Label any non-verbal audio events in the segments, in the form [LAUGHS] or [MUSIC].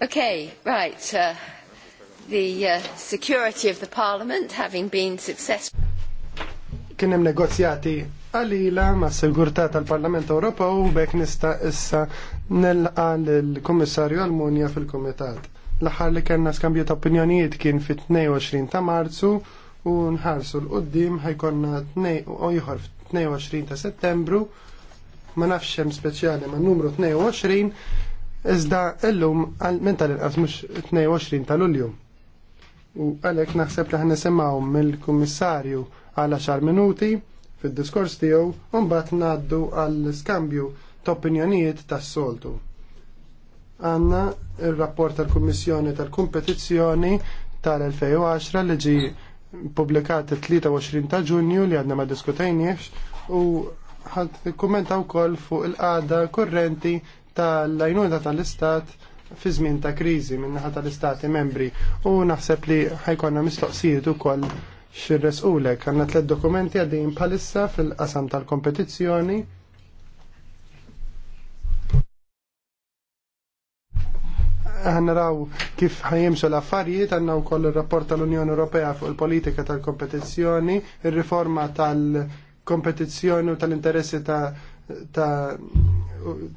Okay, right. Uh, the uh, security of the Parliament having been successful. Kien hemm negozjati għalila ma' sigurtà tal-Parlament Ewropew u bekk nista' issa nilqa' lill-Kummissarju Almunja fil-Kumitat. L-aħħar li kellna skambju ta' opinjonijiet kien fit-22 ta' Marzu u nħarsu l-qoddim ħajkonna ieħor fit-22 ta' Settembru ma nafx hemm speċjali ma' numru 22 Iżda illum minn tal-inqas mhux 22 ta' Lulju. U għalhekk naħseb li nisimgħu mill-Kummissarju għal 10 minuti fid-diskors tiegħu u mbagħad ngħaddu għall-iskambju ta' opinjonijiet tas-soltu. Għanna il-rapport tal-Kummissjoni tal-Kompetizzjoni tal-2010 li ġi publikat 23 ta' ġunju li għadna ma diskutajniex u ħad kommenta wkoll fuq il-qada korrenti tal-lajnuna tal-istat fi żmien ta' kriżi min-naħa tal-istati membri u naħseb li ħajkonna mistoqsijiet ukoll xirresqulek għanna tliet dokumenti għaddejjin bħalissa fil-qasam tal-kompetizzjoni raw kif ħajemxu l-affarijiet għanna u koll il-rapport tal-Unjoni Ewropea fuq il-politika tal-kompetizzjoni, il-riforma tal-kompetizzjoni u tal-interessi ta', ta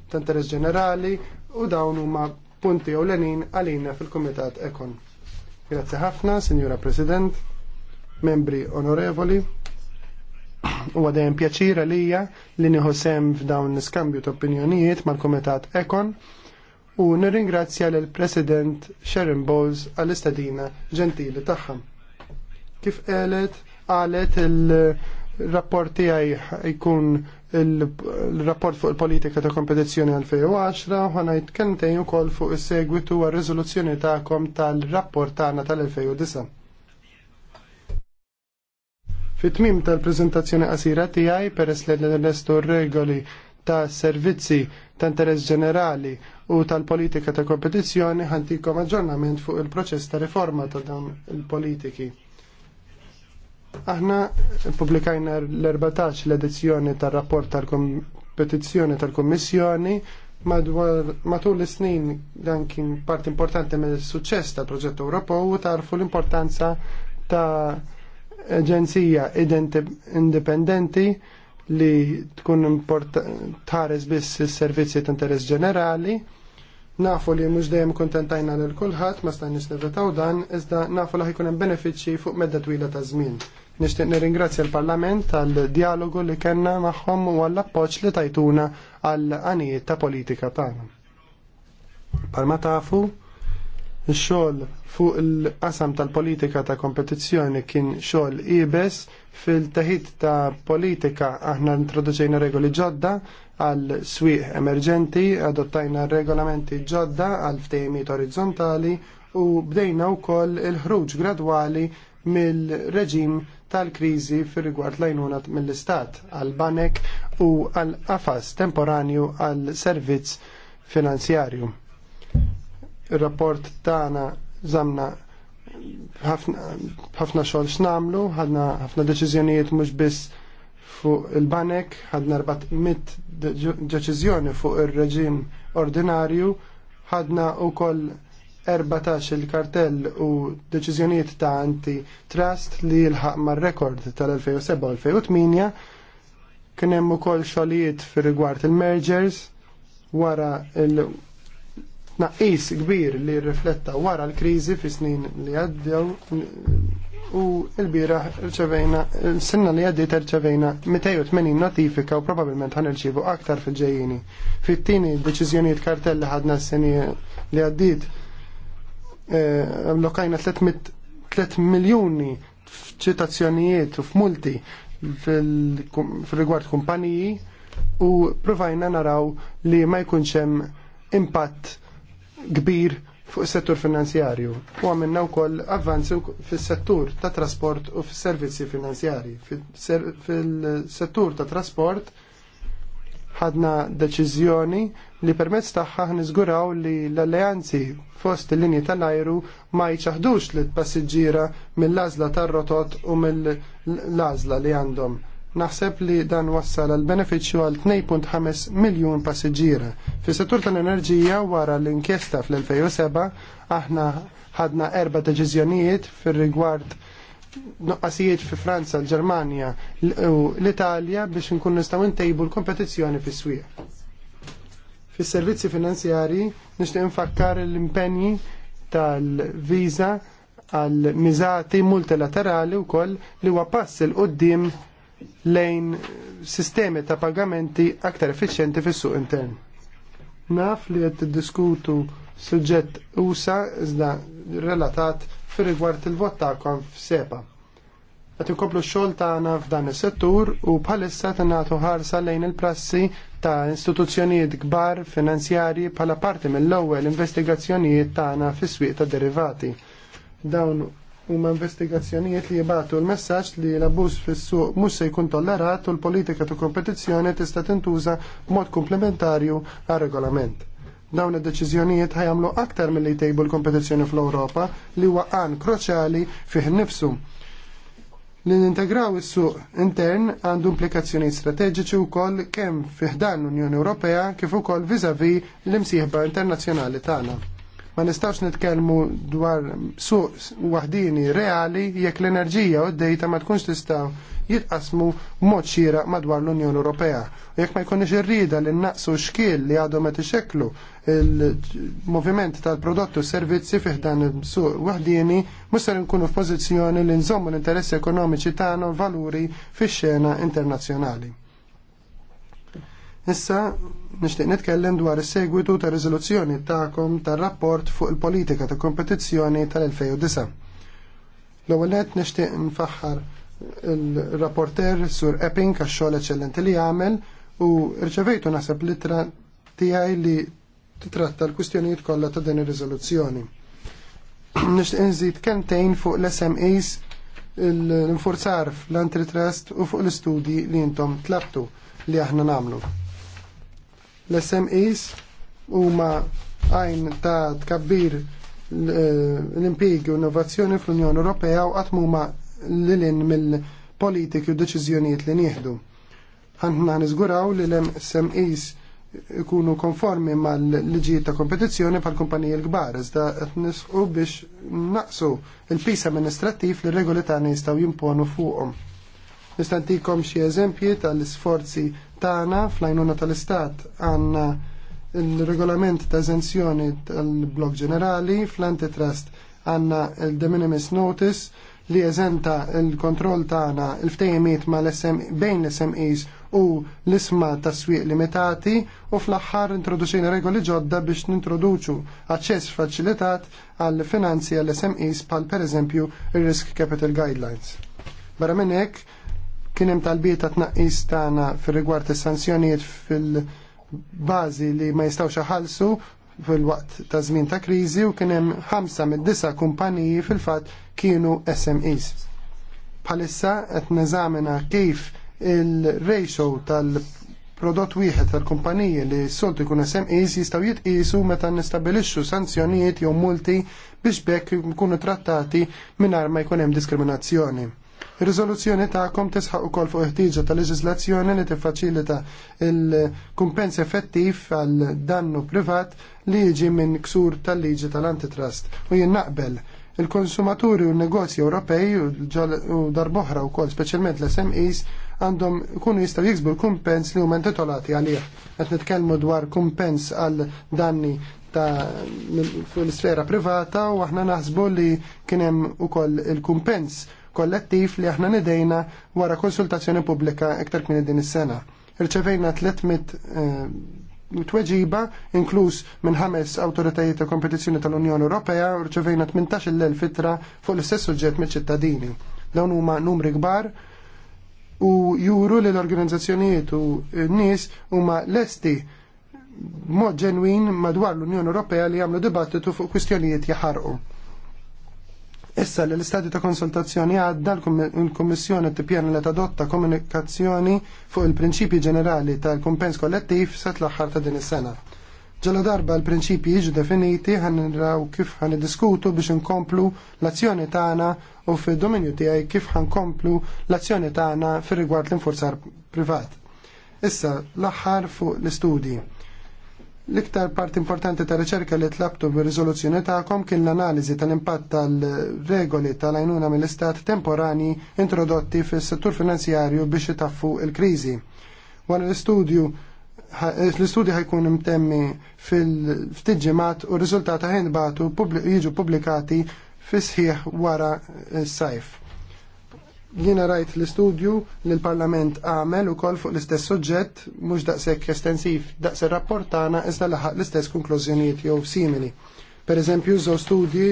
ta' interess ġenerali u dawn huma punti ewlenin għalina fil-Kumitat Ekon. Grazzi ħafna, Signora President, membri onorevoli. Huwa dejjem pjaċir għalija li niħosem f'dawn l-iskambju ta' opinjonijiet mal-Kumitat Ekon u nirringrazzja lill president Sharon Bowles għall-istadina ġentili tagħha. Kif qalet qalet il rapporti għaj jkun il-rapport fuq il-politika ta' kompetizzjoni 2010 u ngħid kentejn ukoll fuq is-segwitu għal riżoluzzjoni tagħkom tal-rapport tagħna tal-2009. Fit-tmim tal-preżentazzjoni qasira tiegħi peress li nlestu regoli ta' servizzi ta' interess ġenerali u tal-politika ta' kompetizzjoni ħantikom aġġornament fuq il-proċess ta' riforma ta' dawn il-politiki. Aħna publikajna l-14 l-edizzjoni tal-rapport tal-kompetizzjoni tal-Kommissjoni matul l-snin dan kien part importanti mill suċċess tal-proġett Ewropew u tarfu l-importanza ta' aġenzija indipendenti li tkun tħares biss is-servizzi ta' interess ġenerali nafu li mhux dejjem kontentajna lil kulħadd ma stajniex nirritaw dan, iżda nafu li ħajkun hemm benefiċċji fuq medda twila ta' żmien. Nixtieq nirringrazzja l-Parlament tal-dialogu li kellna magħhom u għall-appoġġ li tajtuna għall anijiet ta' politika tagħna. Palma tafu, ix-xogħol fuq il-qasam tal-politika ta' kompetizzjoni kien xogħol ibes fil-teħid ta' politika aħna introduċejna regoli ġodda għal swieħ emerġenti, adottajna regolamenti ġodda għal ftehimiet orizzontali u bdejna wkoll il-ħruġ gradwali mill-reġim tal-kriżi fir rigward lajnuna mill-Istat għal banek u għal qafas temporanju għal servizz finanzjarju. Ir-rapport tagħna żamna ħafna xogħol x'namlu, ħadna ħafna deċiżjonijiet mhux biss fuq il-banek, ħadna 400 deċiżjoni fuq ir-reġim ordinarju, ħadna wkoll 14 il-kartell u deċiżjonijiet ta' anti trust li jilħaq mar-rekord tal-2007-2008 kien hemm ukoll xogħlijiet fir-rigward il-mergers wara il naqis kbir li rifletta wara l-kriżi fi snin li għaddew u l bira rċevejna, s-sinna li għaddit rċevejna 280 notifika u probabilment ħan irċivu aktar fil-ġejjini. Fit-tini deċizjoniet kartell li ħadna s-sini li għaddit Eh, lokajna 3 miljoni f'ċitazzjonijiet u f'multi fil-rigward kumpaniji u provajna naraw li ma jkunx hemm impatt kbir fuq is-settur finanzjarju u għamilna wkoll avvanzi fis-settur ta' trasport u fis-servizzi finanzjarji. Fil-settur ta' trasport ħadna deċiżjoni li permezz tagħha niżguraw li l-alleanzi fost il-linji tal-ajru ma jċaħdux li passiġġiera mill-lażla tar-rotot u mill-lażla li għandhom. Naħseb li dan wassal għal beneficju għal 2.5 miljun passiġġiera. Fis settur tal-enerġija wara l-inkjesta fl-2007 aħna ħadna erba deċiżjonijiet fir-rigward noqqasijiet fi Franza, l-Ġermanja u l-Italja biex nkun nistgħu ntejbu l-kompetizzjoni fis-swieq. Fis-servizzi finanzjari nixtieq infakkar l-impenji tal-viża għal miżati multilaterali wkoll li huwa pass il qoddim lejn sistemi ta' pagamenti aktar effiċjenti fis-suq intern. Naf li qed tiddiskutu suġġett usa iżda relatat fir rigward il-vot konf sepa. Qed inkomplu x-xogħol tagħna f'dan is-settur u bħalissa natu ħarsa lejn il-prassi ta' istituzzjonijiet kbar finanzjarji bħala parti mill-ewwel investigazzjonijiet tagħna fis-swieq ta' derivati. Dawn huma investigazzjonijiet li jibatu l-messaġġ li l-abbuż fis-suq mhux se jkun tollerat u l-politika ta' kompetizzjoni tista' tintuża b'mod komplementarju għar-regolament. Dawn id-deċiżjonijiet ħajamlu aktar milli jtejbu l-kompetizzjoni fl-Ewropa li huwa għan kruċjali fih nifsu Li nintegraw is-suq intern għandu implikazzjonijiet strateġiċi wkoll kemm fiħdan l-Unjoni Ewropea kif ukoll vizavi l-imsieħba internazzjonali tagħna. Ma nistax nitkellmu dwar suq waħdini reali jekk l-enerġija u d-dejta ma tkunx tistaw jitqasmu mod xira madwar l-Unjoni Ewropea. U jekk ma jkunx irrida li naqsu xkiel li għadhom qed ixekklu il-moviment tal-prodotti u servizzi fih dan il-suq waħdini, musser nkunu f'pożizzjoni li nżommu l-interessi ekonomiċi tagħna u valuri fix-xena internazzjonali. Issa nixtieq nitkellem dwar is-segwitu ta' riżoluzzjoni tagħkom tar-rapport fuq il-politika ta' kompetizzjoni tal-2009. L-ewwel nett nixtieq nfaħħar il-rapporter sur Epping għax xogħol eċċellenti li jagħmel u rċevejtu naħseb litra tiegħi li titratta l-kwistjonijiet kollha ta' din ir-riżoluzzjoni. [CLEARS THROAT] Nixtieq inżid kentejn fuq l-SMEs l-infurzar fl-antitrust u fuq l-istudji li intom tlabtu li aħna namlu. L-SMEs huma għajn ta' tkabbir l eh, impieg u innovazzjoni fl-Unjoni Ewropea u qatt huma lin mill-politiki u deċiżjonijiet li nieħdu. Ħanna niżguraw li l-SMEs ikunu konformi mal-liġijiet ta' kompetizzjoni pal kumpaniji l-kbar, iżda qed nisqu biex naqsu il pisa amministrattiv li regoli tagħna jistgħu jimponu fuqhom. Nistantikom xi eżempji tal-isforzi Tana, fl-għajnuna tal-Istat għandna il-regolament ta' esenzjoni tal-blok ġenerali fl-antitrust għandna il-de minimis notice li eżenta il-kontroll tagħna il ftejmiet ma l-SM bejn l-SMEs u l-isma ta' swieq limitati u fl-aħħar introduċejna regoli ġodda biex nintroduċu aċċess faċilitat għall finanzi għall SMEs pal per eżempju il-Risk Capital Guidelines. Barra minn hekk Kien hemm talbiet ta' tnaqqis tagħna fir-rigward is-sanzjonijiet fil-bażi li ma jistgħux iħallsu fil-waqt ta' żmien ta' kriżi u kien hemm ħamsa mid-disa kumpaniji fil-fatt kienu SMEs. Bħalissa qed neżamina kif il-ratio tal-prodott wieħed tal-kumpaniji li s-solt ikun SMEs jistgħu jitqisu meta nistabilixxu sanzjonijiet jew multi biex bekk ikunu trattati mingħajr ma jkun hemm diskriminazzjoni. Ir-riżoluzzjoni tagħkom tisħaq ukoll fuq ħtieġa ta' leġizlazzjoni li tiffaċilita il-kumpens effettiv għal dannu privat li jiġi minn ksur tal-liġi tal-antitrust u jien naqbel il-konsumaturi u n-negozji Ewropej u darboħra u kol, specialment l-SMEs, għandhom kunu jistaw jiksbu l-kumpens li huma intitolati għalih. Qed nitkellmu dwar kumpens għal danni ta' l-sfera privata u aħna naħsbu li kien hemm ukoll il-kumpens kollettiv li aħna nidejna wara konsultazzjoni pubblika iktar kmini din is-sena. Irċevejna 300 eh, tweġiba inkluż minn ħames awtoritajiet ta' kompetizzjoni tal-Unjoni Ewropea u rċevejna 18 fitra fuq l-istess suġġett mill-ċittadini. Dawn huma numri kbar u juru li l-organizzazzjonijiet u n-nies huma lesti mod ġenwin madwar l-Unjoni Ewropea li jagħmlu dibattitu fuq kwistjonijiet jaħarqu. Issa li l-istadju ta' konsultazzjoni għadda l-Kommissjoni t-pjan li tadotta komunikazzjoni fuq il-prinċipi ġenerali tal-kumpens kollettiv sa t axħar ta' din is-sena. Ġala darba l-prinċipji jiġu definiti ħan nraw kif ħan diskutu biex nkomplu l-azzjoni tagħna u fid-dominju tiegħi kif ħan komplu l-azzjoni tagħna fir rigward l-infurzar privat. Issa l-aħħar fuq l-istudji. L-iktar part importanti ta' riċerka li tlabtu bir rizoluzzjoni tagħkom kien l-analiżi tal-impatt tal-regoli tal-għajnuna mill-istat temporani introdotti fis-settur finanzjarju biex itaffu l-kriżi. Wara l-istudju eh, l-istudju ħajkun imtemmi fil ftiġimat u r-riżultati batu jiġu pubblikati fis-sħiħ wara s-sajf. Jiena rajt l-istudju li l-Parlament għamel u kol fuq l-istess soġġett mhux daqshekk estensiv daqs ir-rapport tagħna iżda laħaq l-istess konklużjonijiet jew simili. Per eżempju, żew studji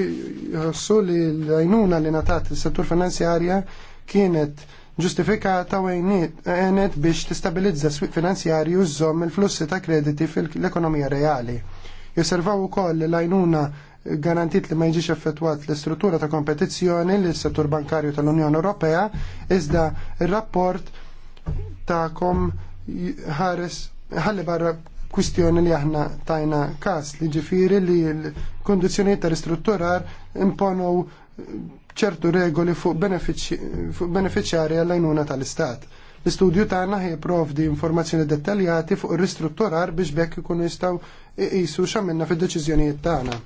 jħossu li l-għajnuna li natat is-settur finanzjarja kienet ġustifikata u għenet biex tistabilizza s swit finanzjarju żomm il-flussi ta' krediti fil-ekonomija reali. Josservaw ukoll l-għajnuna garantit li ma jiġix effettwat l-istruttura ta' kompetizzjoni s settur bankarju tal-Unjoni Ewropea iżda r rapport ta'kom ħares ħalli barra kwistjoni li aħna tajna kas li ġifiri li l-kondizjoni ta' ristrutturar imponu ċertu regoli fuq beneficjari għall-għajnuna tal-istat. L-istudju tagħna ħejprovdi informazzjoni dettaljati fuq ir-ristrutturar biex bekk ikunu jistgħu jqisu x'għamilna fid-deċiżjonijiet tagħna.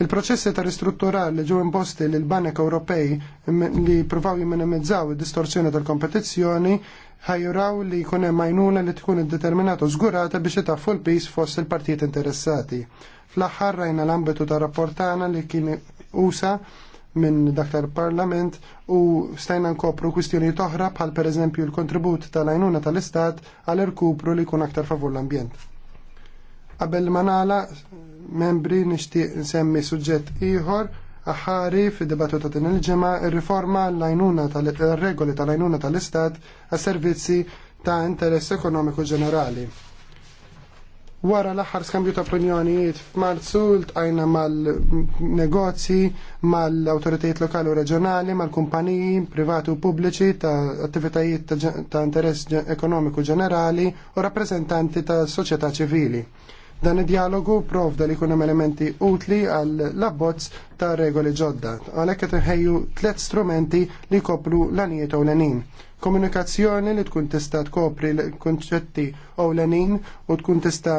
Il-proċessi ta' ristrutturar li ġew imposti lil banek Ewropej li provaw jiminimizzaw id-distorsjoni tal-kompetizzjoni ħajuraw li jkun hemm għajnuna li tkun iddeterminata u żgurata biex itaffu l-pis fost il-partijiet interessati. Fl-aħħar rajna l-ambitu ta' rapportana li kien usa minn dak tal-parlament u stajna nkopru kwistjoni toħra bħal per eżempju l-kontribut tal-għajnuna tal-istat għal irkupru li jkun aktar favur l-ambjent. Qabel ma nagħla membri nixtieq nsemmi suġġett ieħor aħari fid-dibattu ta' din il-ġimgħa ir-riforma l-għajnuna tal-regoli tal-għajnuna tal-Istat għas-servizzi ta' interess ekonomiku ġenerali. Wara l-aħħar skambju ta' opinjonijiet f'Marzu ltqajna mal-negozji, mal-awtoritajiet lokali u reġjonali, mal-kumpaniji privati u pubbliċi ta' attivitajiet ta' interess ekonomiku ġenerali u rappreżentanti ta' soċjetà ċivili. Dan id-dialogu provda li kunem elementi utli għal labbozz ta' regoli ġodda, għalhekk qed iħejju tliet strumenti li koplu l-anijiet ewlenin. Komunikazzjoni li tkun tista' tkopri l-kunċetti ewlenin u tkun tista'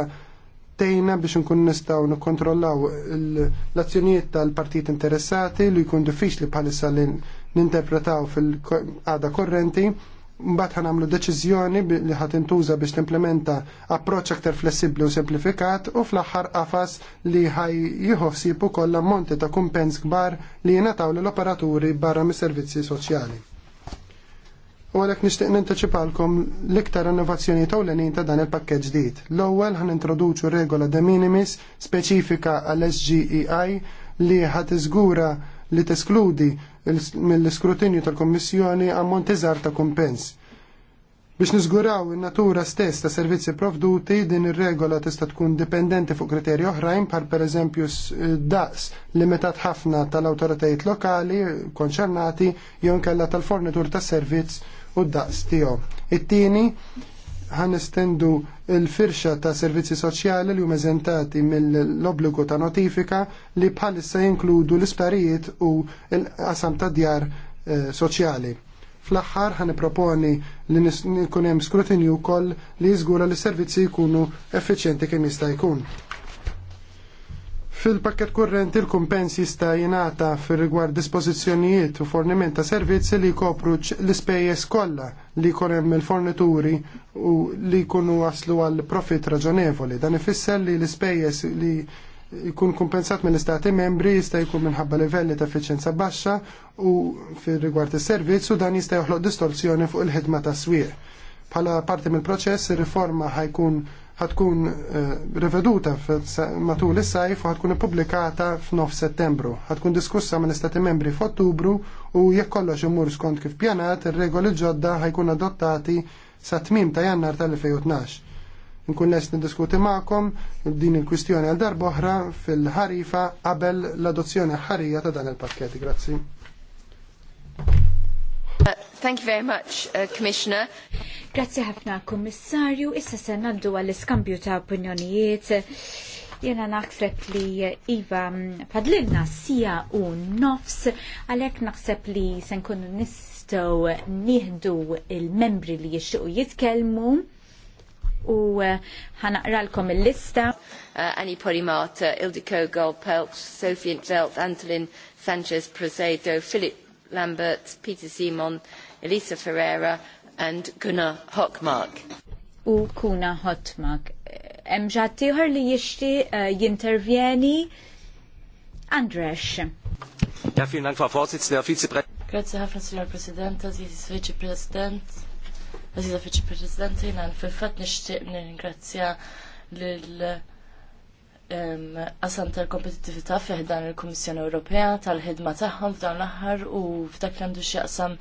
tejna biex nkun nistaw nikkontrollaw l-azzjonijiet tal-partit interessati li jkun diffiċli bħalissa li ninterpretaw fil-għada korrenti Mbagħad ħan deċiżjoni li ħad intuża biex timplementa approċċ aktar flessibbli u semplifikat u fl-aħħar qafas li ħaj jieħu ukoll ammonti ta' kumpens kbar li jingħataw lill-operaturi barra mis-servizzi soċjali. U għalhekk nixtieq nintaċipalkom l-iktar innovazzjoni tawlenin ta' dan il-pakkeġġ ġdid. L-ewwel ħan introduċu regola de minimis speċifika għall-SGEI li ħadd iżgura li teskludi mill-iskrutinju tal-Kommissjoni ammont iżgħar ta' kumpens. Biex niżguraw in-natura stess ta' servizzi provduti din ir-regola tista' tkun dipendenti fuq kriterji oħrajn bħal pereżempju daqs limitat ħafna tal-awtoritajiet lokali konċernati jew inkella tal-fornitur tas-servizz u d-daqs tiegħu. It-tieni estendu il-firxa ta' servizzi soċjali li jumeżentati mill-obbligu ta' notifika li bħalissa jinkludu l isparijiet u l-qasam ta' djar eh, soċjali. Fl-aħħar ħan proponi li nkunem hemm skrutinju wkoll li jiżgura li s-servizzi jkunu effiċjenti kemm jista' jkun. Fil-pakket kurrenti l-kumpens jista' jingħata fir-rigward dispożizzjonijiet u forniment ta' servizzi li kopruċ l-ispejjeż kollha li jkun hemm il-fornituri u li jkunu waslu għal profit raġonevoli. Dan ifisser li l-ispejjeż li jkun kumpensat mill-istati membri jista' jkun minħabba livelli ta' effiċjenza baxxa u fil rigward is-servizz u dan jista' joħloq distorsjoni fuq il-ħidma tas swieq. Bħala parti mill-proċess, ir-riforma ħajkun ħatkun eh, reveduta matul is-sajf u ħatkun ippubblikata f'nof settembru. Ħatkun diskussa mill istati membri f'Ottubru u jekk kollox imur skont kif pjanat, ir-regoli ġodda ħajkun adottati sa tmim ta' jannar tal-2012. Nkun lest niddiskuti magħkom din il-kwistjoni għal darba oħra fil-ħarifa qabel l-adozzjoni ħarija ta' dan il-pakket. Grazzi. Uh, thank you very much, uh, Commissioner. Grazie ħafna, Kommissarju. Issa se naddu għall-iskambju ta' opinjonijiet. Jena naħseb li Iva padlilna mm, sija u nofs, għalek naħseb li se nkunu nistgħu nieħdu il-membri li jixtiequ jitkellmu u uh, ħanaqralkom il-lista. Uh, Annie Polimata, Ildiko Golpelt, Sophie Intelt, Antolin Sanchez Prosedo, Philip Lambert, Peter Simon, Elisa Ferreira and Gunnar Hockmark. U Kuna Hockmark. Hemm ħaddieħor li jixti jintervjeni Andres. Ja, vielen Dank, Frau Vorsitzende, Herr Vizepräsident. Grazie, Herr ħafna, Signor President, Aziz Vice-President, Aziz Vice-President, jina fil-fat nishtiq nirringrazzja lil għasantar tal-kompetitivita fiħdan il-Komissjoni Ewropea tal-ħidma tagħhom f'dan l-aħħar u f'dak li għandu xieqsam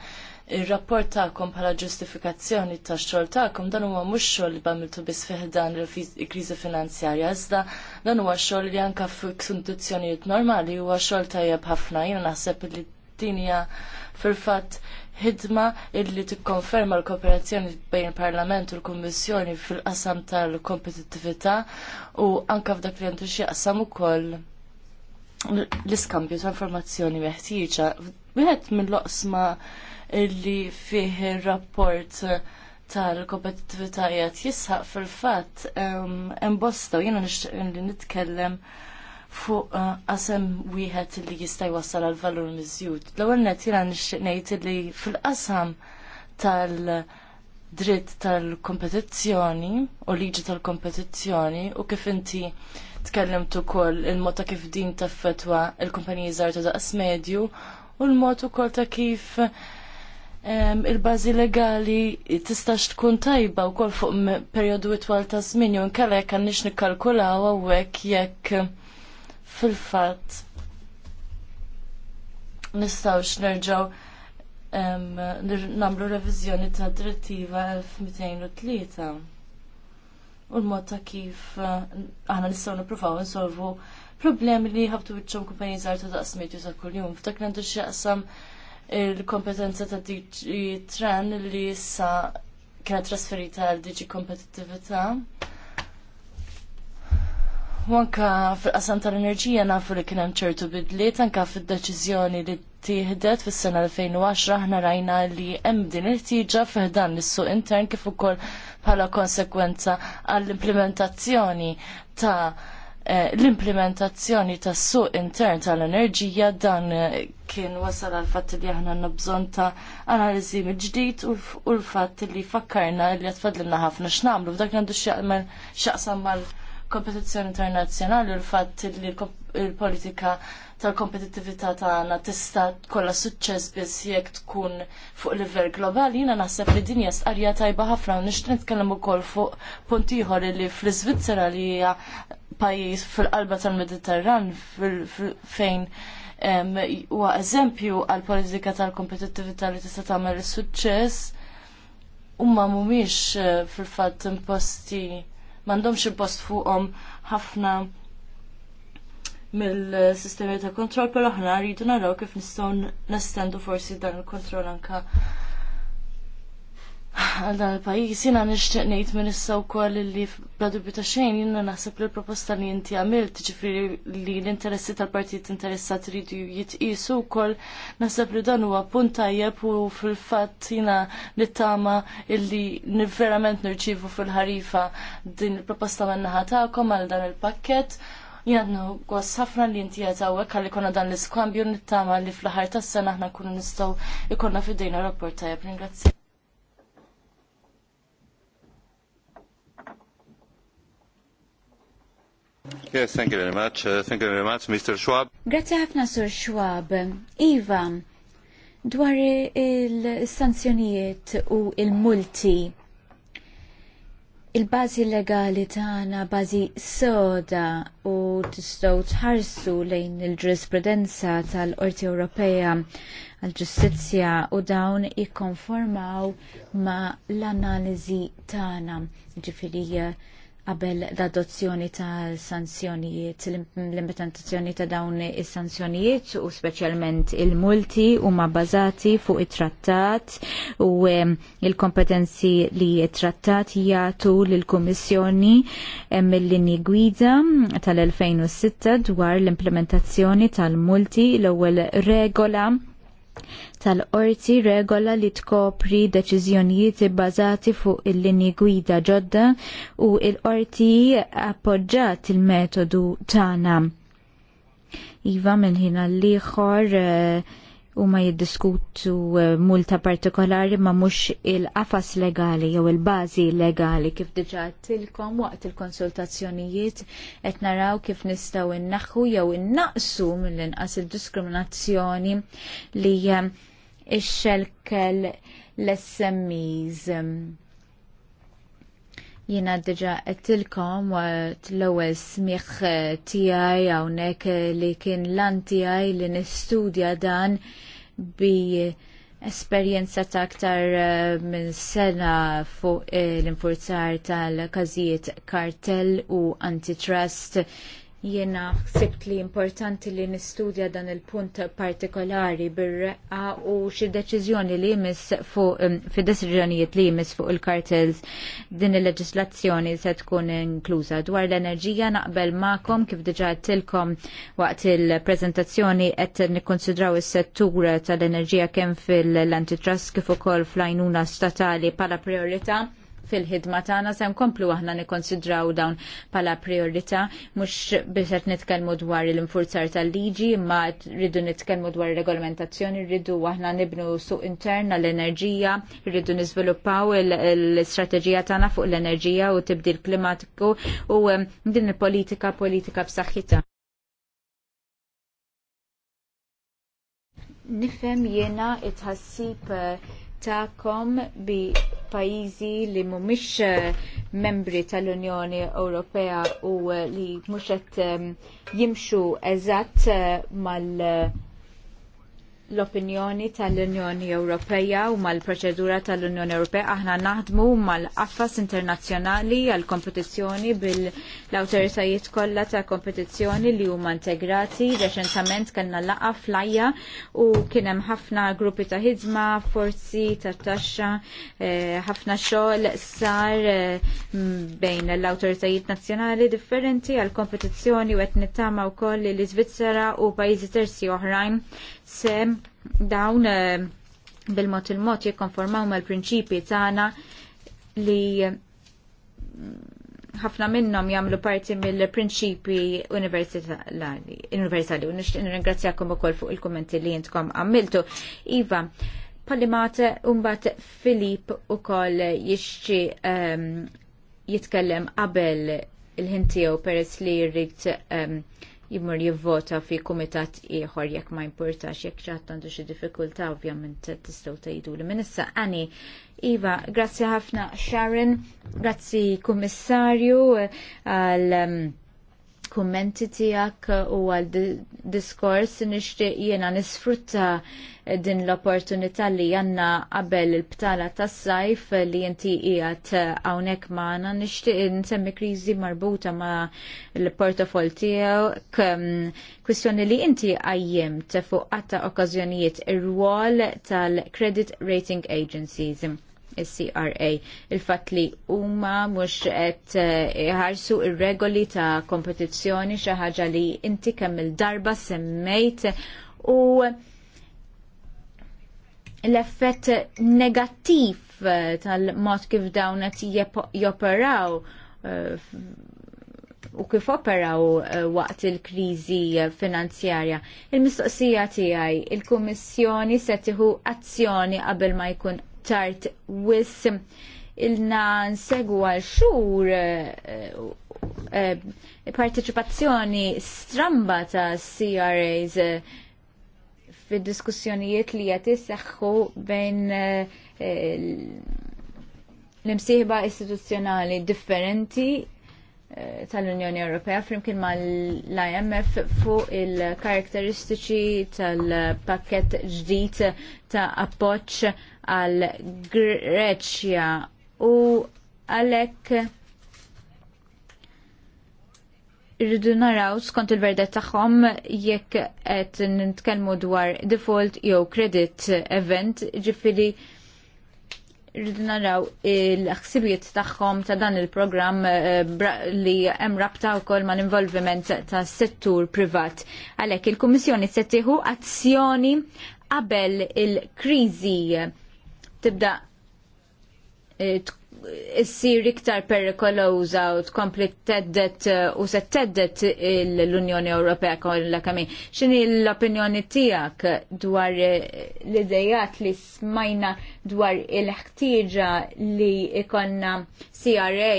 ir-rapport tagħkom bħala ġustifikazzjoni tax-xogħol tagħkom dan huwa mhux xogħol li bamiltu biss fiħdan il-kriżi finanzjarja iżda dan huwa xogħol li anke f'kundizzjonijiet normali huwa xogħol tajjeb ħafna jiena naħseb li dinja fil-fatt ħidma illi tikkonferma l-kooperazzjoni bejn il-Parlament u l-Kummissjoni fil-qasam tal-kompetittività u anke f'dak li għandu xieqsam ukoll l-iskambju ta' informazzjoni meħtieġa. Wieħed mill-oqsma illi fih ir-rapport tal-kompetittività jgħat jisħaq fil-fatt hemm bosta u jiena nixtieq nitkellem fuq uh, qasem wieħed li jista' jwassal għal valur miżjud. L-ewwel nett jiena nixtieq ngħid li fil-qasam tal-dritt tal-kompetizzjoni u liġi tal-kompetizzjoni u kif inti tkellimt ukoll il-mod ta' kif din taffetwa il-kumpaniji żgħar ta' daqs medju u l-mod ukoll ta' kif il-bazi legali tistax tkun tajba u kol fuq periodu itwal ta' żmien jew nkella jekk għandniex nikkalkulaw hawnhekk jekk fil-fatt nistgħux nerġgħu nagħmlu reviżjoni ta' direttiva 1203 u l-mod ta' kif eh, aħna nistgħu nippruvaw insolvu problemi li ħabtu biċċom kumpaniji żgħar ta' daqs medju ta' kuljum. F'dak nandu xieqsam x'jaqsam il-kompetenza ta' DG Tran li issa kienet trasferita għal DG Kompetitivita' Wanka fil-qasam tal-enerġija nafu li kien hemm ċertu bidliet anka fid-deċiżjoni li tieħdet fis-sena 2010 aħna rajna li hemm din il-ħtieġa fiħdan is-suq intern kif ukoll bħala konsekwenza għall-implementazzjoni ta' eh, l-implementazzjoni tas suq intern tal-enerġija dan eh, kien wasal għal fatt li aħna għandna bżonn ta' analiżi mill-ġdid u l-fatt li fakkarna li għatfadlilna ħafna x'namlu f'dak għandu x'jaqsam mal- kompetizzjoni internazzjonali u l-fatt li l-politika tal kompetitività tagħna tista' kollha suċċess biss jekk tkun fuq livell globali, jiena naħseb li din hija stqarrija tajba ħafna u nixtieq nitkellem ukoll fuq punt ieħor li fl-Iżvizzera li hija pajjiż fil-qalba tal-Mediterran fejn huwa eżempju għal politika tal-kompetittività li tista' tagħmel is-suċċess huma mhumiex eh, fil-fatt imposti m'għandhomx impost fuqhom ħafna mill-sistemi ta' kontrol pero aħna rridu naraw kif nistgħu nestendu forsi dan il-kontroll anka għal dan il-pajis, jina nishtiq nejt minn issa u koll li bladubju ta' xejn, jina naħseb li l-proposta li jinti għamilt, ġifri li l-interessi tal-partit interessat ridu jitqisu u koll, naħseb li dan huwa punt tajjeb u fil-fat jina nittama illi verament nirċivu fil-ħarifa din il-proposta minnaħat ta'kom għal dan il-pakket. Jadnu, għas ħafna li inti għazawek għalli konna dan l-iskambju nittama li fl-ħar tas-sena ħna kunu nistaw ikonna fidejna rapport tajjeb. Ringrazzi. Yes, thank you very much. Uh, thank you very much, Mr. Schwab. Grazie ħafna, Sur Schwab. Iva, dwar il-sanzjonijiet u il-multi, il-bazi legali tagħna bazi soda u tistgħu tħarsu lejn il-ġurisprudenza tal-Qorti Ewropea għal-ġustizzja u dawn ikkonformaw ma l-analiżi tagħna. Ġifieri qabel l-adozzjoni ta' sanzjonijiet l-implementazzjoni ta' dawn is-sanzjonijiet u speċjalment il-multi huma bbażati fuq it-trattat u ehm, il-kompetenzi li it-trattat jagħtu lill-Kummissjoni mill-linji ehm, gwida tal-2006 dwar l-implementazzjoni tal-multi l-ewwel regola tal-qorti regola li tkopri deċiżjonijiet bbażati fuq il-linji gwida ġodda u il-qorti appoġġat il-metodu tagħna. Iva minn ħin l-ieħor uh, eh, u ma jiddiskutu eh, multa partikolari ma mux il-qafas legali jew il-bazi legali kif diġa tilkom waqt il-konsultazzjonijiet et naraw kif nistaw innaħħu jew innaqsu mill-inqas il-diskriminazzjoni li eh, ix-xelkel l-SMEs. Jena diġa għettilkom waqt l-ewel smiħ eh, tijaj għawnek li kien lan tijaj li nistudja dan bi esperjenza ta' aktar eh, minn sena fuq eh, l-infurzar tal każijiet kartell u antitrust Jiena ħsibt li importanti li nistudja dan il-punt partikolari bir-reqqa u xi deċiżjoni li jmiss fuq fi deċiżjonijiet li jmiss fuq il-kartels din il-leġislazzjoni se tkun inkluża dwar l-enerġija naqbel ma'kom kif diġà tilkom waqt il-preżentazzjoni qed nikkonsidraw is-settur tal-enerġija kemm fil-antitrust kif ukoll fl-għajnuna statali bħala priorità fil-ħidma tagħna se nkomplu aħna nikkonsidraw dawn bħala priorità mhux biex qed nitkellmu dwar l-infurzar tal-liġi imma rridu nitkellmu dwar ir regolamentazzjoni rridu aħna nibnu suq intern l-enerġija, rridu niżviluppaw l-istrateġija tagħna fuq l-enerġija u tibdil klimatiku u din il-politika politika b'saħħitha. nifhem jiena it-ħassib eh, ta'kom bi pajjiżi li mhumiex eh, membri tal-Unjoni Ewropea u eh, li mhux qed eh, jimxu eżatt mal- l-opinjoni tal-Unjoni Ewropea u mal-proċedura tal-Unjoni Ewropea aħna naħdmu mal-qaffas internazzjonali għal kompetizzjoni bil-autoritajiet kollha ta' kompetizzjoni li huma integrati. Reċentament kellna laqa flajja u kien hemm ħafna gruppi ta' ħidma, forzi ta' taxxa, eh, ħafna xogħol sar eh, bejn l-awtoritajiet nazzjonali differenti għal kompetizzjoni u qed nittama wkoll li l-Iżvizzera u pajjiżi terzi oħrajn se dawn eh, bil-mod il-mod jikkonformaw mal-prinċipi tagħna li mm, ħafna minnhom jagħmlu parti mill-prinċipi universali u nixtieq nirringrazzjakom ukoll fuq il-kummenti li jintkom għamiltu. Iva, palimate umbat Filip ukoll jixxi um, ehm, jitkellem qabel il-ħin tiegħu peress li jrid um, ehm, jimur jivvota fi kumitat ieħor jekk ma jimportax jekk ċatt għandu xi diffikultà ovvjament ta' jidu li minissa. issa għani. Iva, grazzi ħafna Sharon, grazzi Kummissarju għal um, kummenti tijak u għal diskors nishtiq jena nisfrutta din l-opportunità li janna qabel il-btala tas sajf li jinti ijat hawnhekk maħna nishtiq nsemmi krizi marbuta ma l-portofol tijak kwistjoni li inti għajjimt fuq għatta okkażjonijiet ir-rwol tal-Credit Rating Agencies il-CRA. Il-fat li huma mhux qed eh, iħarsu ir-regoli ta' kompetizzjoni xi ħaġa li inti kemm il-darba semmejt u l-effett negattiv eh, tal-mod kif dawn qed joperaw eh, u kif operaw waqt il-kriżi finanzjarja. Il-mistoqsija tiegħi il-Kummissjoni se tieħu azzjoni qabel ma jkun tard wis ilna nsegu għal xhur eh, eh, parteċipazzjoni stramba ta' CRAs eh, fid diskussjonijiet li qed isseħħu bejn l-imsieħba istituzzjonali differenti tal-Unjoni Ewropea flimkien mal-IMF fuq il-karakteristiċi tal-pakket ġdid ta' appoċ għal Greċja u għalhekk irridu naraw skont il-verdet tagħhom jekk qed nitkellmu dwar default jew credit event, ġifieri rridu naraw il-ħsibiet tagħhom ta' dan il-programm eh, li hemm rabta wkoll mal involviment ta' settur privat. Għalhekk il-Kummissjoni se tieħu azzjoni qabel il-kriżi tibda eh, issir iktar perikolowża u tkompli teddet eh, u se teddet l-Unjoni Ewropea kollha kemm X'inhi l-opinjoni tiegħek dwar eh, l-idejat li smajna dwar il-ħtieġa li ikonna CRA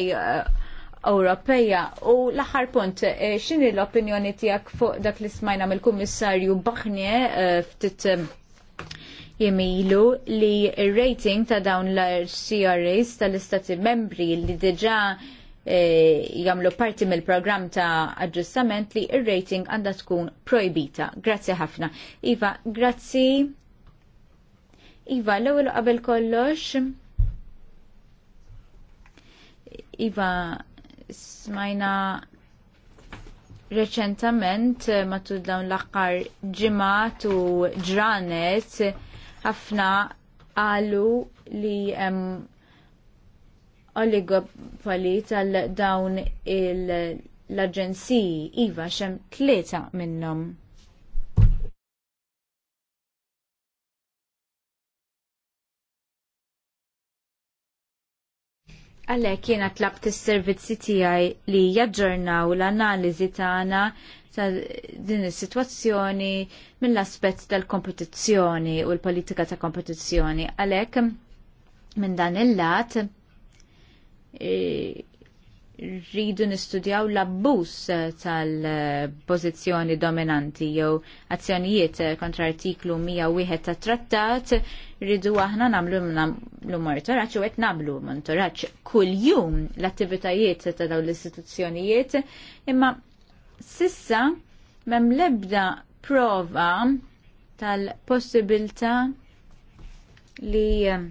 Ewropeja u l-aħħar punt, x'inhi l-opinjoni tiegħek fuq dak li smajna mill-Kummissarju Baħnie ftit jimilu li il-rating ta' dawn l-CRAs tal-istati membri li diġa eh, jamlu parti mill programm ta' aġġustament li il rating għandha tkun projbita. Grazzi ħafna. Iva, grazie. Iva, l-ewwel qabel kollox. Iva, smajna reċentament eh, matul dawn l-aħħar ġimgħat u ġranet ħafna qalu li hemm oligopoli tal-dawn l-aġenziji iva xem tlieta minnhom. Għalhekk jiena tlabt is-servizzi tiegħi li jaġġornaw l-analiżi tagħna ta' din is-sitwazzjoni mill-aspett tal-kompetizzjoni u l-politika ta' kompetizzjoni. Għalhekk minn dan il-lat e, rridu nistudjaw l-abbuż tal-pożizzjoni dominanti jew azzjonijiet kontra artiklu 101 ta' trattat rridu aħna namlu namlu monitoraġġ u qed namlu monitoraġġ kuljum l-attivitajiet ta' dawn l-istituzzjonijiet imma sissa mem lebda prova tal-possibilta li ehm,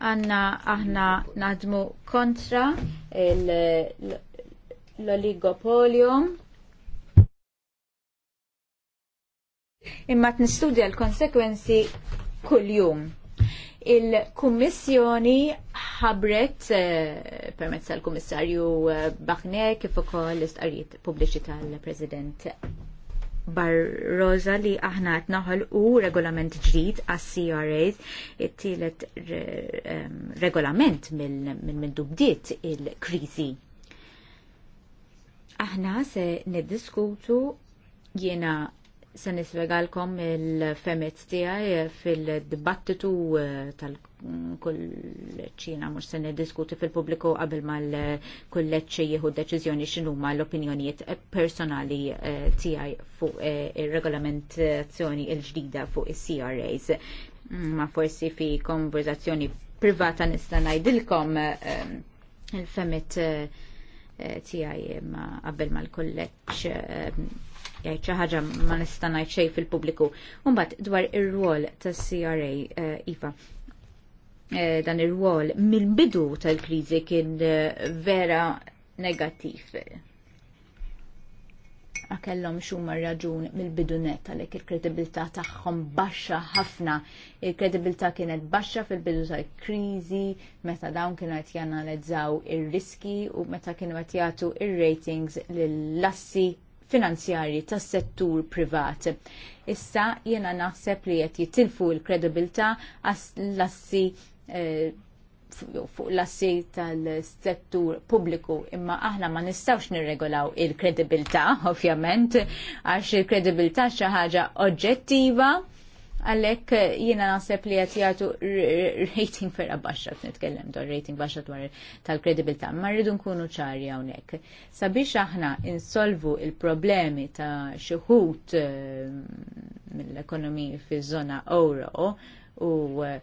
għanna aħna nadmu kontra l-oligopolium. Imma t-nistudja l-konsekwenzi kull-jum. Il-Kummissjoni ħabret eh, permezz tal-Kummissarju eh, Bachner kif ukoll l istqarijiet pubbliċi tal-President Barroza li aħna qed naħolqu regolament ġdid għas CRAs it-tielet regolament minn dubdiet il-kriżi. Aħna se niddiskutu jiena se nispjegalkom il-femet tiegħi fil-dibattitu eh, tal-kolleċina mhux se niddiskuti fil-pubbliku qabel mal-kolleċċi jieħu deċiżjoni x'inhuma l-opinjonijiet personali eh, tiegħi fuq eh, ir-regolamentazzjoni l-ġdida fuq is-CRAs. Ma forsi fi konverzazzjoni privata nista' ngħidilkom il-femet tiegħi ma qabel mal-kolleġġ jgħid xi ħaġa ma nista' ngħid xejn fil-pubbliku. Mbagħad dwar ir-rwol tas-CRA eh, iva. Eh, dan ir-rwol mill-bidu tal-kriżi kien eh, vera negattiv. Akellhom xuma raġun mill bidu netta għalhekk il-kredibilità tagħhom baxxa ħafna. Il-kredibilità kienet baxxa fil-bidu tal-kriżi meta dawn kienu qed janalizzaw ir-riski u meta kienu qed jagħtu ir-ratings lill-lassi finanzjarji tas-settur privat. Issa jiena naħseb li qed jitilfu l-kredibilità l-assi eh, fuq l-assi tal-settur pubbliku imma aħna ma nistawx nirregolaw il kredibilta [LAUGHS] ovvjament għax il-kredibilità xi ħaġa oġġettiva għallek eh, jina naħseb li għat jgħatu rating ferra baxa, nitkellem dwar rating baxa dwar tal-kredibilta, ma rridu nkunu ċari għonek. Sabiex aħna insolvu il-problemi ta' xieħut eh, mill-ekonomi fi zona euro u eh,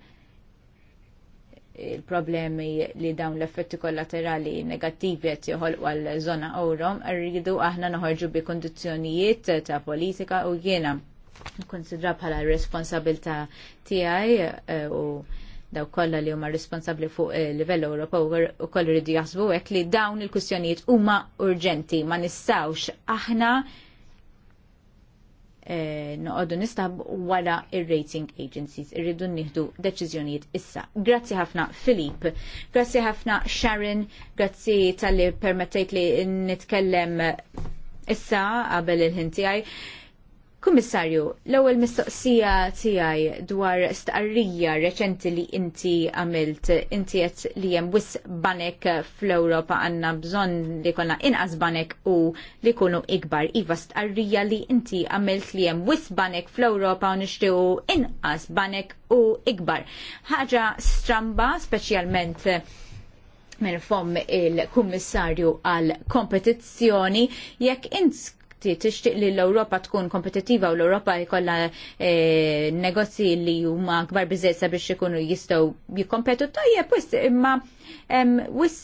il-problemi li dawn l-effetti kollaterali negattivi qed joħolqu għal żona euro, rridu aħna noħorġu bi kondizjonijiet ta' politika u jiena konsidra bħala responsabilta tiegħi eh, u daw kollha li huma responsabbli fuq eh, livell Ewropew u koll rridu jaħsbu hekk li dawn il-kwistjonijiet huma urġenti ma nistgħux aħna eh, noqogħdu nistab wara ir-rating agencies irridu nieħdu deċiżjonijiet issa. Grazzi ħafna Filip, grazzi ħafna Sharon, grazzi tal-li permettejt li nitkellem issa qabel il-ħin tiegħi. Kummissarju, l-ewwel mistoqsija tiegħi dwar stqarrija reċenti li inti għamilt inti qed li hemm wis banek fl-Ewropa għandna bżonn li konna inqas banek u li jkunu ikbar. Iva stqarrija li inti għamilt li hemm wis banek fl-Ewropa u nixtiequ inqas banek u ikbar. Ħaġa stramba speċjalment minn fom il-kummissarju għal kompetizzjoni jekk int tixtieq li l europa tkun kompetitiva u l-Ewropa jkollha eh, negozji li huma kbar biżejt sabiex ikunu jistgħu jikkompetu tajjeb wis imma wis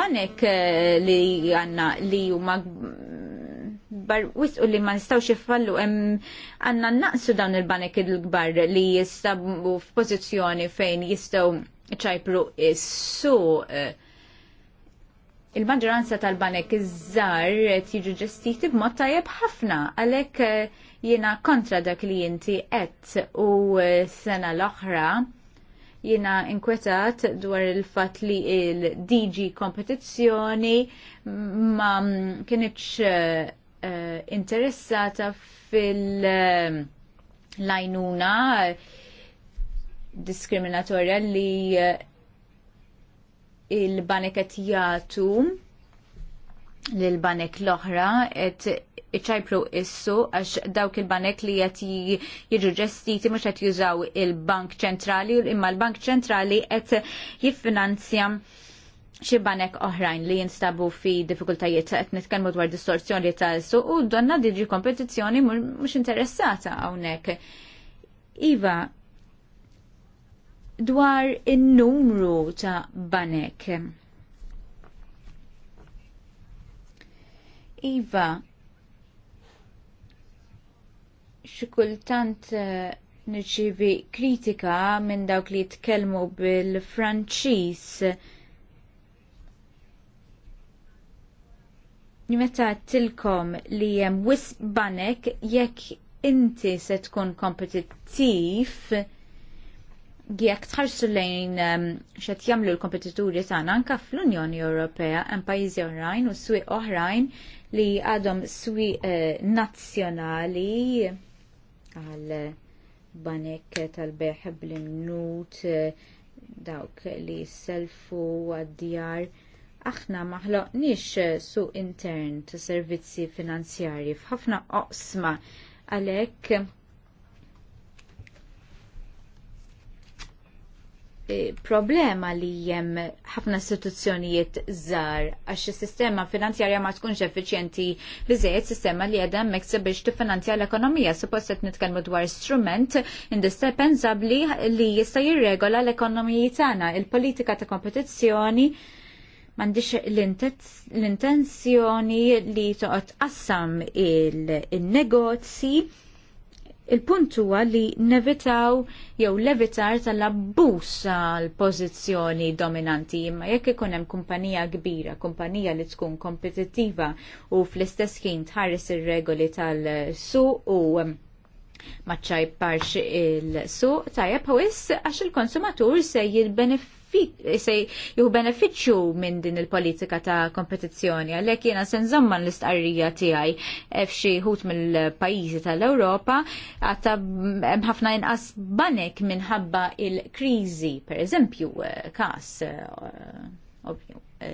banek eh, li għandna li huma bar wisqu li ma nistawx jiffallu għandna naqsu dawn il-banek il kbar li jistabu f'pożizzjoni fejn jistgħu ċajpru is suq uh, eh, il-maġġoranza tal-banek iż-żar tiġu ġestiti b'mod tajjeb ħafna għalhekk eh, jiena kontra dak li inti qed u eh, sena l-oħra jiena inkwetat dwar il-fatt li il-DG kompetizzjoni ma kienitx eh, interessata fil-lajnuna diskriminatorja li il-banek qed jagħtu l banek l-oħra qed iċajplu issu għax dawk il-banek li jett jiġu ġestiti mux jett jużaw il-bank ċentrali imma l-bank ċentrali et jiffinanzja xi banek oħrajn li jinstabu fi diffikultajiet qed nitkellmu dwar distorsjoni ta' su u donna diġi kompetizzjoni mhux interessata hawnhekk. Iva, dwar il numru ta' banek. Iva, xikultant eh, nirċivi kritika minn dawk li jitkellmu bil franċis meta tilkom li jem wisq banek jekk inti se tkun kompetittiv jekk tħarsu lejn um, xed jagħmlu l-kompetituri tagħna anke fl-Unjoni Ewropea hemm pajjiżi oħrajn u swieq oħrajn li għadhom swieq eh, nazzjonali għal banek tal-beħ bl-imnut dawk li selfu għad-djar aħna maħloqniex eh, suq intern ta' servizzi finanzjarji f'ħafna oqsma għalhekk Eh, problema li jem ħafna istituzzjonijiet żgħar għax is-sistema finanzjarja ma tkunx effiċjenti biżejjed sistema li għedha hemmhekk biex tiffinanzja l-ekonomija. Suppost qed nitkellmu dwar strument indispensabbli li jista' jirregola l-ekonomiji tagħna. Il-politika ta' kompetizzjoni m'għandix l-intenzjoni li toqgħod qassam il-negozji il negozji Il-punt huwa li nevitaw jew levitar tal abbus l pożizzjoni dominanti imma jekk ikun hemm kumpanija kbira, kumpanija li tkun kompetittiva u fl-istess ħin tħares ir-regoli tal-suq u maċċaj parx il-suq tajjeb ħawiss għax il-konsumatur se jibbenef se juhu beneficju minn din il-politika ta' kompetizzjoni. Għalhekk jiena se zamman l-istqarrija tiegħi fxie ħut mill-pajjiżi tal-Ewropa għatta ħafna inqas banek minħabba il-kriżi, eżempju, każ eh,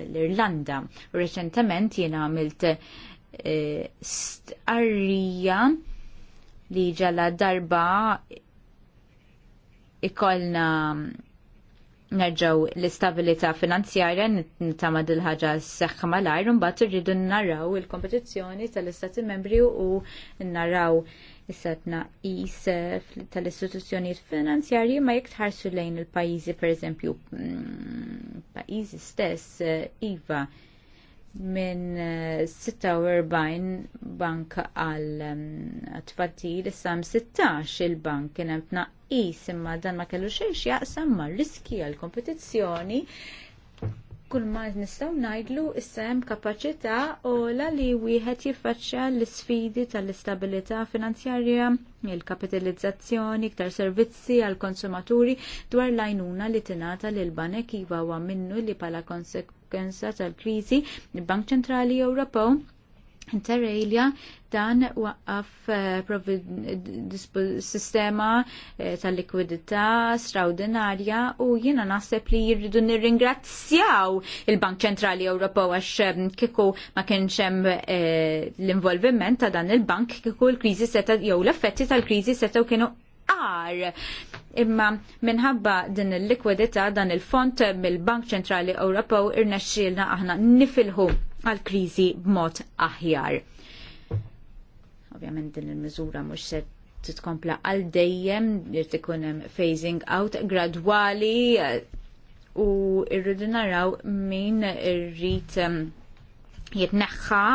l-Irlanda. Reċentement jena għamilt eh, stqarrija li ġala darba ikolna nerġaw l-istabilita finanzjarja nitama dil-ħagġa s-seħħa mal-ajr, mbagħad irridu narraw il-kompetizzjoni tal-istati membri u narraw is-setna is eh, tal-istituzzjonijiet finanzjarji ma jekk tħarsu lejn il-pajjiżi pereżempju mm, pajjiżi stess eh, iva minn 46 eh, bank għal mm, tfatil issa 16 il-bank kien hemm tnaqqis imma dan ma kellu xejn jaqsam ma' riski għal kompetizzjoni kull ma nistgħu ngħidlu issa hemm kapaċità ola li wieħed jiffaċċja l-isfidi tal-istabilità finanzjarja, il-kapitalizzazzjoni, iktar servizzi għal konsumaturi dwar l-għajnuna li tingħata lil banek iva huwa minnu li bħala konsekwenza konsekwenza tal-kriżi, il-Bank Ċentrali Ewropew Interrelja dan waqqaf eh, sistema eh, tal-likwidità straordinarja u jiena naħseb li jirridu nirringrazzjaw il-Bank Ċentrali Ewropew għax eh, kiku ma kienx hemm l-involviment ta' dan il-bank kieku l-kriżi seta' jew l-effetti tal-kriżi setgħu kienu għar. Imma minħabba din il-likwidità dan il-font mill-Bank Ċentrali Ewropew irnexxielna aħna nifilħu għal-kriżi b'mod aħjar. Ovvjament din il-miżura mhux se titkompla għal dejjem li ikun hemm phasing out gradwali u rridu naraw min irrid jitneħħa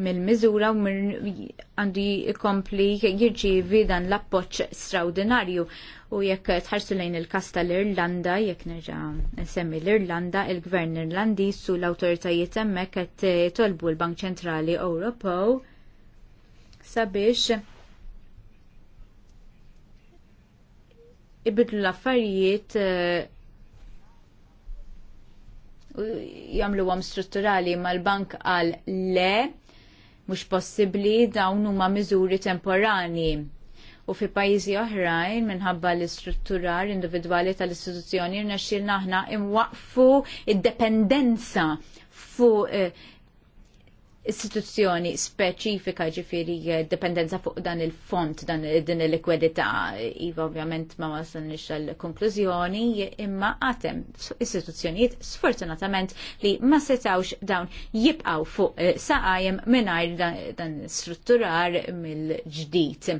mill-miżura u għandu jkompli jirċievi dan l-appoġġ straordinarju u jekk tħarsu lejn il kasta tal-Irlanda, jekk nerġa' semmi l-Irlanda, il-Gvern Irlandiż u l-awtoritajiet hemmhekk qed tolbu l-Bank Ċentrali Ewropew sabiex ibidlu l-affarijiet eh, jagħmluhom strutturali mal-bank għal le mhux possibbli dawn huma miżuri temporani. U fi pajjiżi oħrajn minħabba l-istrutturar individwali tal-istituzzjoni rnexxilna aħna imwaqfu id-dependenza fuq eh, istituzzjoni speċifika ġifiri eh, dependenza fuq dan il-font, dan din il likwedita iva ovvjament ma wasalni għal-konklużjoni, imma għatem istituzzjonijiet sfortunatament li ma setawx dawn jibqaw fuq eh, saqajem minnajr dan strutturar mill-ġdijt.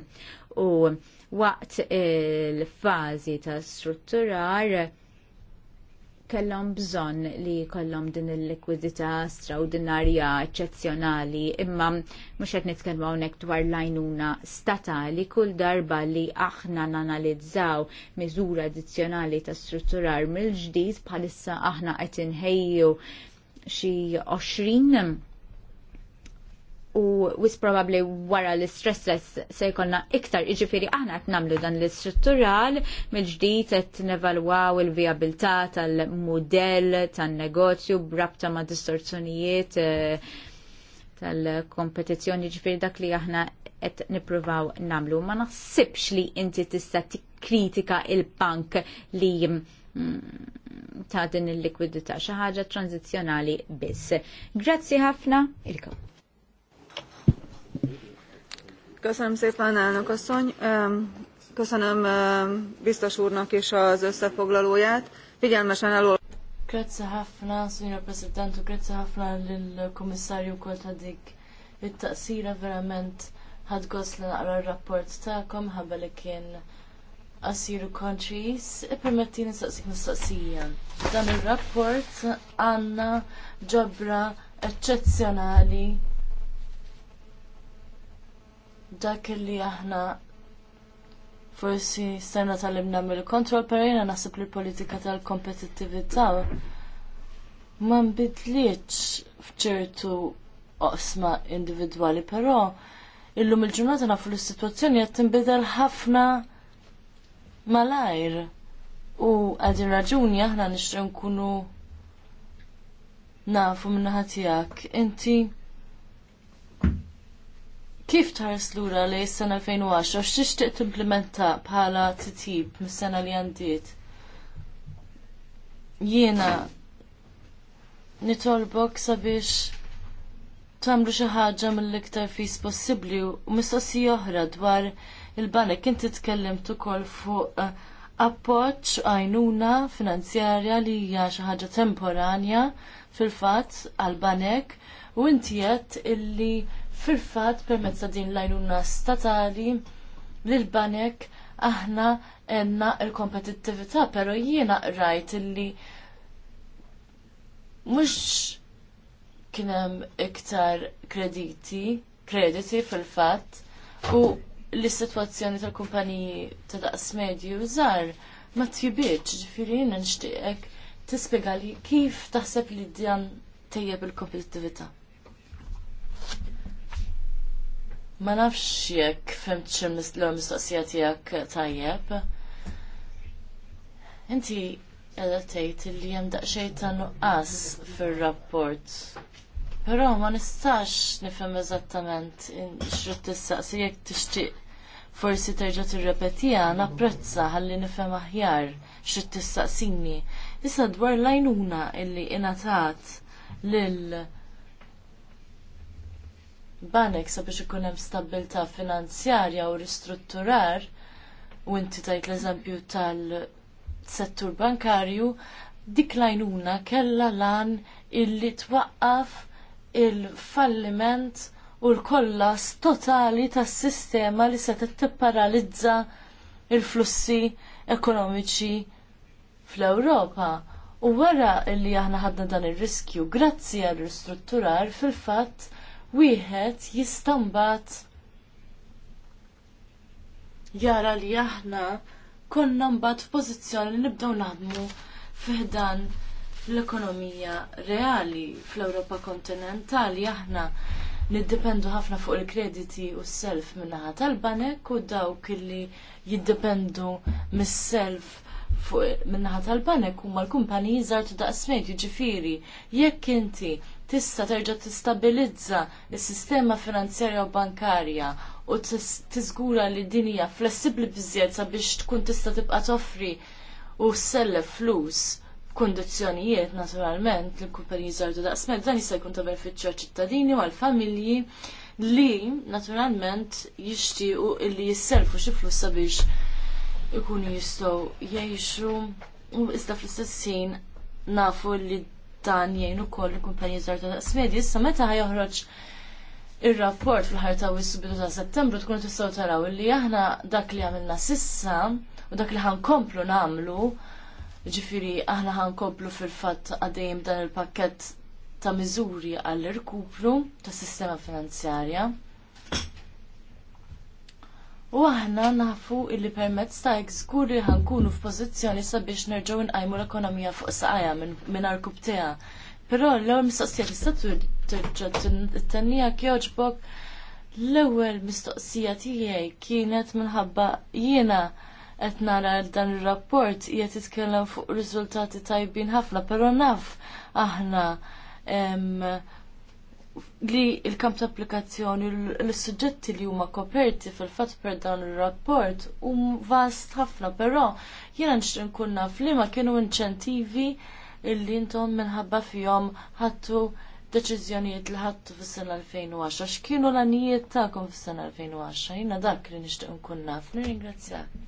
U waqt il-fazi eh, ta' strutturar kellhom bżonn li kollhom din il-likwidità straordinarja eċċezzjonali imma mhux qed nitkellmu hawnhekk dwar l-għajnuna statali kull darba li aħna nanalizzaw miżura addizzjonali ta' strutturar mill-ġdid bħalissa aħna qed inħejju xi 20 u wis probably wara l-stress se jkollna iktar iġifiri aħna qed nagħmlu dan l-istruttural mill-ġdid qed nevalwaw il-vijabilità tal-mudell tan-negozju brabta ma' distorzjonijiet eh, tal-kompetizzjoni ġifiri dak li aħna qed nippruvaw nagħmlu. Ma naħsibx li inti tista' tikkritika il-bank li mm, ta' din il-likwidità xi ħaġa tranzizzjonali biss. Grazzi ħafna ilkom. Köszönöm szépen, elnök asszony. Köszönöm biztos úrnak is az összefoglalóját. Figyelmesen elol... Grazie ħafna, signor President, u grazie ħafna lill-Kummissarju kol ta' dik it-taqsira verament ħad li naqra r-rapport tagħkom ħabba li kien qasir u konċis. Ippermetti nistaqsik mistaqsija. Dan ir rapport għandna ġobra eċċezzjonali dak li aħna forsi sena tal-imna mill-kontrol, per jena nasib li politika tal-kompetittivita ma bidliċ fċertu oqsma individwali, però illum il-ġurnata nafu l situazzjoni qed tinbidel ħafna malajr u għadin raġuni aħna nixtru nkunu nafu minnaħatijak. Inti Kif tħares lura li s-sena 2010 tiqt implementa bħala titjib mis-sena li għandiet? Jiena nitolbok sabiex tagħmlu xi ħaġa mill-iktar fis possibbli u mistoqsija oħra dwar il-banek inti tkellimt ukoll fuq eh, appoġġ għajnuna finanzjarja li hija xi ħaġa temporanja fil-fatt għal banek u inti qed illi Fil-fat, permezz ta' din l-għajnuna statali, l-banek aħna enna il-kompetittivita, pero jiena rajt illi mux kienem iktar krediti, krediti fil-fat, u l-situazzjoni tal-kumpaniji ta' daqs medju żgħar ma tjibitx, ġifiri jina nishtiqek kif taħseb li dan tejjeb il-kompetitività. Ma nafx jekk fimt xim l-mistoqsija tijak tajjeb. Inti edha tejt li jem daqxej ta' nuqqas fil-rapport. Pero ma nistax nifhem eżattament xrut tistaqsi jekk tixtieq forsi terġa' na napprezza ħalli nifhem aħjar xrut tistaqsini. Issa dwar lajnuna illi inatat lil banek sabiex ikun hemm stabilità finanzjarja u ristrutturar u inti tajt l-eżempju tal-settur bankarju dik lajnuna kella lan illi twaqqaf il-falliment u l-kollas totali tas sistema li se tipparalizza il-flussi ekonomiċi fl-Ewropa. U wara illi aħna ħadna dan ir riskju grazzi għal ristrutturar fil fatt wieħed jistambat jara li aħna konna mbagħad f'pożizzjoni li nibdew naħdmu fiħdan l-ekonomija reali fl-Ewropa kontinentali aħna niddependu ħafna fuq il-krediti u s-self minnaħa tal-banek u dawk li jiddependu mis-self fuq minnaħa tal-banek huma l-kumpaniji żgħar daqs medju jiġifieri jekk inti tista' terġa' tistabilizza s-sistema finanzjarja u bankarja u tiżgura li din hija flessibbli biżżejjed sabiex tkun tista' tibqa' toffri u sellef flus kondizzjonijiet naturalment li kumpaniji daqs daqsmed dan jista' jkun ta' benefiċċju ċittadini u għall-familji li naturalment jixtiequ illi jisselfu xi flus sabiex ikunu jistgħu jgħixu u iżda fl-istess ħin nafu li dan jgħin ukoll il kumpanji żgħar ta' smedi, issa meta ħajoħroġ ir-rapport fil ħar ta' s-bidu ta' settembru tkun tistaw taraw li aħna dak li għamilna sissa u dak li ħankomplu nagħmlu ġifiri aħna ħankomplu fil-fatt għadejjem dan il-pakket ta' miżuri għall-irkupru tas sistema finanzjarja. U aħna nafu illi permezz ta' żgur li ħankunu f'pożizzjoni sabiex nerġgħu nqajmu l-ekonomija fuq saqajja minn arkub tiegħha. Però l-ewwel mistoqsija tista' terġa' tennija jogħġbok l-ewwel mistoqsija tiegħi kienet minħabba jiena qed nara dan ir-rapport qiegħed titkellem fuq riżultati tajbin ħafna, però naf aħna li il-kamp ta' applikazzjoni l-suġġetti li huma koperti fil-fatt per dan ir-rapport u vast ħafna, però jiena nixtri nkun naf li ma kienu inċentivi illi intom minħabba fihom ħattu deċiżjonijiet li ħattu fis-sena 2010. X'kienu l-anijiet tagħkom fis-sena 2010? Jiena dak li nixtieq nkun naf. Nirringrazzjak.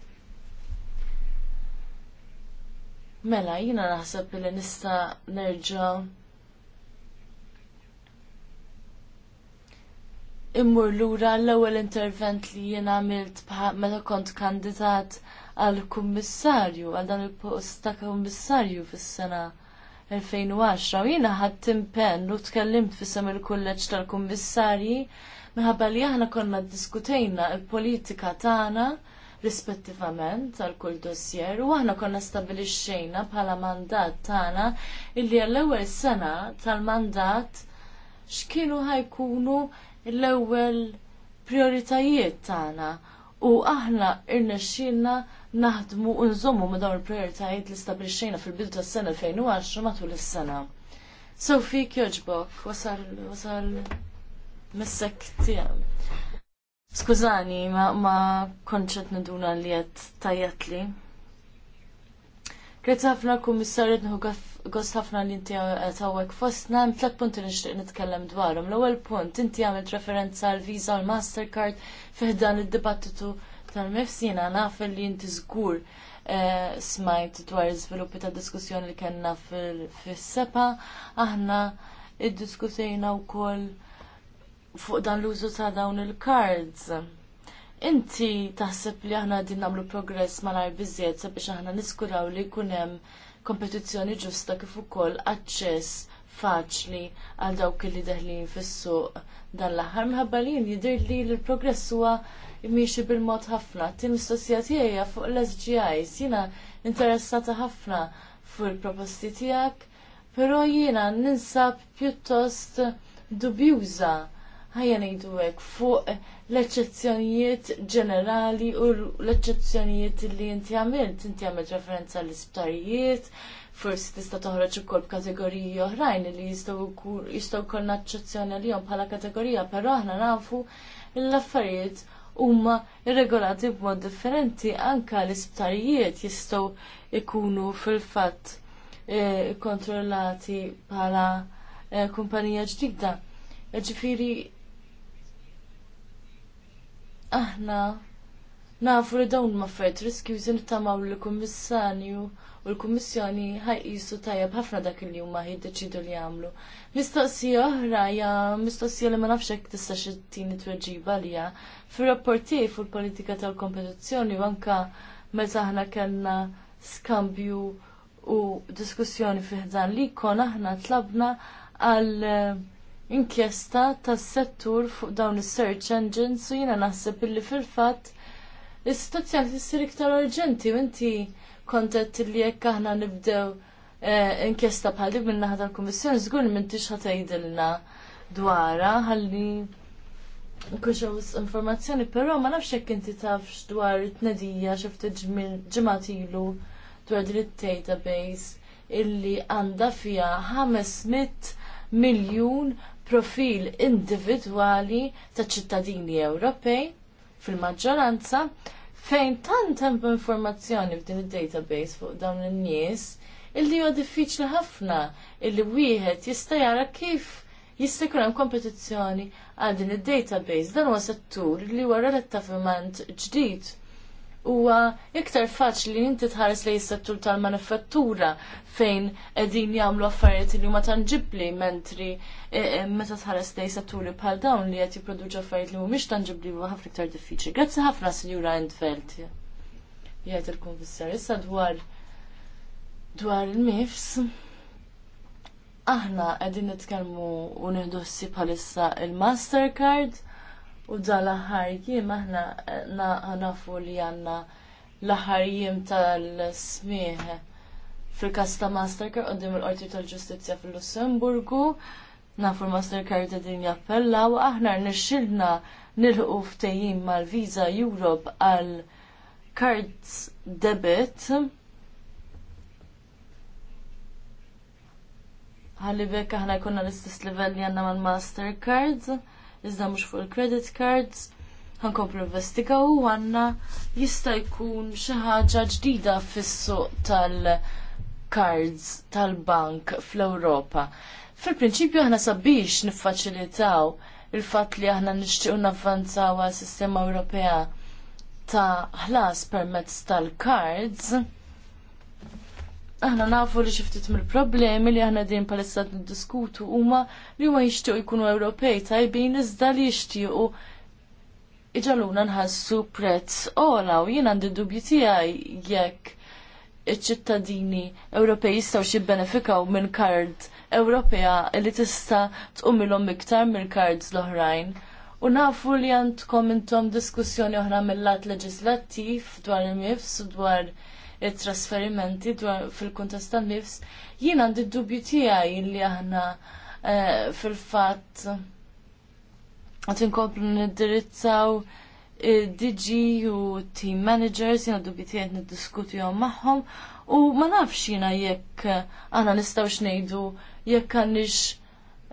Mela, jiena naħseb li nista' nerġa' immur lura l-ewwel intervent li jien għamilt meta kont kandidat għal kummissarju għal dan il-post ta' kummissarju fis-sena 2010 u jiena ħadd impenn u tkellimt fisem il-kulleġġ tal-kummissarji minħabba li aħna konna ddiskutejna l politika tagħna rispettivament għal kull dossier u aħna konna stabilixxejna bħala mandat tagħna illi għall-ewwel sena tal-mandat x'kienu ħajkunu l-ewwel prioritajiet tagħna u aħna irnexxielna naħdmu u nżommu ma' dawn il-prioritajiet li stabilixxejna fil-bidu tas-sena 2010 matul is-sena. fik jogħġbok, wasal wasal missek tiegħu. Skużani, ma, ma konċet niduna li qed tajjatli. Grazzi ħafna kummissarju nħu gost ħafna li inti tawwek fostna, hemm tliet punti nixtieq nitkellem dwarhom. L-ewwel punt, inti għamilt referenza għal Visa u l-Mastercard fiħdan id-dibattitu tal-mifsina, naf li inti żgur eh, smajt dwar iżviluppi ta' diskussjoni li kellna fis-sepa, aħna iddiskutejna wkoll fuq dan l-użu ta' dawn il-cards inti taħseb li aħna din nagħmlu progress malar biżjed sabiex aħna niskuraw li jkun hemm kompetizzjoni ġusta kif ukoll aċċess faċli għal dawk li daħlin fis-suq dan l-aħħar minħabba li jidher li l-progress huwa miexi bil-mod ħafna. Tim mistoqsija tiegħi fuq l-SGIs jiena interessata ħafna fuq il-proposti tiegħek, però jiena ninsab pjuttost dubjuża ħajja nejdu hekk fuq l eċezzjonijiet ġenerali u l-eċċezzjonijiet li inti għamilt, inti għamilt referenza l-isptarijiet, forsi tista' toħroġ ukoll b'kategoriji oħrajn li jistgħu jkollna li għalihom bħala kategorija, però aħna nafu l-affarijiet huma irregolati b'mod differenti anke l-isptarijiet jistgħu ikunu fil-fatt eh, kontrollati bħala eh, kumpanija ġdida. Ġifiri, aħna nafu li dawn ma riskju riskjużi tamaw li kummissarju u l-Kummissjoni ħajqisu tajjeb ħafna dak il huma jiddeċidu li għamlu. Mistoqsija oħra ja mistoqsija li ma nafx hekk tista' xi tini tweġiba li hija. Fir-rapport tiegħi politika tal-kompetizzjoni anke meta aħna kellna skambju u diskussjoni fiħdan li kon aħna tlabna għal inkjesta tas-settur fuq dawn is-search engines u jiena naħseb illi fil-fatt is-sitwazzjoni tissir iktar urġenti u inti kontet li jekk aħna nibdew eh, inkjesta bħal dik minn naħa tal kummissjoni żgur m'intix ħatejdilna dwarha ħalli Kuxaw informazzjoni, però ma nafx jekk inti tafx dwar it-tnedija xi ftit ġimgħat ilu dwar din it-database illi għandha fiha 500 miljun profil individwali ta' ċittadini Ewropej fil-maġġoranza fejn tant hemm informazzjoni f'din id-database fuq dawn in-nies illi huwa diffiċli ħafna illi wieħed jista' jara kif jista' jkun hemm kompetizzjoni għal din id-database. Dan huwa settur li huwa relattivament ġdid huwa iktar faċli li inti tħares li settur tal-manifattura fejn qegħdin jagħmlu affarijiet li huma tanġibbli mentri e, e, meta tħares li setturi bħal dawn li qed jipproduċu affarijiet li mhumiex tanġibbli huwa ħafna iktar diffiċli. Grazzi ħafna Sinjura Endfeld. Jgħid il-Kunfissar issa dwar dwar il-mifs. Aħna qegħdin nitkellmu u nieħdu ssib bħalissa il-Mastercard u dan l-aħħar jiem aħna nafu li għandna l-aħħar jiem tal-smieħ fil kasta Mastercard Mastercard dim il-Qorti tal-Ġustizzja fil-Lussemburgu nafu l-Mastercard din jappella u aħna nixxilna nilħu ftejim mal-Visa Europe għal cards debit Għalli bekk aħna jkunna l-istess livell li għandna mal-Mastercard iżda mhux fuq il-credit cards. Ħankomplu investigaw u għanna jista' jkun xi ħaġa ġdida fis-suq tal-cards tal-bank fl-Ewropa. Fil-prinċipju aħna sabiex niffaċilitaw il-fatt li aħna nixtiequ navvanzaw għas sistema Ewropea ta' ħlas permezz tal-cards aħna nafu li xiftit mill-problemi li aħna din palissa diskutu huma li huma jixtiequ jkunu Ewropej tajbin iżda li jixtiequ iġaluna nħassu prezz ola u jien għandi dubju tiegħi jekk iċ-ċittadini Ewropej jistgħu xi benefikaw minn kard Ewropea li tista' tqumilhom iktar mill kards l-oħrajn. U nafu li għandkom intom diskussjoni oħra mill-lat leġislattiv dwar il-mifs dwar it-trasferimenti dwar fil-kuntest tan-nifs, jien għandi d-dubju tiegħi li aħna eh, fil-fatt għat inkomplu niddirizzaw eh, DG u team managers, jina dubju tiegħi niddiskuti jom magħhom u ma nafx jiena jekk aħna nistgħux xnejdu jekk għandix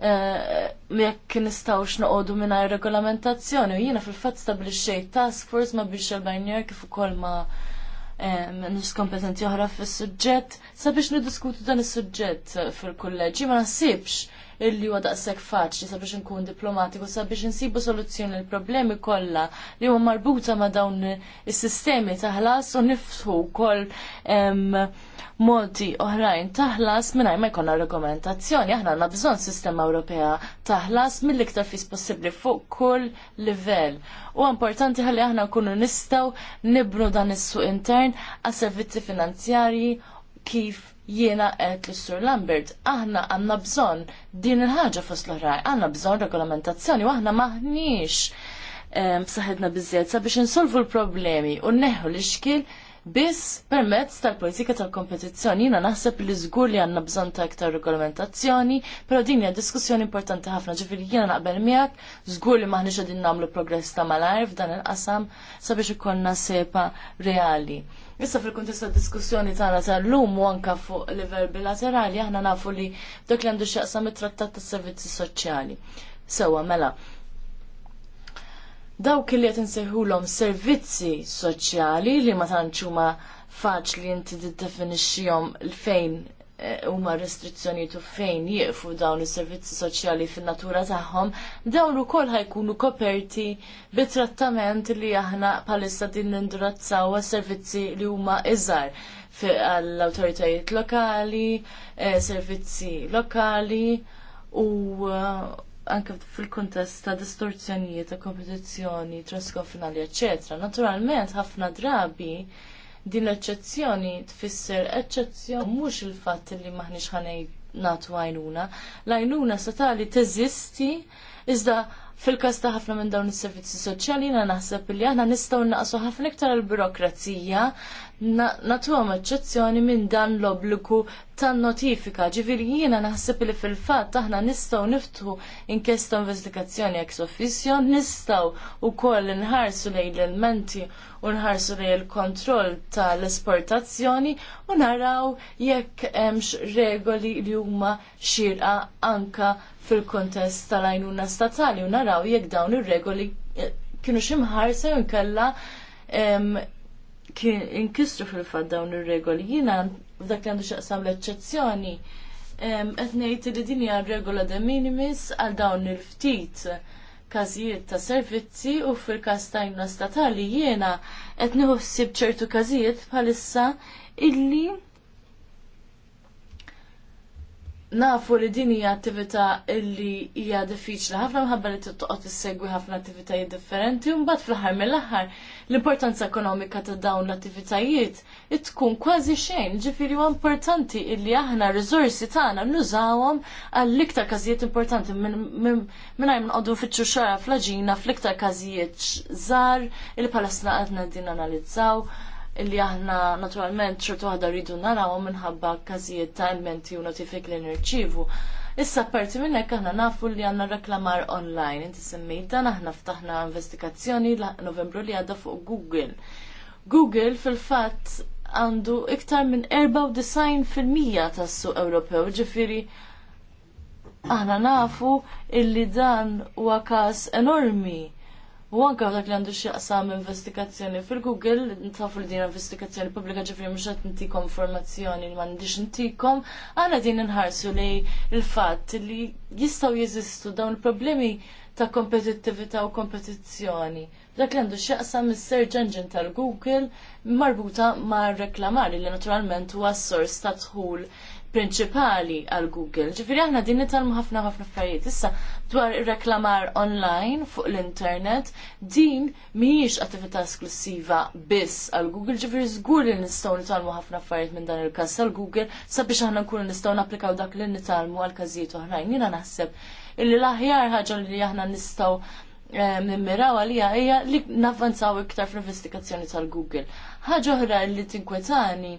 eh, jekk nistgħux noqogħdu mingħajr regolamentazzjoni. u Jiena fil-fatt stabilixxejt task force ma biex il-Barnier kif ukoll ma' nus kompetenti oħra fis-suġġett sabiex nidiskutu dan is-suġġett fil kolleġi ma nasibx illi huwa daqshekk faċli sabiex nkun diplomatiku sabiex insibu soluzzjoni l problemi kollha li huma marbuta ma' dawn is-sistemi ta' ħlas u nifsu wkoll modi oħrajn taħlas mingħajr ma jkollna regolamentazzjoni, Aħna għandna bżonn sistema Ewropea taħlas mill-iktar fis possibbli fuq kull livell. U importanti ħalli aħna nkunu nistgħu nibnu dan is-suq intern għas servizzi finanzjarji kif jiena qed l-Sur Lambert, aħna għandna bżonn din il-ħaġa fost l-oħraj, għandna bżonn regolamentazzjoni u aħna maħniex b'saħħitna ehm, biżżejjed sabiex insolvu l-problemi u neħu l-ixkil biss permezz tal-politika tal-kompetizzjoni. Jiena naħseb li żgur li għandna bżonn ta' iktar regolamentazzjoni, però din hija diskussjoni importanti ħafna ġifieri jiena naqbel miegħek, żgur li maħniex qegħdin nagħmlu progress ta' malajr f'dan il-qasam sabiex ikollna sepa reali. Issa fil kuntest tad diskussjoni tagħna tal-lum u anke fuq livell bilaterali aħna nafu li dak li għandu x'jaqsam it-trattat tas-servizzi soċjali. Sewwa mela, dawk li qed insejħulhom servizzi soċjali li ma tantx huma faċli inti l fejn eh, huma restrizzjonijiet u fejn jieqfu dawn is-servizzi soċjali fin-natura tagħhom, dawn ukoll ħajkunu koperti bi trattament li aħna palissa din nindurazzaw servizzi li huma iżgħar għall-awtoritajiet lokali, eh, servizzi lokali u eh, anke fil-kuntest ta' distorzjonijiet ta' kompetizzjoni transkonfinali, eċetera. Naturalment, ħafna drabi din l-eċċezzjoni tfisser eċċezzjoni mhux il-fatt li maħniex ħanej natu għajnuna. L-għajnuna satali teżisti iżda fil-kas ta' ħafna minn dawn is-servizzi soċjali na naħseb li aħna nistgħu naqsu ħafna iktar il-birokrazija natuhom eċċezzjoni minn dan l obliku tan-notifika. Ġifieri jiena naħseb li fil-fatt aħna nistgħu niftħu inkjesta investigazzjoni ex officio, nistgħu wkoll nħarsu lejn l-elementi u nħarsu lejn il-kontroll tal-esportazzjoni u naraw jekk hemmx regoli li huma xirqa anka fil-kontest tal-għajnuna statali u naraw jekk dawn ir-regoli eh, kienu ximħarsa jew nkella kien inkisru fil-fat dawn ir-regoli. Jiena f'dak li għandu xaqsam l-eċċezzjoni qed ngħid li din hija regola de minimis għal dawn il-ftit każijiet ta' servizzi u fil-każ tajna statali jiena qed niħossib ċertu każijiet bħalissa illi nafu li din hija attività illi hija diffiċli ħafna minħabba li tittoqgħod issegwi ħafna attivitajiet differenti u mbagħad fl-aħħar mill-aħħar l-importanza ekonomika ta' dawn l-attivitajiet tkun kważi xejn, ġifieri huwa importanti illi aħna r-riżorsi tagħna nużawhom għall-iktar każijiet importanti minn noqogħdu nfittxu xara fl-aġina fl-iktar każijiet żgħar il bħala qed din analizzaw illi aħna naturalment xorta waħda rridu naraw minħabba każijiet ta' elmenti u notifik li nirċievu. Issa parti minn hekk aħna nafu li għandna reklamar online. Inti semmejt dan aħna ftaħna investigazzjoni novembru li għadha fuq Google. Google fil-fatt għandu iktar minn 94% tas-suq Ewropew, ġifiri aħna nafu illi dan huwa każ enormi U anka dak li għandu xieqsam investigazzjoni fil-Google, ntafu li din investigazzjoni pubblika ġifri mxat ntikom informazzjoni li mandiġ ntikom, għana din nħarsu li il-fat li jistaw jizistu dawn il-problemi ta' kompetittivita u kompetizzjoni. Dak li għandu xieqsam il-search engine tal-Google marbuta ma' reklamari li naturalment huwa s-sors ta' tħul prinċipali għal Google. Ġifiri aħna din nitalmu ħafna ħafna affarijiet. Issa dwar reklamar online fuq l-internet, din mhijiex attività esklusiva biss għal Google. Ġifiri żgur li nistgħu nitalmu ħafna affarijiet minn dan il-każ għal Google sabiex aħna nkunu nistgħu napplikaw dak li nitalmu għal każijiet oħrajn. Jiena naħseb illi l-aħjar ħaġa li aħna nistgħu Eh, nimmiraw għalija hija li navvanzaw iktar fl-investigazzjoni tal-Google. Ħaġa oħra li tinkwetani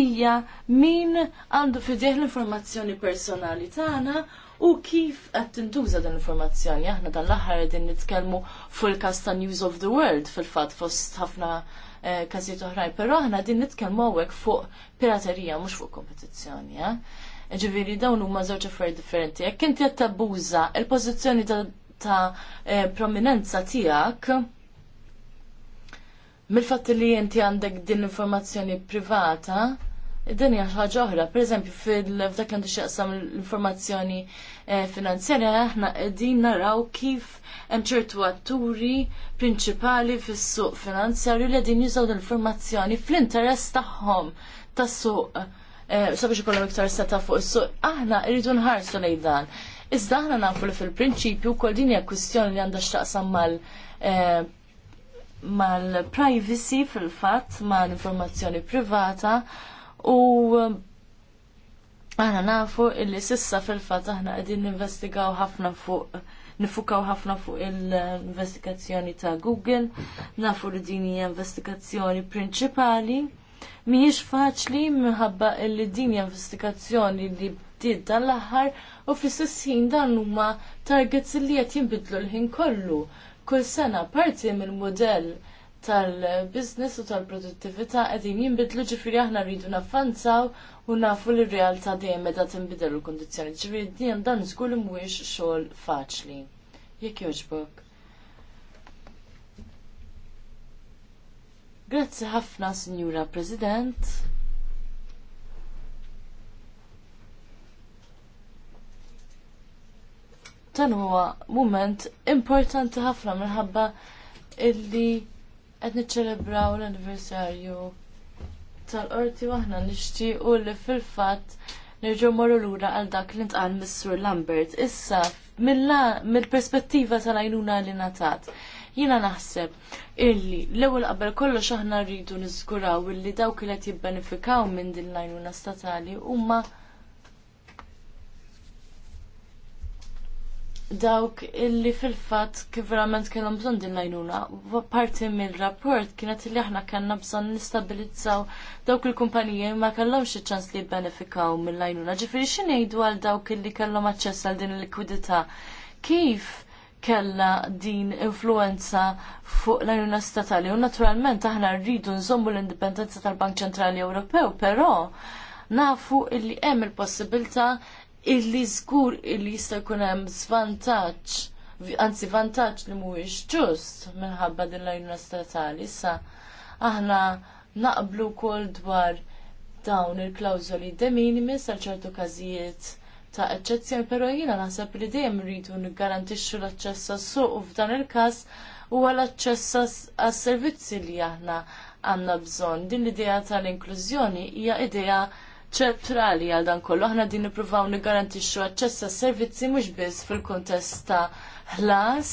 hija min għandu fideh l-informazzjoni personali tagħna u kif qed tintuża din l-informazzjoni. Aħna dan l-aħħar qegħdin nitkellmu fuq il-każ ta' News of the World fil-fatt fost ħafna eh, każijiet oħrajn, però aħna din nitkellmu hawnhekk fuq piraterija mhux fuq kompetizzjoni. Eh. Ġifieri dawn huma żewġ affarijiet differenti. Jekk inti qed tabbuża il-pożizzjoni ta' ta' eh, prominenza tiegħek mil fatt li inti għandek din informazzjoni privata, din hija ħaġa oħra. Pereżempju f'dak li għandu x'jaqsam l-informazzjoni eh, finanzjarja aħna qegħdin naraw kif hemm ċertu atturi prinċipali fis-suq finanzjarju li qegħdin jużaw l-informazzjoni fl-interess tagħhom tas-suq eh, sabiex ikollhom iktar seta' fuq is-suq. Aħna rridu nħarsu lejn dan. Iżda aħna nafu li fil-prinċipju wkoll din hija kwistjoni li għandha x'taqsam mal eh, mal-privacy fil-fatt, mal-informazzjoni privata u eh, aħna nafu illi sissa fil-fatt aħna qegħdin investigaw ħafna fuq nifukaw ħafna fuq l-investigazzjoni ta' Google, nafu li din hija investigazzjoni prinċipali. Mhijiex faċli minħabba li din hija investigazzjoni li bdiet tal aħħar u fl-istess ħin dan huma targets li qed jinbidlu l-ħin kollu. Kull sena parti mill-mudell tal-biznis u tal-produttività qegħdin jinbidlu ġifieri aħna rridu naffanzaw u nafu li r-realtà dejjem meta tinbidel il-kundizzjoni. Ġifieri dejjem dan żgur li mhuwiex xogħol faċli. Jekk jogħġbok. Grazzi ħafna, Sinjura President. dan huwa mument importanti ħafna minħabba illi qed niċċelebraw l-anniversarju tal-qorti waħna nixtiequ li fil-fatt nerġgħu morru lura għal dak li ntqal mis-Sur Lambert. Issa mill-perspettiva tal-għajnuna li natat jina naħseb illi l-ewwel qabel kollox aħna rridu niżguraw illi dawk li qed jibbenefikaw minn din l-għajnuna statali huma dawk illi fil-fat kif verament kellhom bżonn din l-għajnuna. Parti mill-rapport kienet illi aħna kellna bżonn nistabilizzaw dawk il-kumpaniji ma kellhomx iċ-ċans li jibbenefikaw mill-għajnuna. Ġifieri xi ngħidu għal dawk illi kellhom aċċess għal din il-likwidità. Kif kella din influenza fuq l-għajnuna statali u naturalment aħna rridu nżommu l-indipendenza tal-Bank Ċentrali Ewropew, però nafu illi hemm il-possibilità illi żgur illi jista' jkun hemm żvantaġġ, anzi vantaġġ li mhuwiex ġust minħabba din l-għajnuna statali. Issa aħna naqblu wkoll dwar dawn il-klawżoli de minimis għal ċertu każijiet ta' eċċezzjoni, pero jiena naħseb li dejjem rridu niggarantixxu l-aċċess għas-suq u f'dan il-każ huwa l-aċċess għas-servizzi li aħna għandna bżonn. Din l-idea tal-inklużjoni hija idea ċentrali għal dan kollu. Aħna din nippruvaw niggarantixxu aċċess għas servizzi mhux biss fil-kuntest ta' ħlas,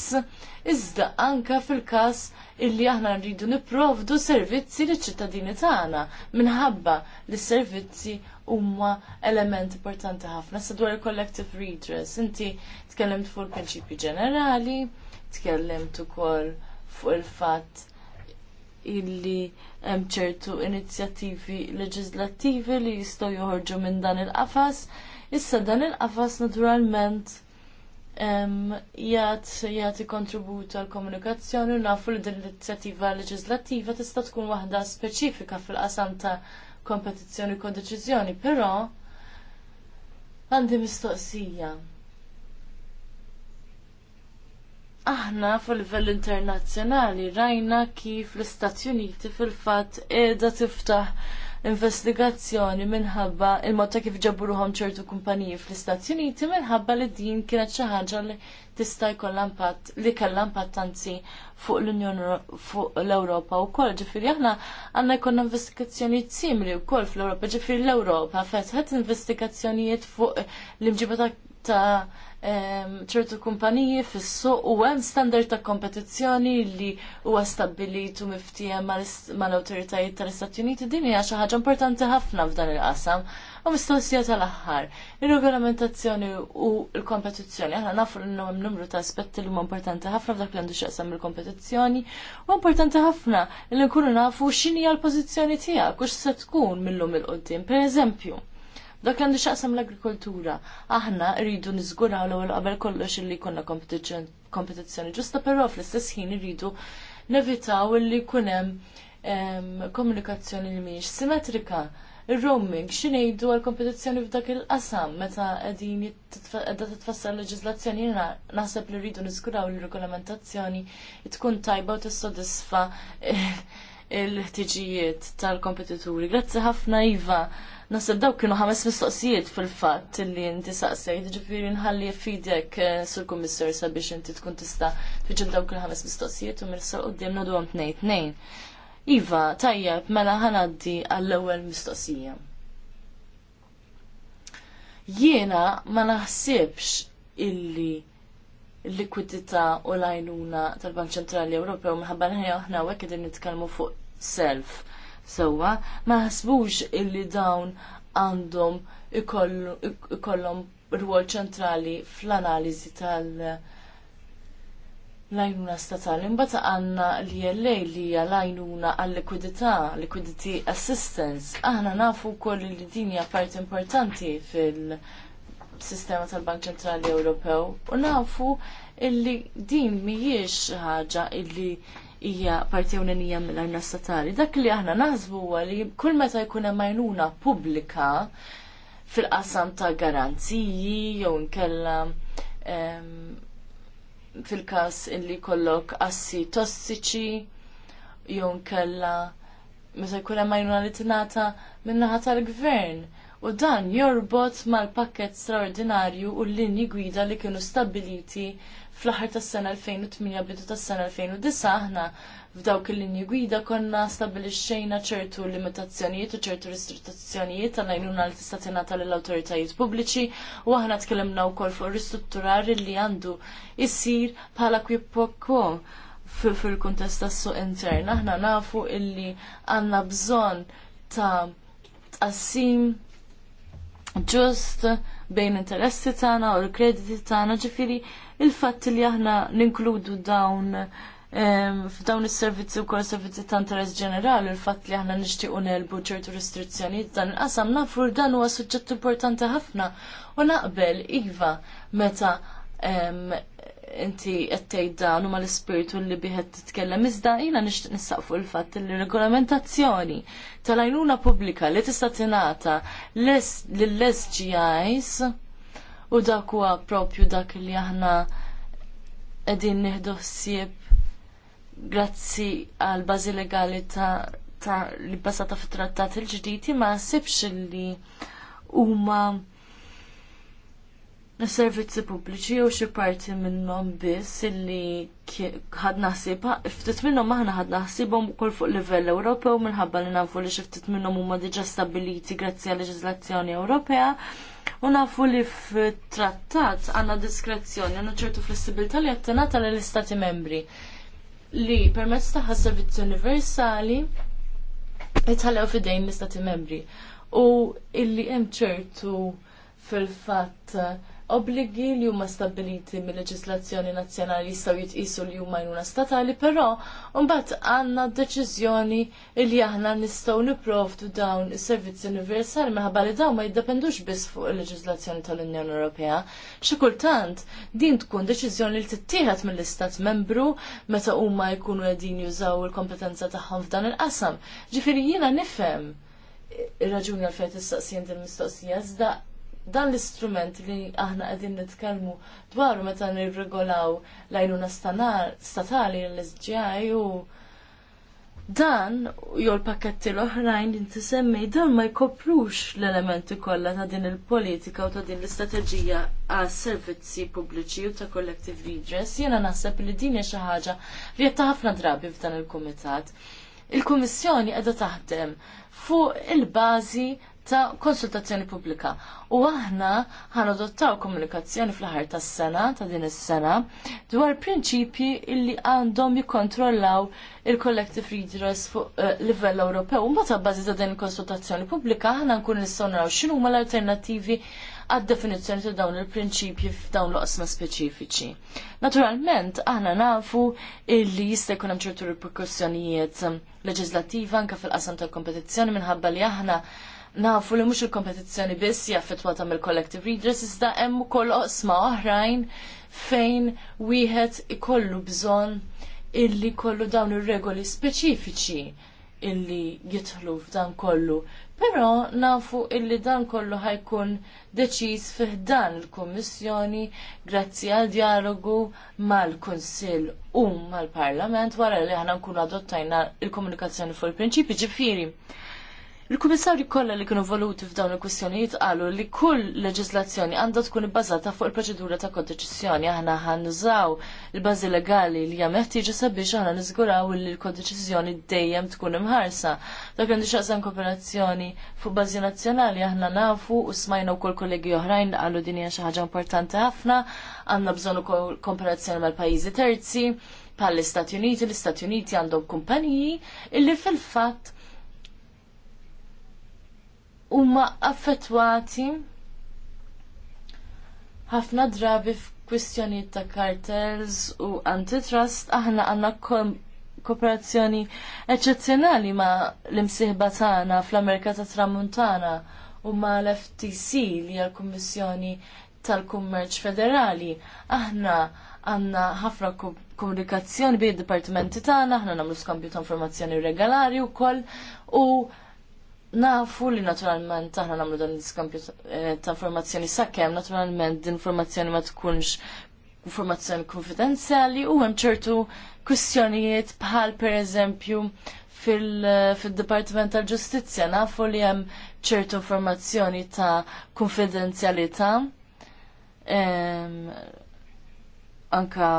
iżda anka fil-każ illi aħna rridu nipprovdu servizzi liċ ċittadini tagħna minħabba li s servizzi huma element importanti ħafna. Sa dwar il-collective redress, inti tkellimt fuq il-prinċipji ġenerali, tkellimt ukoll fuq il-fatt illi hemm ċertu inizjattivi leġislattivi li jistgħu joħorġu minn dan il-qafas. Issa dan il-qafas naturalment jgħat jgħati kontribut għal komunikazzjoni u nafu li din l-inizjattiva leġislattiva tista' tkun waħda speċifika fil-qasam ta' kompetizzjoni kod kodeċiżjoni, però għandi mistoqsija. aħna fil-livell internazzjonali rajna kif l-Istati Uniti fil-fatt qiegħda tiftaħ investigazzjoni minħabba il-mod ta' kif ġabruhom ċertu kumpaniji fl-Istati Uniti minħabba li din kienet xi ħaġa li tista' jkollha impatt li kellha impatt anzi fuq l-Unjoni fuq l-Ewropa wkoll. Ġifieri aħna għandna jkollna investigazzjonijiet simili wkoll fl-Ewropa, ġifieri l-Ewropa fetħet investigazzjonijiet fuq l-imġiba ta' ċertu kumpaniji fis-suq u hemm standard ta' kompetizzjoni li huwa stabbilit u miftiem mal-awtoritajiet tal-Istati Uniti din hija xi ħaġa importanti ħafna f'dan il-qasam. U mistoqsija tal-aħħar, ir-regolamentazzjoni u l-kompetizzjoni, aħna nafu li hemm numru ta' aspetti li huma importanti ħafna f'dak li għandu x'jaqsam il-kompetizzjoni, u importanti ħafna li nkunu nafu x'inhi l-pożizzjoni tiegħek u se tkun minnhom il-qudiem. Pereżempju, Dak għandu xaqsam l-agrikoltura. Aħna rridu nizguraw l-ewwel qabel kollox illi jkunna kompetizzjoni ġusta, però fl-istess ħin irridu nevitaw illi jkun hemm komunikazzjoni li mhijiex simetrika. Ir-roaming x'ngħidu għal kompetizzjoni f'dak il-qasam meta qegħdin qiegħda titfassar leġiżlazzjoni naħseb li rridu niżguraw l regolamentazzjoni tkun tajba u tissodisfa l ħtiġijiet tal-kompetituri. Grazzi ħafna Iva Nasib daw kienu ħames mistoqsijiet fil-fatt li inti saqsejt, ġifiri nħalli fidek eh, sur kummissar sabiex inti tkun tista' tfiġib daw kienu ħames mistoqsijiet u mirsaq d nodu għam tnejn tnejn. Iva, tajjeb, mela ħanaddi għall-ewwel mistoqsija. Jiena ma naħsibx illi l-likwidità u l-għajnuna tal-Bank Ċentrali Ewropew minħabba li aħna hawnhekk qegħdin nitkellmu fuq self sewwa, ma ħasbux illi dawn għandhom ikollhom rwol ċentrali fl-analiżi tal- l-għajnuna statali. mbata għanna li jellej li l-għajnuna għall-likwidità, liquidity assistance. Aħna nafu koll li din hija part importanti fil-sistema tal-Bank Ċentrali Ewropew u nafu illi din mhijiex ħaġa illi hija parti unenija mill-arna statali. Dak li aħna naħsbu għali li kull meta jkun hemm għajnuna pubblika fil-qasam ta' garanziji jew nkella fil-każ illi kollok assi tossiċi jew nkella meta jkun hemm għajnuna li tingħata min-naħa tal-gvern. U dan jorbot mal-pakket straordinarju u l-linji gwida li kienu stabiliti fl-aħħar tas-sena 2008 bidu tas-sena 2009 aħna f'dawk il-linji gwida konna stabilixxejna ċertu limitazzjonijiet u ċertu ristrittazzjonijiet tal-għajnuna li tista' tingħata lill-awtoritajiet pubbliċi u aħna tkellimna wkoll fuq ristrutturar li għandu jsir bħala kwipokko fil-kuntest tas-suq intern. Aħna nafu illi għandna bżonn ta' tqassim ġust bejn interessi tagħna u l-krediti tagħna ġifieri il fat li aħna ninkludu dawn f'dawn is-servizzi wkoll servizzi ta' interess ġenerali il-fatt li aħna nixtiequ nelbu ċertu restrizzjonijiet dan il-qasam nafu dan huwa suġġett importanti ħafna u naqbel iva meta inti għattej dan u mal-spiritu li biħed titkellem. Iżda jina nishtiq nissaqfu l-fat li regolamentazzjoni tal-għajnuna publika li tista' tingħata lill-SGIs u dak huwa propju dak li aħna qegħdin nieħdu ħsieb grazzi għal bażi legali ta' li basata fit-trattat il-ġdid ma sibx li huma nis servizzi pubbliċi u xi parti minnhom biss illi ħad naħsibha, ftit minnhom aħna ħad naħsibhom ukoll fuq livell Ewropew minħabba li nafu li xi ftit minnhom huma diġà stabiliti grazzi għal leġiżlazzjoni Ewropea. U nafu li f'trattat għandna diskrezzjoni, għandna ċertu flessibilità li qed tingħata lill-Istati membri li permezz taħħa servizzi universali jitħallew fidejn l-Istati membri. U illi hemm ċertu fil-fatt obbligi li huma stabiliti mill-leġislazzjoni nazzjonali jistgħu jitqisu li huma jnuna statali, però mbagħad għandna deċiżjoni li aħna nistgħu nipprovdu dawn is-servizzi universali minħabba li dawn ma jiddependux biss fuq il-leġislazzjoni tal-Unjoni Ewropea. Xi kultant din tkun deċiżjoni li tittieħed mill-Istat membru meta huma jkunu qegħdin jużaw il-kompetenza tagħhom f'dan il-qasam. Ġifieri jiena nifhem ir-raġuni għalfejn fejn tistaqsijin din mistoqsija iżda dan l-istrument li aħna qegħdin nitkellmu dwaru meta nirregolaw l statali l-SGI u dan jew l-pakketti l-oħrajn li tisemmej dan ma jkoprux l-elementi kollha ta' din il-politika u ta' din l-istrateġija għas servizzi pubbliċi u ta' collective redress. Jiena naħseb li din hija xi ħaġa li qed ħafna drabi f'dan il-kumitat il-Kummissjoni qiegħda taħdem fuq il-bażi ta' konsultazzjoni pubblika. U aħna adottaw komunikazzjoni fl-ħar tas sena ta' din is-sena dwar prinċipji illi għandhom jikkontrollaw il-collective redress fuq uh, livell Ewropew. U mbagħad bazi ta' din il-konsultazzjoni pubblika aħna nkun nistgħu naraw x'inhu huma l-alternattivi għad-definizzjoni ta' dawn il-prinċipji f'dawn l-qosma speċifiċi. Naturalment, aħna nafu illi jista' jkun hemm ċertu reperkussjonijiet leġislattiva anke fil-qasam tal-kompetizzjoni minħabba li aħna nafu li mhux il-kompetizzjoni biss hija affettwata mill-collective readers iżda hemm ukoll osma oħrajn fejn wieħed ikollu bżonn illi kollu dawn ir-regoli speċifiċi illi jitħlu f'dan kollu. Però nafu illi dan kollu ħajkun deċiż fiħdan il-Kummissjoni grazzi għal dialogu mal-Kunsill u mal-Parlament wara li ħana nkunu adottajna il-komunikazzjoni fuq il-prinċipi ġifieri Il-kummissarju kollha li kienu voluti f'dawn il-kwistjonijiet qalu li kull leġislazzjoni għandha tkun ibbażata fuq il-proċedura ta' kodeċiżjoni. Aħna ħanżaw il-bażi legali li hemm ħtieġa sabiex aħna niżguraw li l-kodeċiżjoni dejjem tkun imħarsa. Dak għandu xaqsam kooperazzjoni fuq bażi nazzjonali aħna nafu u smajna wkoll kollegi oħrajn qalu din hija xi ħaġa importanti ħafna, għandna bżonn ukoll kooperazzjoni mal-pajjiżi terzi, bħall-Istati Uniti, l-Istati Uniti għandhom kumpaniji illi fil-fatt huma affettwati ħafna drabi f'kwistjonijiet ta' kartels u antitrust aħna għandna kooperazzjoni eċezzjonali ma' l-imsieħba tagħna fl-Amerika ta' Tramuntana u ma' l-FTC li hija l-Kummissjoni tal-Kummerċ Federali. Aħna għandna ħafna komunikazzjoni bejn id-dipartimenti tagħna, aħna nagħmlu skambju ta' informazzjoni regolari wkoll u, u Nafu li naturalment aħna nagħmlu dan l-iskampju eh, ta' informazzjoni sakemm naturalment din informazzjoni ma tkunx informazzjoni konfidenzjali u hemm ċertu kwistjonijiet bħal pereżempju eh, fil-Dipartiment tal-Ġustizzja nafu li hemm ċertu informazzjoni ta' konfidenzjalità ehm, anka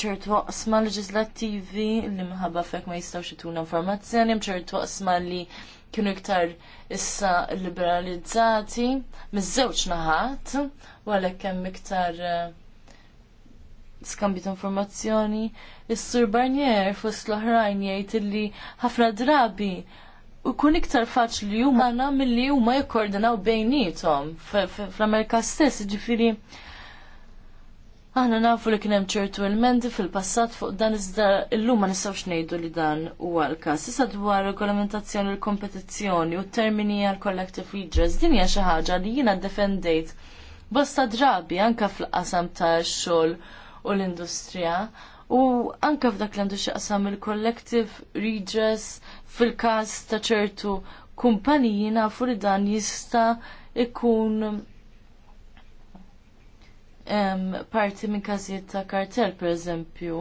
ċert waqsma leġislattivi li minħabba fek ma jistawx jituna informazzjoni, ċert waqsma li kienu iktar issa liberalizzati, miż-żewġ naħat, u għalhekk hemm iktar eh, skambju ta' informazzjoni. Is-Sur Barnier fost l-oħrajn jgħid illi ħafna drabi u kun iktar faċli huma mill li huma jikkoordinaw bejnietom fl-Amerika stess, ġifiri. Aħna nafu li kienem ċertu elementi fil-passat fuq dan iżda l-lum ma nistgħux ngħidu li dan huwa l-każ. dwar regolamentazzjoni l kompetizzjoni u termini għal collective redress din hija xi ħaġa li jiena defendejt bosta drabi anka fil-qasam tax-xogħol u l-industrija u anka f'dak li għandu xi il-collective redress fil-każ ta' ċertu kumpaniji nafu li dan jista' ikun parti minn każijiet ta' kartell pereżempju.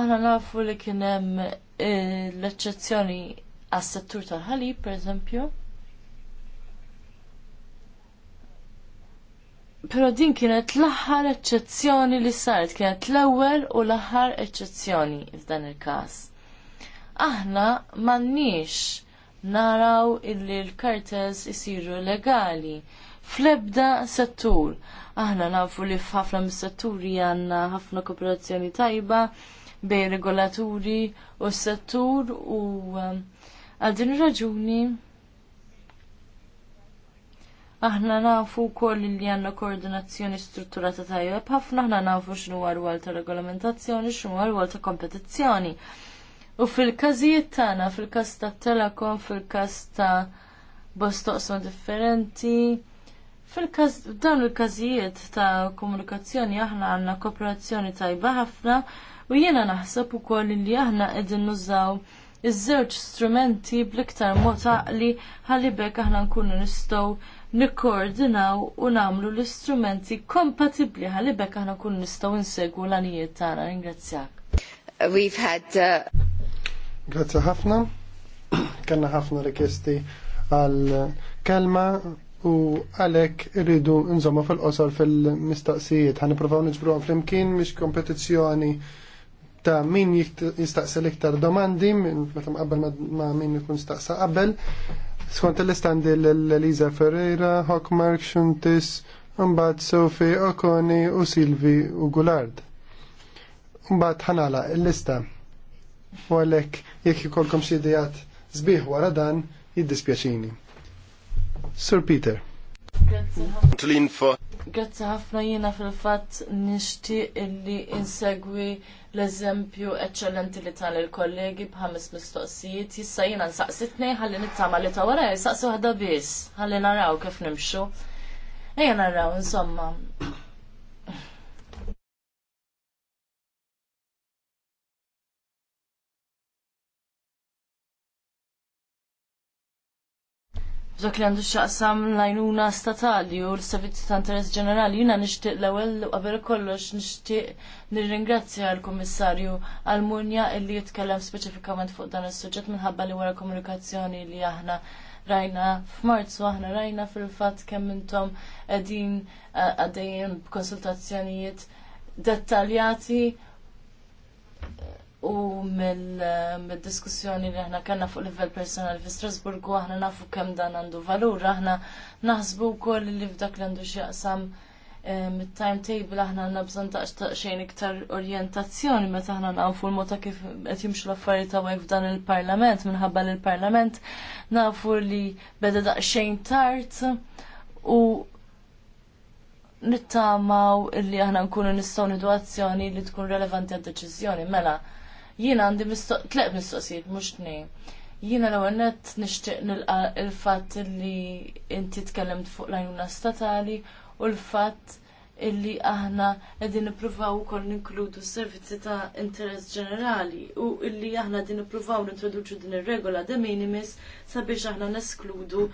Aħna nafu li kien hemm eh, l-eċċezzjoni għas-settur tal per pereżempju. Pero din kienet l-aħħar eċċezzjoni li sart, kienet l-ewwel u l-aħħar eċċezzjoni f'dan il-każ. Aħna m'għandniex naraw illi l-kartels isiru legali fl-ebda settur. Aħna nafu li f'ħafna mis-setturi għandna ħafna kooperazzjoni tajba bejn regolaturi u s-settur u ehm, għal din raġuni aħna nafu wkoll li għandna koordinazzjoni strutturata tajba b'ħafna, aħna nafu x'nu għarwal ta' regolamentazzjoni, x'nu għarwal ta' kompetizzjoni. U fil-każijiet tagħna, fil-każ ta' Telekom, fil-każ ta' bostoqsma differenti, Fil-dawn il-każijiet ta' komunikazzjoni aħna għandna kooperazzjoni tajba ħafna u jiena naħseb ukoll li aħna qegħdin nużaw iż-żewġ strumenti bl-iktar mod għaqli ħalli bekk aħna nkunu nistgħu nikkoordinaw u nagħmlu l-istrumenti kompatibbli ħalli bekk aħna nkunu nistgħu nsegwu l għanijiet tagħna. Ringrazzjak. We've had uh... Grazzi ħafna. [CLEARS THROAT] Kellna ħafna rikesti għal kelma u għalhekk rridu nżomma fil-qosor fil-mistaqsijiet. Ħan nippruvaw fl flimkien mhix kompetizzjoni ta' min jistaqsi l-iktar domandi meta mqabbel ma' min jkun staqsa qabel. Skont l-istandi l-Eliza Ferreira, Hockmark, Xuntis, Mbagħad Sofi Okoni u Silvi u Gulard. Mbad ħanala l-lista. U għalhekk jekk ikolkom xi zbiħ sbieħ wara dan, jiddispjaċini. Sir Peter. Grazzi ħafna jiena fil-fatt nixtieq illi insegwi l-eżempju eċċellenti li tal il-kollegi bħames mistoqsijiet. Jissa jiena nsaqsitni ħalli nittama li ta' wara saqsi biss ħalli naraw kif nimxu. Ejja naraw insomma Dak li għandu xaqsam lajnuna statali u l-servizzi ta' interess ġenerali, jina nishtiq l-ewel qabel kollox nishtiq nirringrazzja l-Kummissarju Almunja illi jitkellem speċifikament fuq dan is-suġġett minħabba li wara komunikazzjoni li aħna rajna f'Marzu aħna rajna fil-fatt kemm intom qegħdin eh, għaddejjin b'konsultazzjonijiet dettaljati u eh, mill-diskussjoni li aħna kellna fuq livell personali fi Strasburgu aħna nafu kemm dan għandu valur, aħna naħsbu wkoll li f'dak li għandu x'jaqsam eh, mit-timetable aħna għandna bżonn xejn iktar orjentazzjoni meta aħna nafu l-mota kif qed jimxu l-affarijiet hawnhekk f'dan il-Parlament minħabba li l-Parlament nafu li beda daqsxejn tard u nittamaw li aħna nkunu nistgħu nidu azzjoni li tkun relevanti għad-deċiżjoni mela Jiena għandi tleq mistoqsijiet mhux tnejn. Jiena l-ewwel nett nixtieq nilqa il fatt li inti tkellemt fuq l-għajnuna statali u l-fatt illi aħna qegħdin nippruvaw ukoll ninkludu s-servizzi ta' interess ġenerali u illi aħna qegħdin nippruvaw nintroduċu din ir-regola de minimis sabiex aħna neskludu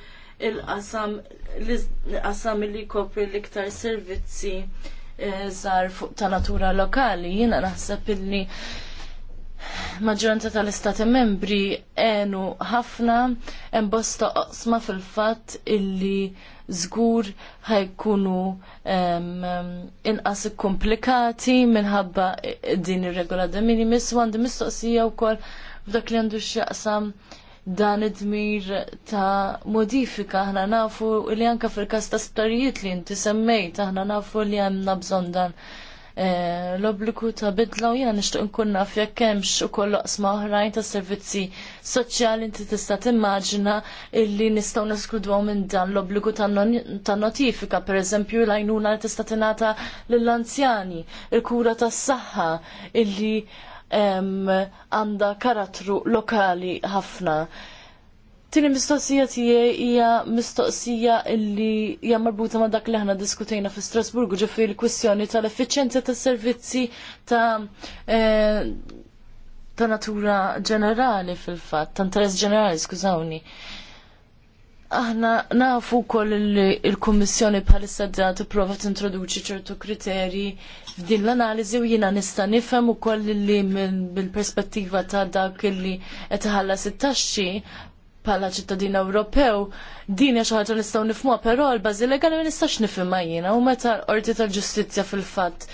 il-qasam l-qasam li kopri l-iktar servizzi eh, żgħar fuq ta' natura lokali. Jiena naħseb illi maġġoranza tal-istati membri għenu ħafna hemm bosta oqsma fil-fatt illi żgur ħajkunu inqas komplikati minħabba din ir-regola de minimis u għandi mistoqsija wkoll f'dak li għandu x'jaqsam dan id-dmir ta' modifika aħna nafu li anke fil-każ ta' sptarijiet li inti semmejt aħna nafu li hemm bżonn dan Eh, l obbliku ta' bidla u jena nishtuq nkun naf jekk hemmx ukoll oqsma oħrajn ta' servizzi soċjali inti tista' timmaġina illi nistgħu neskludwhom minn dan l obbliku ta' notifika, pereżempju l-għajnuna li tista' tingħata lill-anzjani, il-kura tas-saħħa illi għandha karattru lokali ħafna. Tini mistoqsija tiegħi hija mistoqsija illi hija marbuta ma' dak li aħna diskutejna fi Strasburgu ġifi l-kwistjoni tal-effiċenzja tas-servizzi ta' eh, ta' natura ġenerali fil-fatt, ta' interess ġenerali, skużawni. Aħna nafu wkoll li l-Kummissjoni bħalissa prova tipprova tintroduċi ċertu kriterji f'din l-analiżi u jiena nista' nifhem ukoll li bil perspettiva ta' dak li qed sit taxxi Pala ċittadin Ewropew din hija xi ħaġa nistgħu nifhmuha, però l-bażi legali ma nistax nifhimha jiena u meta l-Qorti tal-Ġustizzja fil-fatt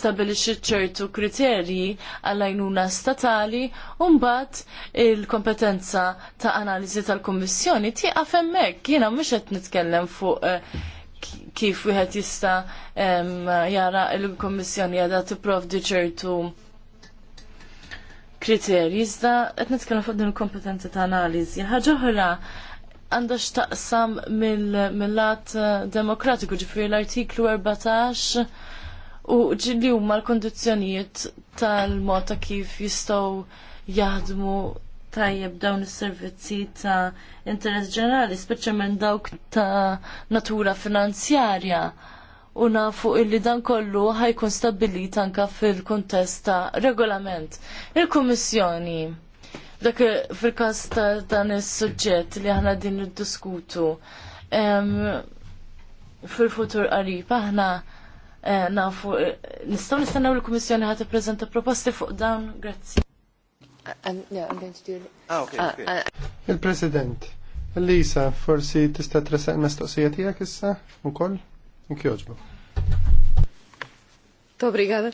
stabilixxi ċertu kriterji għall-għajnuna statali u mbagħad il-kompetenza ta' analiżi tal-Kummissjoni tieqaf hemmhekk. Jiena mhux qed nitkellem fuq eh, kif wieħed jista' jara l-Kummissjoni qiegħda tipprovdi ċertu kriterji, iżda qed nitkellem fuq din il-kompetenza ta' analiżi. Ħaġa oħra għandha x'taqsam mill-lat eh, demokratiku ġifri l-artiklu 14 u ġilli huma l kondizjonijiet tal-mod ta' kif jistgħu jaħdmu tajjeb dawn is-servizzi ta' interess ġenerali, speċjalment dawk ta' natura finanzjarja u nafu illi dan kollu ħajkun stabilit anka fil-kuntest ta' regolament. Il-Kummissjoni dak fil-każ ta' dan is-suġġett li aħna din niddiskutu fil-futur qarib aħna eh, nafu nistgħu nistennaw il-Kummissjoni ħadd prezenta proposti fuq dawn. Grazzi. Ah, uh, uh, uh, Il-President, Lisa, forsi tista' tresaq mistoqsija tiegħek issa koll? Inkjoġbu. Tobrigada.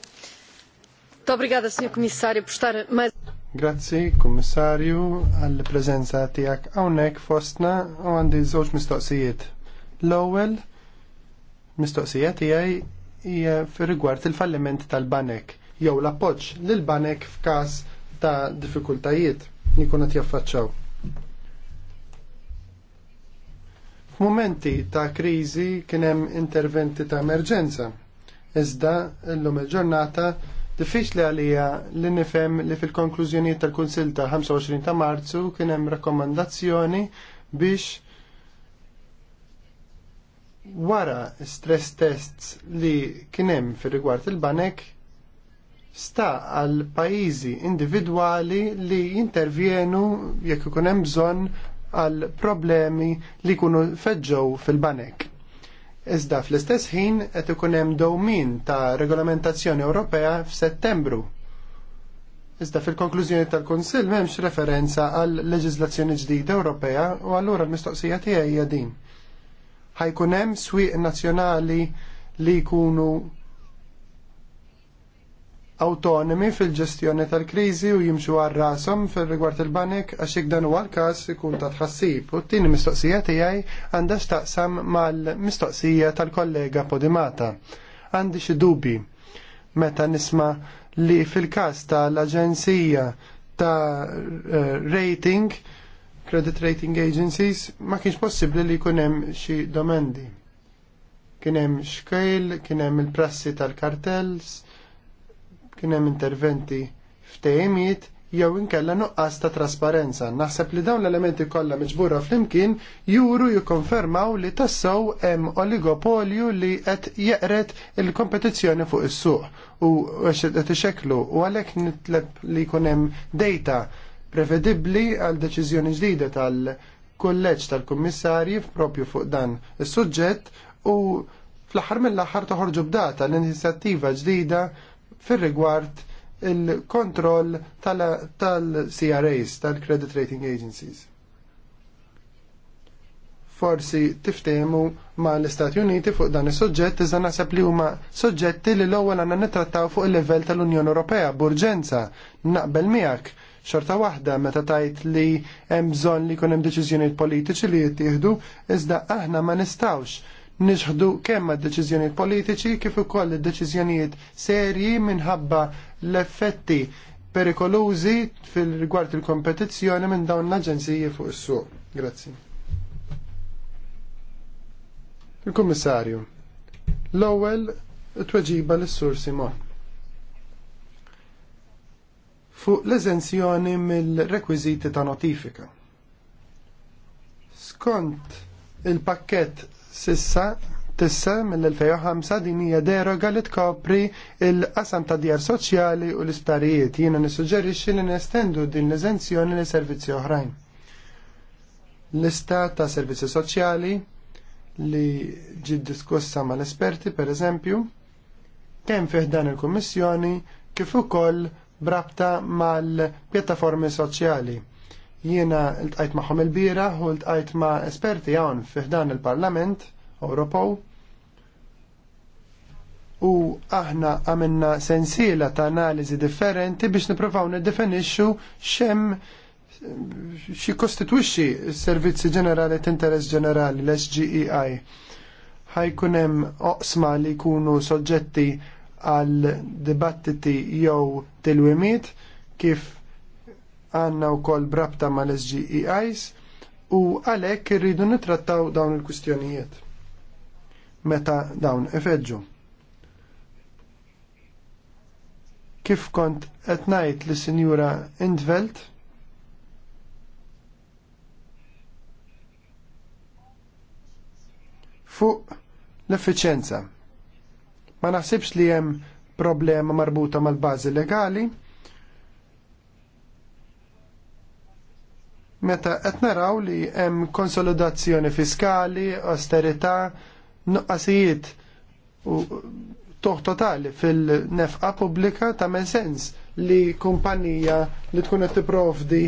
Tobrigada, signor Kommissarju, per stare mais. Grazzi, Kummissarju, għall prezenza tijak għawnek fostna u għandi żewġ mistoqsijiet. L-ewwel mistoqsija tiegħi hija rigward il-falliment tal-banek jew l-appoġġ l banek f'każ ta' diffikultajiet jkun qed jaffaċċaw. F'mumenti ta' kriżi kien hemm interventi ta' emerġenza. Iżda llum il-ġurnata diffiċli għalija li nifhem li fil-konklużjonijiet tal-Kunsill ta' 25 ta' Marzu kien hemm rakkomandazzjoni biex wara stress tests li hemm fir rigward il-banek sta għal pajizi individuali li jintervjenu jekk ikun hemm bżonn għal problemi li kunu feġġow fil-banek. Iżda fl-istess ħin qed ikun hemm dowmin ta' regolamentazzjoni Ewropea f'Settembru. Iżda fil-konklużjoni tal-Kunsill m'hemmx referenza għal leġiżlazzjoni ġdida Ewropea u allura l-mistoqsija tiegħi hija din. Ħajkun hemm swieq nazzjonali li jkunu autonomi fil-ġestjoni tal-kriżi u jimxu għal rashom fil-rigward il-banek għax ikdan dan huwa l-każ ikun ta' tħassib. U t-tieni mistoqsija tiegħi għandha x'taqsam mal-mistoqsija tal-kollega Podimata. Għandi xi dubi meta nisma' li fil-każ tal-Aġenzija ta' eh, rating, credit rating agencies, ma kienx possibbli li jkun hemm xi domendi. Kien hemm xkejl, kien hemm il-prassi tal-kartels, Kien hemm interventi ftehimiet jew inkella nuqqas ta' trasparenza. Naħseb li dawn l-elementi kollha miġbura flimkien juru jikkonfermaw li tassew hemm oligopolju li qed jeqret il-kompetizzjoni fuq is-suq u qed ixeklu u għalhekk nitleb li jkun hemm data prevedibbli għal deċiżjoni ġdida tal-kulleġġ tal-kummissarji propju fuq dan is-suġġett u fl-aħħar mill-aħħar toħorġu b'data l-inizjattiva ġdida fir-rigward il-kontroll tal-CRAs, tal-Credit Rating Agencies. Forsi tiftemu ma l-Istati Uniti fuq dan is-soġġett iżda naħseb li huma soġġetti li l-ewwel għandna nittrattaw fuq il-livell tal-Unjoni Ewropea b'urġenza naqbel miegħek xorta waħda meta tajt li hemm bżonn li jkun hemm deċiżjonijiet politiċi li jittieħdu iżda aħna ma nistgħux nixħdu kemm għad-deċiżjonijiet politiċi kif ukoll id-deċiżjonijiet serji minħabba l-effetti perikolużi fil-rigward il-kompetizzjoni minn dawn l-aġenziji fuq is-suq. Grazzi. Il-Kummissarju, l-ewwel tweġiba lis-Sur Simon. Fuq l-eżenzjoni mill-rekwiżiti ta' notifika skont il-pakket Sissa tissa mill-2005 din hija deroga li tkopri il-qasam ta' djar soċjali u l-isptarijiet. Jiena nissuġġerixxi li nestendu din l-eżenzjoni li servizzi oħrajn. Lista ta' servizzi soċjali li ġi diskussa mal esperti per eżempju, kemm fih dan il-Kummissjoni kif ukoll brabta mal-pjattaformi soċjali Jiena l-tqajt magħhom il-bira u l-tqajt ma' esperti hawn fiħdan il-Parlament Ewropew u aħna għamilna sensiela ta' analizi differenti biex niprofaw niddefinixxu xem xie kostitwixxi s-servizzi ġenerali t-interess ġenerali l-SGEI. Ħajkun hemm oqsma li jkunu soġġetti għal dibattiti jew tilwimiet kif għanna u kol brabta ma l-SGEIs u għalek rridu nitrattaw dawn il-kustjonijiet. Meta dawn ifedġu. Kif kont etnajt li sinjura Indvelt? Fuq l-effiċenza. Ma naħsibx li hemm problema marbuta mal-bazi legali, meta qed naraw li hemm konsolidazzjoni fiskali, austerità, nuqqasijiet u toħ totali fil-nefqa pubblika ta' men sens li kumpanija li tkun qed tipprovdi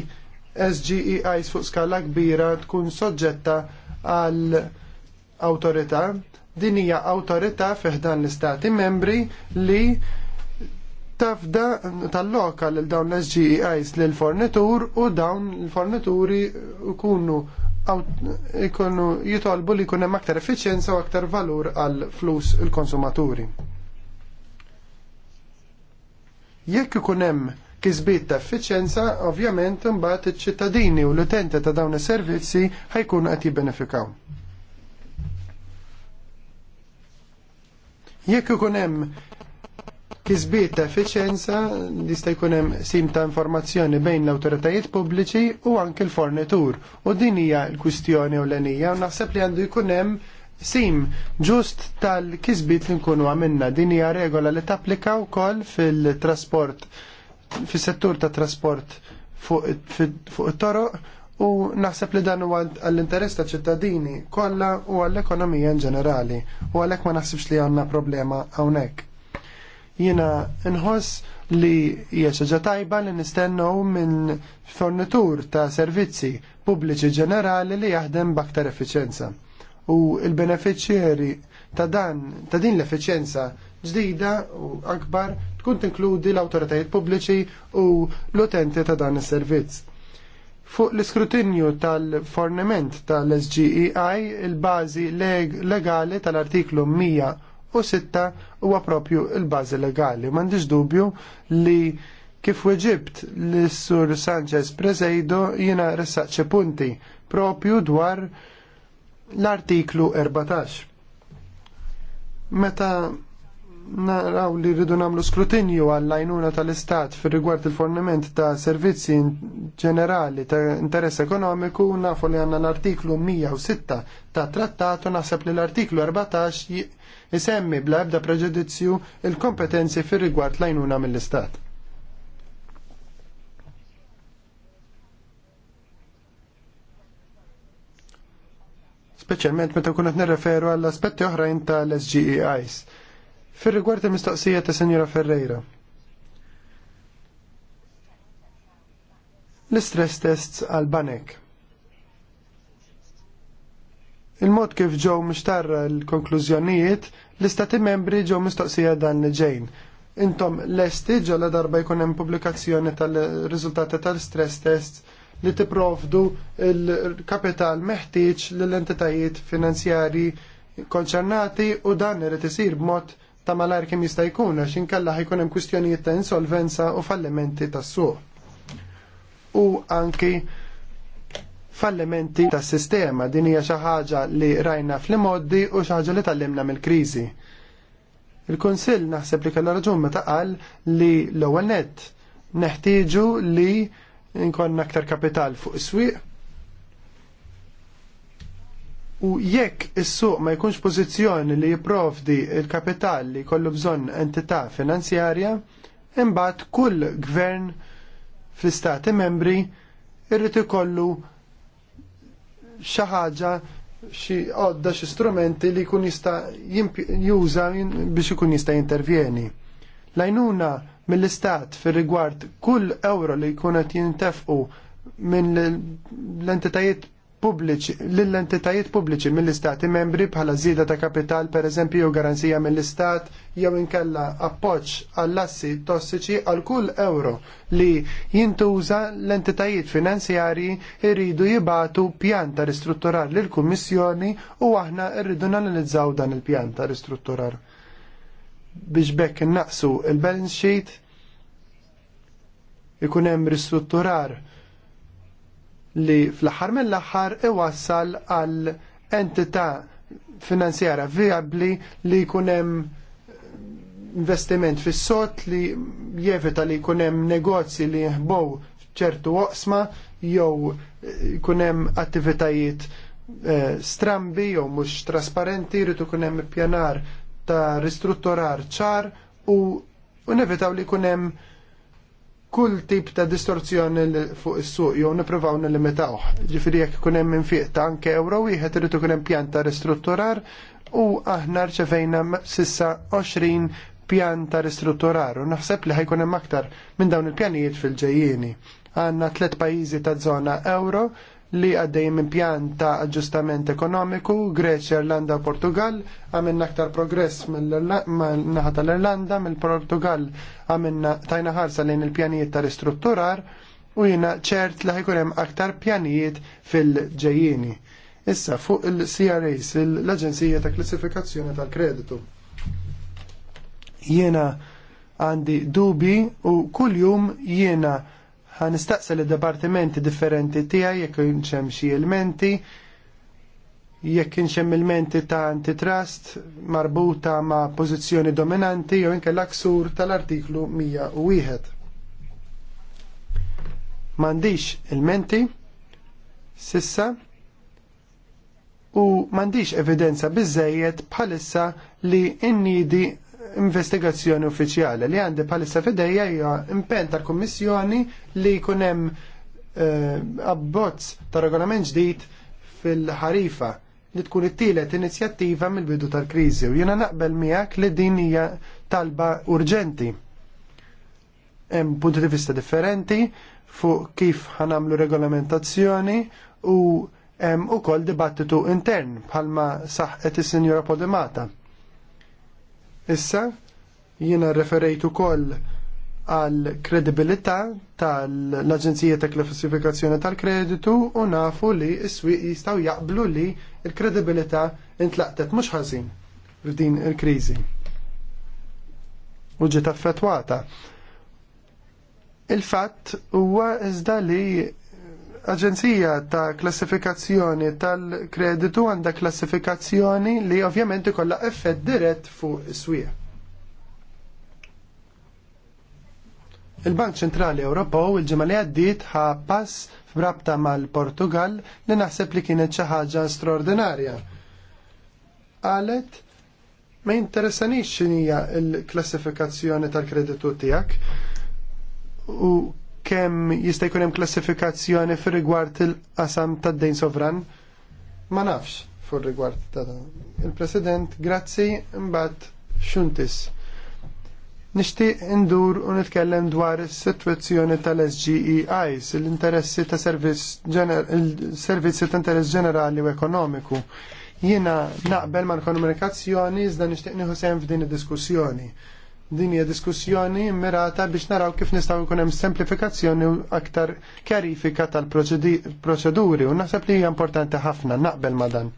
SGEI fuq skala kbira tkun soġġetta għal awtorità. Din hija awtorità fiħdan l-istati membri li tafda tal-loka l dawn l-SGEIs l-fornitur u dawn l-fornituri ikunu ikunu jitolbu li jkun hemm aktar effiċjenza u aktar valur għal flus il-konsumaturi. Jekk ikun hemm ta' efficienza, ovvjament mbagħad iċ-ċittadini u l-utenti ta' dawn is-servizzi ħajkunu qed jibbenefikaw. Jekk ikun hemm kisbiet ta' efficienza jista' jkun hemm sim ta' informazzjoni bejn l-awtoritajiet pubbliċi u anke l-fornitur. U din hija l-kwistjoni ewlenija u naħseb li għandu jkun hemm sim ġust tal-kisbiet li nkunu għamilna. Din hija regola li tapplika wkoll fil-trasport fis-settur ta' trasport fuq it-toroq u naħseb li dan huwa għall-interess ta' ċittadini kollha u għall-ekonomija in ġenerali u għalhekk ma naħsibx li għandna problema hawnhekk. Jiena nħoss li hija tajba li nistennew minn fornitur ta' servizzi pubbliċi ġenerali li jaħdem b'aktar efficienza. U l-beneficjeri ta' dan ta' din l efficienza ġdida u akbar tkun tinkludi l-awtoritajiet pubbliċi u l-utenti ta' dan is-servizz. Fuq l-iskrutinju tal-forniment tal-SGEI, il-bazi legali tal-artiklu 100 u sitta huwa propju il-bażi legali. M'għandix dubju li kif weġibt li sur Sanchez Prezeido jiena ressaċċi punti propju dwar l-artiklu 14. Meta naraw li rridu namlu skrutinju għall-għajnuna tal-Istat fir rigward il-forniment ta' servizzi ġenerali ta' interess ekonomiku, nafu li għanna l-artiklu 106 ta' trattatu, naħseb li l-artiklu 14 isemmi bla ebda preġudizzju il-kompetenzi fir rigward lajnuna mill-Istat. Speċjalment meta qed nirreferu għall aspetti oħrajn tal-SGEIs. Fir rigward il-mistoqsija ta' Senjora Ferreira. L-istress tests għal-banek. Il-mod kif ġew mixtarra l-konklużjonijiet, l-istati membri ġew mistoqsija dan li ġejn. Intom lesti ġolla darba jkun hemm pubblikazzjoni tal-riżultati tal-stress test li tipprovdu l kapital meħtieġ lill-entitajiet finanzjari konċernati u dan irid isir b'mod ta' malajr kemm jista' jkun għax inkella ħajkun hemm kwistjonijiet ta' insolvenza u fallimenti tas-suq. U anki fallimenti tas sistema din hija xi ħaġa li rajna fl-imoddi u xi ħaġa li tallimna mill-kriżi. Il-Kunsill naħseb li kellha raġun meta qal li l-ewwel nett neħtieġu li nkollna aktar kapital fuq is-swieq U jekk is-suq ma jkunx pożizzjoni li jipprovdi il-kapital li kollu bżonn entità finanzjarja, imbagħad kull gvern fl-istati membri irrid ikollu xaħġa ħaġa xi għodda xi strumenti li jkun jista' juża biex ikun jista' jintervjeni. Lajnuna mill-istat fir rigward kull euro li jkun qed jintefqu minn l-entitajiet pubbliċi lill-entitajiet pubbliċi mill-istati membri bħala żieda ta' kapital pereżempju jew garanzija mill-istat jew inkella appoġġ għall-assi tossiċi għal kull euro li jintuża l-entitajiet finanzjarji jridu jibatu pjan ta' ristrutturar lill kummissjoni u aħna rridu nanalizzaw dan il-pjan ta' ristrutturar. Biex bekk innaqsu il-balance sheet ikun hemm ristrutturar li fl-aħħar mill-aħħar iwassal għal entità finanzjara viabli li jkun hemm investiment fis-sot li jevita li jkun hemm negozji li jħbow ċertu oqsma jew kunem hemm attivitajiet eh, strambi jew mhux trasparenti jrid ikun hemm ta' ristrutturar ċar u nevitaw li jkun hemm kull tip ta' distorzjoni fuq is-suq jew nippruvaw nilimitawh. Ġifieri jekk ikun hemm infieq ta' anke euro wieħed irid ikun hemm pjan ta' ristrutturar u aħna rċevejna sissa 20 pjan ta' ristrutturar u naħseb li ħajkun hemm aktar minn dawn il-pjanijiet fil-ġejjieni. Għandna tliet pajjiżi ta' żona euro li għaddej minn pjan ta' aġġustament ekonomiku, Greċja, Irlanda, Portugal, għamilna aktar progress mill-naħa tal-Irlanda, mill-Portugal għamilna tajna ħarsa lejn il-pjanijiet ta' ristrutturar u jina ċert li ħajkun hemm aktar pjanijiet fil-ġejjieni. Issa fuq il-CRAs, l-Aġenzija ta' Klassifikazzjoni tal-Kreditu. Jiena għandi dubi u kull jum jiena ħan nistaqsel departimenti differenti tiegħi jekk hemm xi elementi jekk kienx hemm elementi ta' antitrust marbuta ma' pożizzjoni dominanti jew inke l-aksur tal-artiklu 101. M'għandix elementi sissa u m'għandix evidenza biżejjed bħalissa li n-nidi investigazzjoni uffiċjali li għandi bħalissa fidejja hija impenn tal-Kummissjoni li jkun hemm eh, abbozz ta' regolament ġdid fil-ħarifa li tkun it-tielet inizjattiva mill-bidu tal-kriżi u jiena naqbel miegħek li din hija talba urġenti. Hemm punti di vista differenti fuq kif ħanamlu regolamentazzjoni u hemm ukoll dibattitu intern bħalma saħqet is-Sinjora Podemata Issa, jiena referejtu ukoll għal kredibilità tal-Aġenzija ta' Klassifikazzjoni tal-Kreditu u nafu li s-swieq jistgħu jaqblu li l-kredibilità intlaqtet mhux ħażin f'din il-kriżi. U ġiet affettwata. Il-fatt huwa iżda li aġenzija ta' klassifikazzjoni tal-kreditu għandha klassifikazzjoni li ovvjament ikollha effett dirett fuq is-swieq. Il-Bank Ċentrali Ewropew il-ġimgħa li għaddiet ħa pass f'rabta mal-Portugal li naħseb li kienet xi ħaġa straordinarja. Qalet ma jinteressanix x'inhija l-klassifikazzjoni tal-kreditu tiegħek u kemm jista' jkun hemm klassifikazzjoni fir rigward il-qasam tad-dejn sovran? Ma nafx fur rigward ta' Il-President, grazzi mbagħad xuntis. Nixtieq indur u nitkellem dwar is-sitwazzjoni tal-SGEIs, l-interessi ta' servizzi ta' interess ġenerali u ekonomiku. Jiena naqbel mal-komunikazzjoni iżda nixtieq nieħu sehem f'din id-diskussjoni Din hija diskussjoni immirata biex naraw kif nistgħu jkun hemm semplifikazzjoni u aktar kjarifika tal-proċeduri u naħseb li hija importanti ħafna naqbel ma' dan.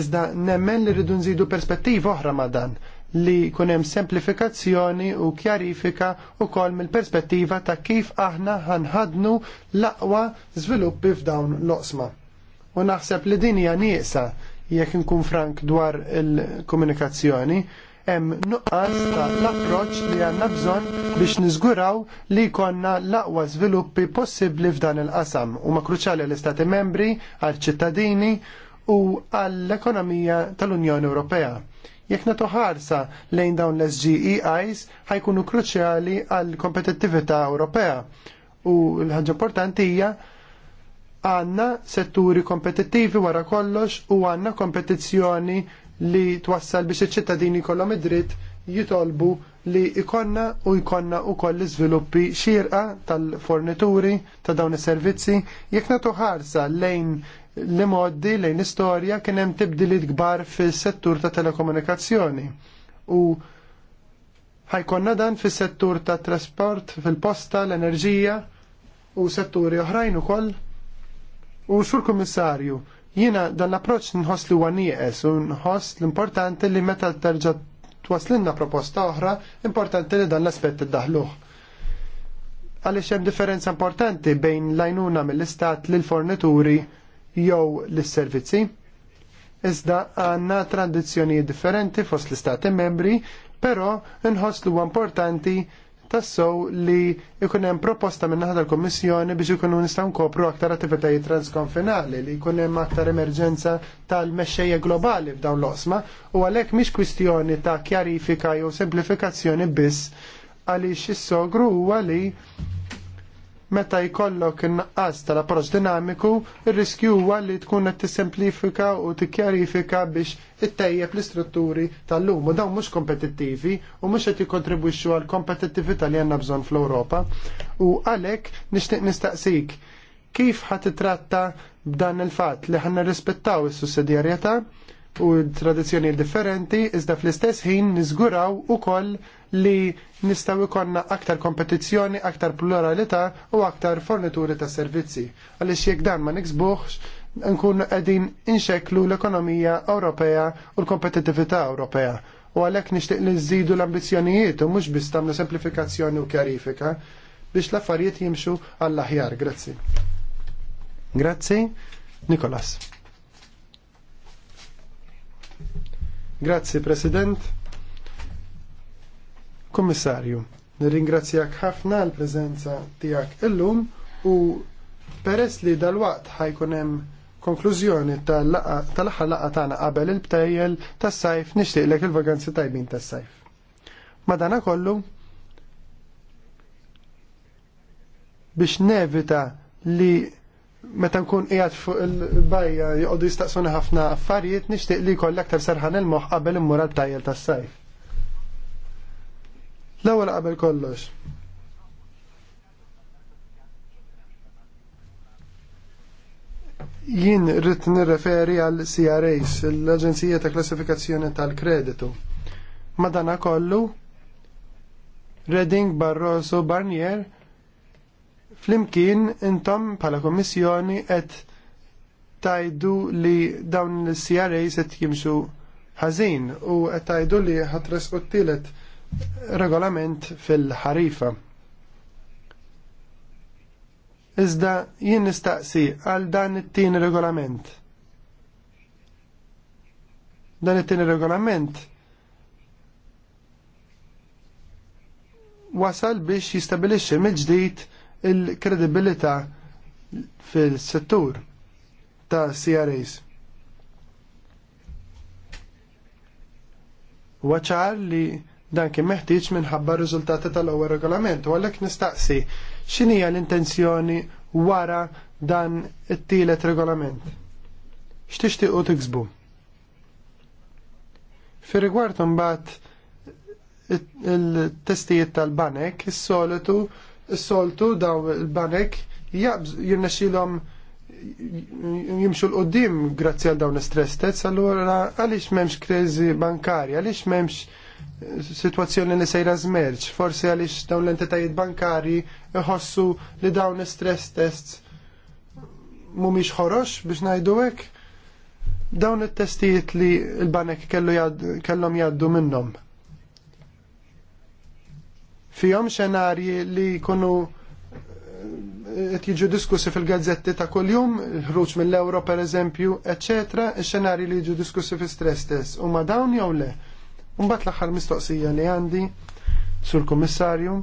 Iżda nemmen li rridu nżidu perspettiva oħra ma' dan li kunem semplifikazzjoni u kjarifika u kol mill-perspettiva ta' kif aħna ħanħadnu l-aqwa żviluppi f'dawn l-osma. U naħseb li din hija nieqsa jekk nkun frank dwar il-komunikazzjoni hemm nuqqas ta' l-approċċ li għandna bżonn biex niżguraw li jkollna l-aqwa żviluppi possibbli f'dan il-qasam huma kruċjali għall istati membri għall ċittadini u għall-ekonomija tal-Unjoni Ewropea. Jekk nagħtu ħarsa lejn dawn l-SGEIs ħajkunu kruċjali għall kompetittività Ewropea. U l-ħaġa importanti hija għandna setturi kompetittivi wara kollox u għandna kompetizzjoni li twassal biex iċ-ċittadini kollha id-dritt jitolbu li ikonna u jkonna u koll iżviluppi xirqa tal-fornituri ta' dawn is-servizzi jekk nagħtu ħarsa lejn li moddi lejn istorja kien hemm tibdilit kbar fis-settur ta' telekomunikazzjoni. U ħajkonna dan fis-settur ta' trasport, fil-posta, l-enerġija u setturi oħrajn ukoll. U sur kummissarju, Jiena dan l-approċ nħoss li huwa nieqes u nħoss l-importanti li meta terġa' twaslinna proposta oħra, importanti li dan l-aspett iddaħluh. Għaliex hemm differenza importanti bejn l-għajnuna mill-istat l fornituri jew l servizzi Iżda għandna tradizzjonijiet differenti fost l-istati membri, però nħoss li huwa importanti tassow li jkun hemm proposta minna ħada tal-Kommissjoni biex ikunu nistgħu nkopru aktar attivitajiet transkonfinali li jkun hemm aktar emerġenza tal-mexxejja globali f'dawn l-osma u għalhekk mhix kwistjoni ta' kjarifika jew semplifikazzjoni biss għaliex is-sogru huwa li meta jkollok innaqqas tal-approċ dinamiku, il riskju huwa li tkun qed tissemplifika u tikkjarifika biex ittejjeb l-istrutturi tal-lum u dawn mhux kompetittivi u mhux qed jikkontribwixxu għal kompetittività li għandna bżonn fl-Ewropa. U għalhekk nixtieq nistaqsik kif ħadd titratta b'dan il-fatt li ħanna rispettaw is-sussidjarjetà u tradizzjoni differenti iżda fl-istess ħin niżguraw ukoll li nistaw ikonna aktar kompetizzjoni, aktar pluralità u aktar fornituri ta' servizzi. Għaliex jekk dan ma niksbuħx, nkun qegħdin inxeklu l-ekonomija Ewropea u l kompetitivita Ewropea. U għalhekk nixtieq li nżidu l-ambizzjonijiet u mhux biss tagħmlu semplifikazzjoni u kjarifika biex l-affarijiet jimxu għall-aħjar. Grazzi. Grazzi, Nikolas. Grazzi, President. Kommissarju, nirringrazzjak ħafna l preżenza tiegħek illum u peress li dal-waqt hemm konklużjoni tal-aħħar laqgħa tagħna qabel il-btejjel tas-sajf nixtieqlek il-vaganzi tajbin tas-sajf. Madana kollu biex nevita li meta nkun qiegħed fuq il-bajja joqogħdu jistaqsuni ħafna affarijiet nixtieq li jkollek aktar serħan il-moħħ qabel immur għal tajjel tas-sajf. L-ewwel qabel kollox. Jien rrid nirreferi għal CRAs, l-Aġenzija ta' Klassifikazzjoni tal-Kreditu. Madana kollu, Redding, Barroso, Barnier, flimkien intom bħala Kommissjoni qed tajdu li dawn l-CRAs qed jimxu ħażin u qed tajdu li ħatresqu t regolament fil-ħarifa. Iżda jien nistaqsi għal dan it-tieni regolament. Dan it-tieni regolament wasal biex jistabilixxi mill-ġdid il-kredibilità fil-settur ta' CRAs. Waċar li Dan kien meħtieġ minħabba r-riżultati tal-ewwel regolament u għalhekk nistaqsi x'inhija l-intenzjoni wara dan it-tielet regolament. X'tixtiequ tiksbu? Fi rigward imbagħad il-testijiet tal-banek, is-solitu, is-soltu daw il-banek jirnexxilhom jimxu l-qoddim grazzi għal dawn l istress test, allura għalix memx krezi bankarja, għalix memx situazzjoni li sejra zmerċ, forsi għaliex dawn l-entitajiet bankari iħossu li dawn stress tests mhumiex ħorox biex ngħidu hekk. Dawn it-testijiet li l-banek kellhom jgħaddu minnhom. Fihom xenarji li jkunu eh, qed jiġu diskussi fil-gazzetti ta' kuljum, ħruġ mill-Ewro pereżempju, eżempju, x-xenarji li jiġu diskussi fi stress test. Huma dawn jew le? Mbagħad l-aħħar mistoqsija li għandi sur kummissarju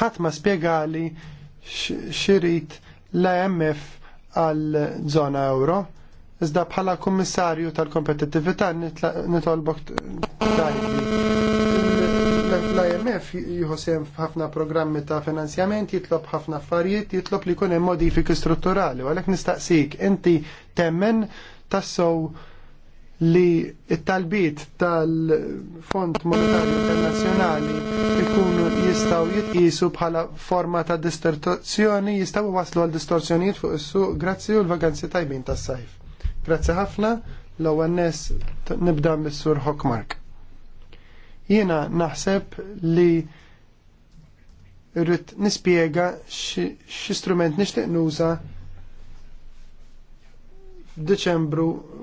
ħadd ma spjegali xirit l amf għal zona euro. Iżda bħala kummissarju tal-kompetittività nitolbok l-IMF jħossem ħafna programmi ta' finanzjament, jitlob ħafna affarijiet, jitlob li jkun hemm modifiki strutturali, u għalhekk nistaqsik, inti temmen tassow li it-talbit tal-Fond Monetarju Internazzjonali ikunu jistaw jitqisu bħala forma ta' distorzjoni jistaw waslu għal distorzjonijiet fuq is-suq grazzi u l-vaganzi tajbin tas-sajf. Grazzi ħafna l-ewwel nes nibda mis-sur Hockmark. Jiena naħseb li rrit nispiega xi strument nixtieq nuża u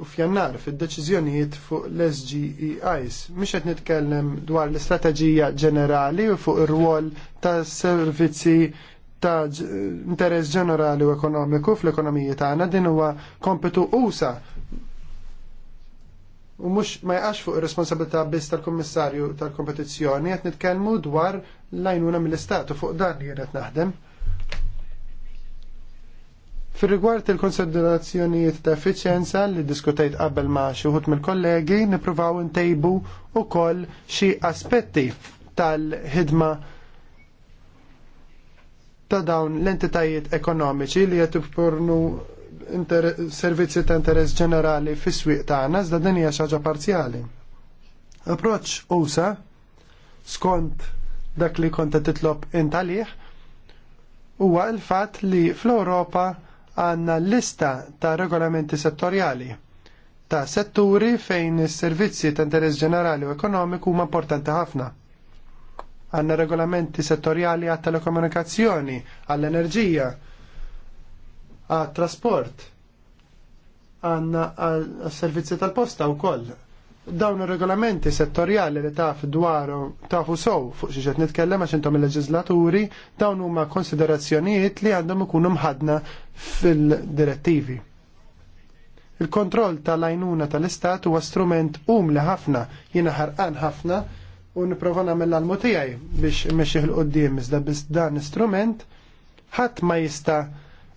f'Jannar fid-deċiżjonijiet fuq l-SGEIs. Mhux qed nitkellem dwar l-istrateġija ġenerali u fuq ir-rwol ta' servizzi ta' interess ġenerali u ekonomiku fl-ekonomija tagħna din huwa kompetu usa u mhux ma jaqax fuq ir-responsabilità biss tal-Kummissarju tal-Kompetizzjoni qed nitkellmu dwar l-għajnuna mill-Istat u fuq dan jien qed naħdem. Fil-rigward il-konsiderazzjonijiet ta' effiċjenza li diskutajt qabel ma' xi wħud mill-kollegi, nippruvaw ntejbu wkoll xi aspetti tal-ħidma ta' dawn l-entitajiet ekonomiċi li qed ippurnu servizzi ta' interess ġenerali fis-swieq tagħna iżda din hija xi ħaġa parzjali. Approċċ usa skont dak li konta titlob intalih huwa l-fatt li fl-Ewropa għandna lista ta' regolamenti settorjali ta' setturi fejn is-servizzi ta' interess ġenerali u ekonomiku huma importanti ħafna. Għandna regolamenti settorjali għat telekomunikazzjoni, għall-enerġija, għat trasport, għanna għal servizzi tal-posta u koll dawn ir-regolamenti settorjali li taf dwaru tafu sow fuq xi nitkellem għax intom il-leġislaturi dawn huma konsiderazzjonijiet li għandhom ikunu mħadna fil-direttivi. Il-kontroll tal-għajnuna tal-istat huwa strument li ħafna jiena ħarqan ħafna u nipprova nagħmel l-almu tiegħi biex imexxih il qudiem iżda biss dan istrument ħadd ma jista'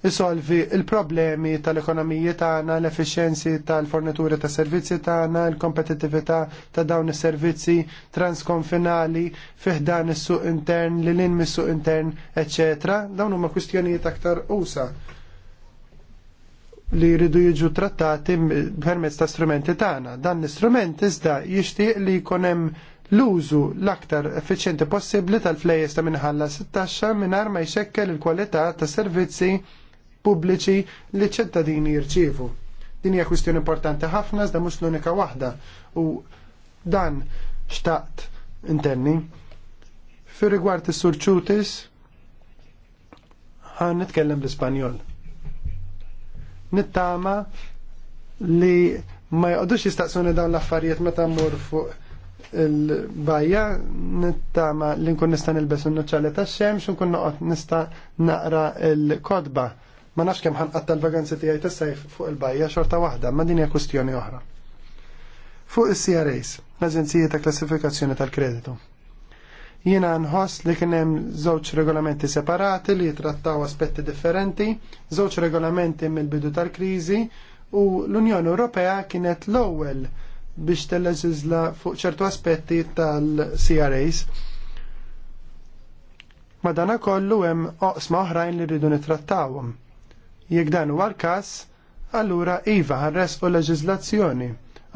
isolvi il-problemi tal-ekonomiji tagħna, l-efficienzi tal-fornituri ta' servizzi tagħna, l-kompetittività ta' dawn is-servizzi transkonfinali fih dan is-suq intern, li lin mis-suq intern, eċetera. Dawn huma kwistjonijiet aktar usa li jridu jiġu trattati permezz ta' strumenti tagħna. Dan l-istrument iżda jixtieq li jkun hemm l-użu l-aktar effiċjenti possibbli tal flejjes ta' minħalla 16 mingħajr ma jxekkel il-kwalità tas servizzi pubbliċi li ċittadini jirċievu. Din hija kwistjoni importanti ħafna iżda mhux l-unika waħda u dan xtaqt intenni. Fi rigward is surċutis ħan nitkellem bl-Ispanjol. Nittama li ma jgħodux jistaqsuni dawn l-affarijiet meta mmur fuq il-bajja, nittama li nkun nista' nilbes un-nuċċali tax-xemx u nkun noqgħod nista' naqra l-kodba Ma nafx kemm ħanqatta l-vaganzi tiegħi tas-sajf fuq il-bajja xorta waħda, ma din hija kwistjoni oħra. Fuq is-CRAs, l-Aġenzija ta' Klassifikazzjoni tal-Kreditu. Jiena nħoss li kien hemm żewġ regolamenti separati li jitrattaw aspetti differenti, żewġ regolamenti mill-bidu tal-kriżi u l-Unjoni Ewropea kienet l-ewwel biex telleżizla fuq ċertu aspetti tal-CRAs. Madana kollu hemm oqsma oħrajn li rridu nittrattawhom. Jekk dan huwa l-każ, allura iva ħarres u leġiżlazzjoni.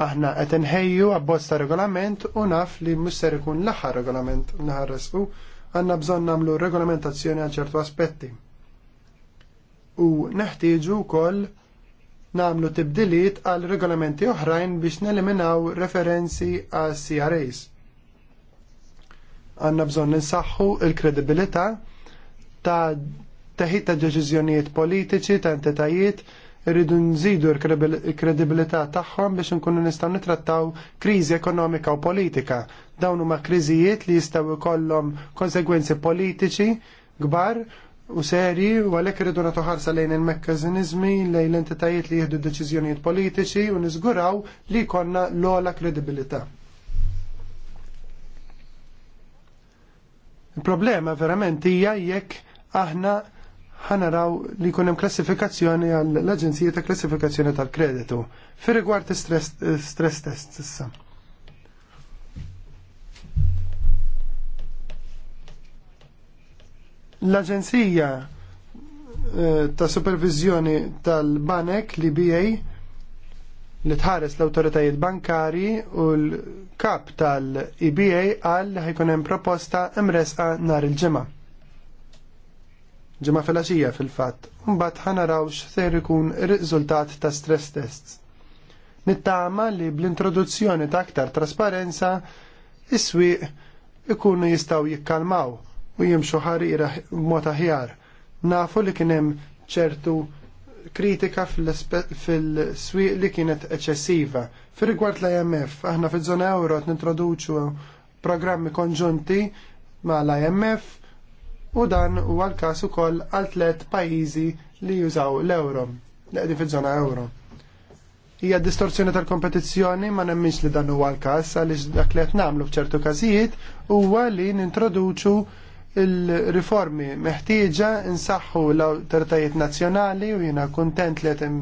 Aħna qed inħejju abbozz regolament u naf li mhux ser ikun l-aħħar regolament li u għandna bżonn nagħmlu regolamentazzjoni għal ċertu aspetti. U neħtieġu wkoll nagħmlu tibdiliet għal regolamenti oħrajn biex neliminaw referenzi għal CRAs. Għanna bżon ninsaħħu il-kredibilità ta' taħit ta' deċiżjonijiet politiċi ta' entitajiet irridu nżidu l-kredibilità tagħhom biex nkunu nistgħu nitrattaw kriżi ekonomika u politika. Dawn huma kriżijiet li jistgħu jkollhom konsegwenzi politiċi kbar u seri u għalhekk irridu nagħtu ħarsa lejn il-mekkaniżmi lejn l-entitajiet li jieħdu deċiżjonijiet politiċi u niżguraw li jkollna l-ogħla kredibilità. Il-problema verament hija jekk aħna ħanaraw li kunem klassifikazzjoni għall-Aġenzija ta' Klassifikazzjoni tal-Kreditu fi rigward stress, test issa. L-Aġenzija eh, ta' Supervizjoni tal-Banek li BA li tħares l-autoritajiet bankari u l-kap tal-EBA għal ħajkun hemm proposta imresqa nhar il-ġimgħa ġimgħa filgħaxija fil-fatt, mbagħad ħanaraw ser ikun ir-riżultat ta' stress tests. Nittama li bl-introduzzjoni ta' aktar trasparenza is-swieq ikunu jistgħu jikkalmaw u jimxu ħarira b'mod aħjar. Nafu li kien hemm ċertu kritika fil-swieq li kienet eċessiva. fil rigward l-IMF, aħna fil-żona euro nintroduċu programmi konġunti ma l-IMF u dan huwa l-każ ukoll għal tliet pajjiżi li jużaw l-euro, li qegħdin fiż-żona euro. Ija distorsjoni tal-kompetizzjoni ma nemmix li dan huwa l-każ għaliex dak li qed f'ċertu każijiet huwa li nintroduċu il-riformi meħtieġa insaħħu l-awtoritajiet nazzjonali u jiena kuntent li qed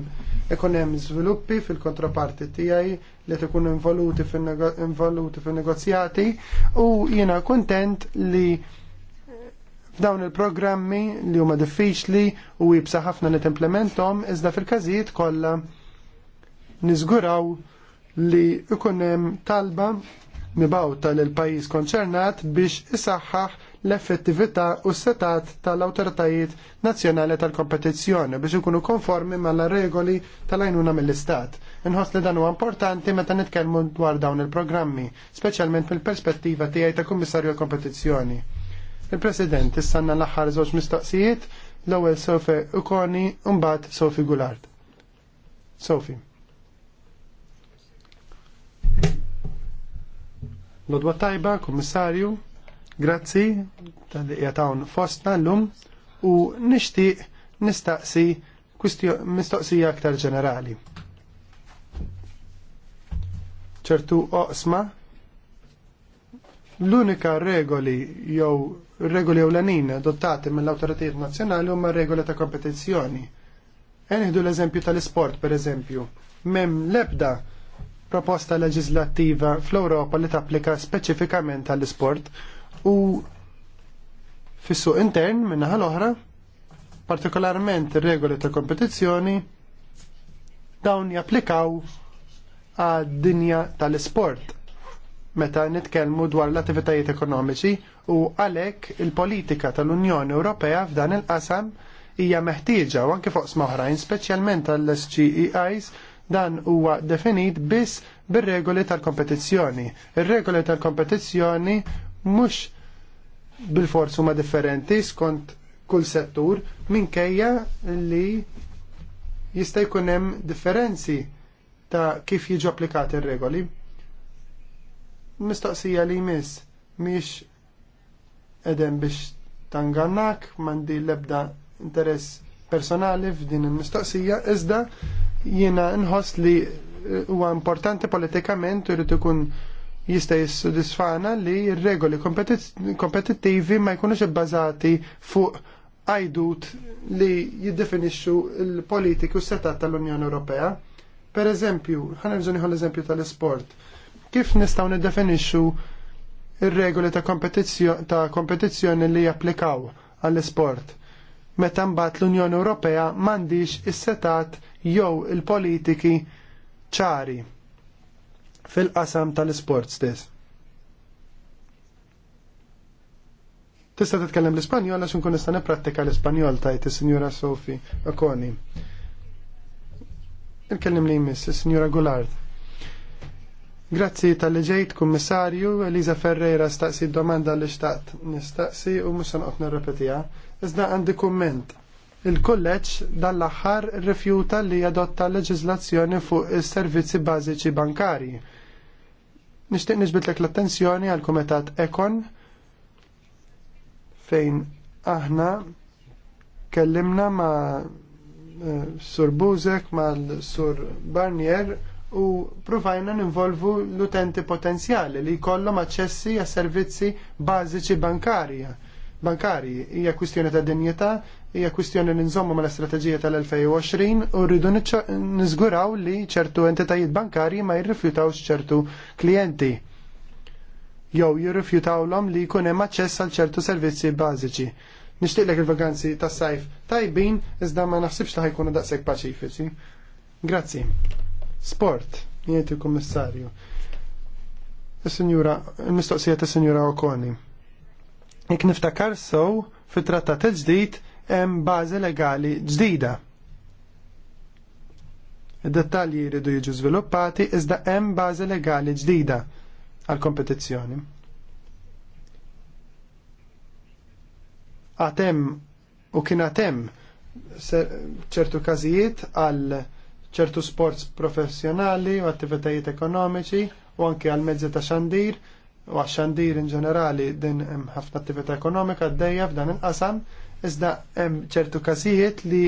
ekonem hemm żviluppi fil-kontraparti tiegħi li għet ikun involuti fin-negozjati u jiena kuntent li Dawn il-programmi li huma diffiċli u jibsa ħafna li iżda fil-każijiet kollha niżguraw li ikun hemm talba mibawta lil pajjiż konċernat biex isaħħaħ l-effettività u s-setat tal-awtoritajiet nazzjonali tal-kompetizzjoni biex ikunu konformi mal-regoli tal-għajnuna mill-istat Inħoss li dan huwa importanti meta nitkellmu dwar dawn il-programmi, speċjalment mill-perspettiva tiegħi ta' kummissarju l-kompetizzjoni. Il-President, issanna l aħħar żewġ mistoqsijiet, l-ewwel Sofi Ukorni, u mbagħad Sofi Gulard. Sofi. Lodwa tajba, kummissarju, grazzi tal-li jatawn fostna l-lum u nixtieq nistaqsi mistoqsija aktar ġenerali. ċertu oqsma l-unika regoli jew regoli ewlenin adottati mill-awtoritajiet nazzjonali huma regoli ta' kompetizzjoni. Enħdu l-eżempju tal-isport, per eżempju. Mem lebda proposta leġislattiva fl-Ewropa li tapplika speċifikament għall-isport u fis-suq intern minna l-oħra, partikolarment regoli ta' kompetizzjoni, dawn japplikaw għad-dinja tal-isport meta nitkellmu dwar l-attivitajiet ekonomiċi u għalhekk il-politika tal-Unjoni Ewropea f'dan il-qasam hija meħtieġa u anke fuq smaħrajn speċjalment tal-SGEIs dan huwa definit biss bir-regoli tal-kompetizzjoni. Ir-regoli tal-kompetizzjoni mhux bil-forsu ma differenti skont kull settur minkejja li jista' jkun hemm differenzi ta' kif jiġu applikati ir-regoli. Mistoqsija li jmiss miex edem biex tangannak, mandi lebda interess personali f'din il-mistoqsija, iżda jiena nħoss li eh, huwa importanti politikament u ikun jista' jissudisfana li regoli kompetittivi ma jkunux ibbażati fuq għajdut li jiddefinixxu l-politiku setat tal-Unjoni Ewropea. Per eżempju, ħanerġu l-eżempju tal-isport kif nistgħu niddefinixxu ir-regoli ta' kompetizzjoni li japplikaw għall-isport. Meta mbagħad l-Unjoni Ewropea m'għandix is-setat jew il-politiki ċari fil-qasam tal-isport stess. Tista' titkellem l-Ispanjol għax inkun nista' nipprattika l-Ispanjol tajt is-Sinjura Sofi Okoni. Nitkellem li jmiss, is-Sinjura Goulart. Grazzi tal ġejt, kummissarju, Eliza Ferreira staqsi domanda li xtaqt nistaqsi u musan qot nirrepetija. Iżda għandi kumment. Il-kolleġġ dal-aħħar rifjuta li jadotta leġiżlazzjoni fuq is-servizzi bażiċi bankari. Nixtieq niġbitlek l-attenzjoni għal kumitat Ekon fejn aħna kellimna ma' eh, Sur Buzek ma' Sur Barnier u provajna ninvolvu l-utenti potenzjali li jkollhom aċċessi għas servizzi bażiċi bankarja. Bankarji hija kwistjoni ta' dinjità, hija kwistjoni li nżommu mal strateġija tal-2020 u rridu niżguraw li ċertu entitajiet bankarji ma jirrifjutawx ċertu klijenti jew jirrifjutawlhom li jkun hemm aċċess għal ċertu servizzi bażiċi. Nixtieqlek il-vaganzi tas-sajf tajbin iżda ma naħsibx li ħajkunu daqshekk paċifiċi. Grazzi. Sport, jgħid il-Kummissarju. il-mistoqsija ta' Sinjura Okoni. Jek niftakar sow fit-trattat il-ġdid hemm bażi legali ġdida. Id-dettalji jridu jiġu żviluppati iżda hemm bażi legali ġdida għal kompetizzjoni. Atem u kien għatem ċertu każijiet għal ċertu sports professjonali u attivitajiet ekonomiċi u anke għal mezzi ta' xandir u għax xandir in ġenerali din hemm ħafna attività ekonomika għaddejja f'dan il-qasam iżda hemm ċertu każijiet li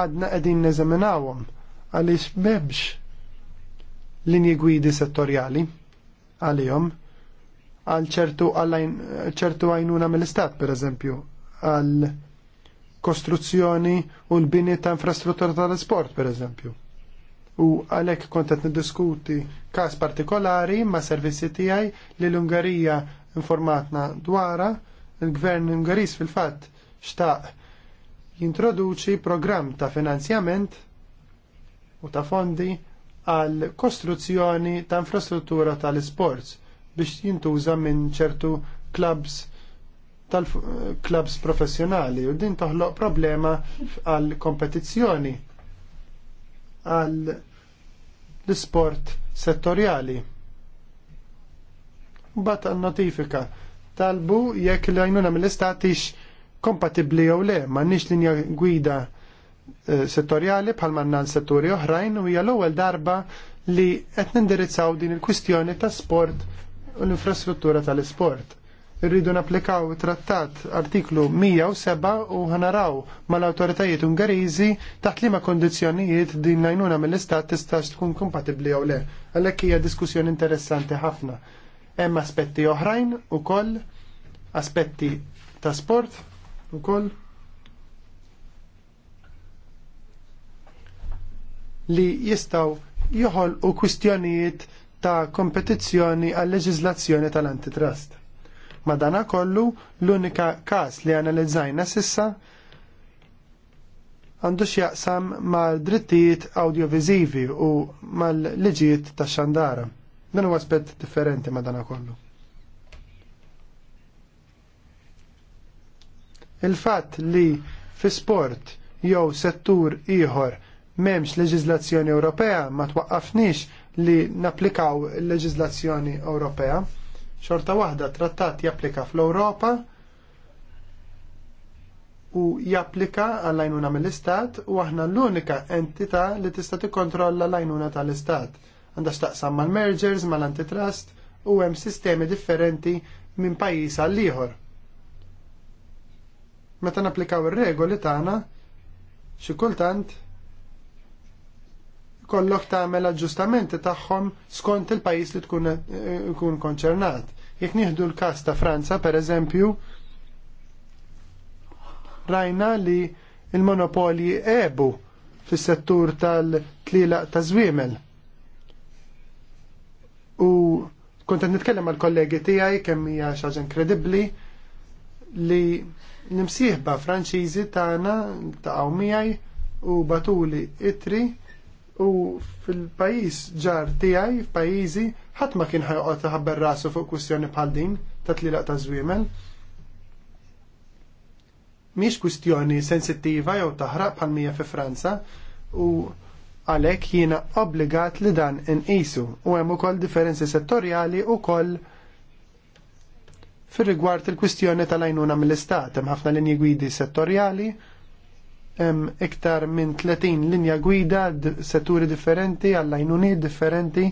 għadna qegħdin neżaminawhom għaliex m'hemmx linji gwidi settorjali għalihom għal ċertu ċertu għajnuna mill-istat pereżempju għal kostruzzjoni u l-bini ta' infrastruttura tal-sport pereżempju u għalhekk kont qed niddiskuti każ partikolari ma' servizzi tiegħi li l-Ungarija informatna dwara. Il-Gvern Ungaris fil-fatt xtaq jintroduċi programm ta' finanzjament u ta' fondi għal kostruzzjoni ta' infrastruttura tal-sports biex jintuża minn ċertu klubs tal klubs professjonali u din toħloq problema għal kompetizzjoni għal l-sport settorjali. Bat għal notifika talbu jekk l-għajnuna mill-istat kompatibli jew le, ma nix linja gwida eh, settorjali bħal manna l-setturi oħrajn u hija l-ewwel darba li qed nindirizzaw din il-kwistjoni ta' sport u l-infrastruttura tal-sport rridu naplikaw trattat artiklu 107 u ħanaraw mal-autoritajiet ungarizi taħt liema kondizjonijiet din najnuna mill-istat tistax tkun kompatibli jew le. Għalhekk hija diskussjoni interessanti ħafna. Hemm aspetti oħrajn ukoll, aspetti ta' sport ukoll. li jistaw joħol u kwistjonijiet ta' kompetizzjoni għal leġizlazzjoni tal-antitrust. Madana kollu l-unika kas li analizzajna sissa għandu jaqsam mal-drittijiet audiovizivi u mal-liġijiet ta' xandara. Dan huwa aspett differenti madana kollu. Il-fatt li fi sport jew settur ieħor m'hemmx leġiżlazzjoni Ewropea ma twaqqafniex li napplikaw il leġiżlazzjoni Ewropea. Xorta waħda trattat japplika fl-Ewropa u japplika għall-għajnuna mill-Istat u aħna l-unika entità li tista' tikkontrolla l-għajnuna tal-Istat. Għandha x'taqsam mal-mergers, mal-antitrust u hemm sistemi differenti minn pajjiż għal ieħor. Meta napplikaw ir-regoli tagħna, xi kultant kollok tagħmel aġġustamenti tagħhom skont il-pajjiż li tkun ikun eh, konċernat. Jekk nieħdu l-każ ta' Franza pereżempju, rajna li il-monopoli ebu fis-settur tal-tlilaq ta' żwiemel. U kontent qed nitkellem mal kollegi tiegħi kemm hija xi ħaġa inkredibbli li nimsieħba Franċiżi tagħna ta' miegħi u batuli itri u fil-pajis ġar tiegħi f'pajjiżi ħadd ma kien ħajqgħod ħabber rasu fuq kwistjoni bħal din ta' tlilaq ta' żwiemel. Miex kwistjoni sensittiva jew taħraq bħal mija fi Franza u għalhekk jiena obbligat li dan inqisu u hemm ukoll differenzi settorjali ukoll fir rigward il-kwistjoni tal-għajnuna mill-istat hemm ħafna linji gwidi settorjali hemm iktar minn 30 linja gwida setturi differenti għal għajnuniet differenti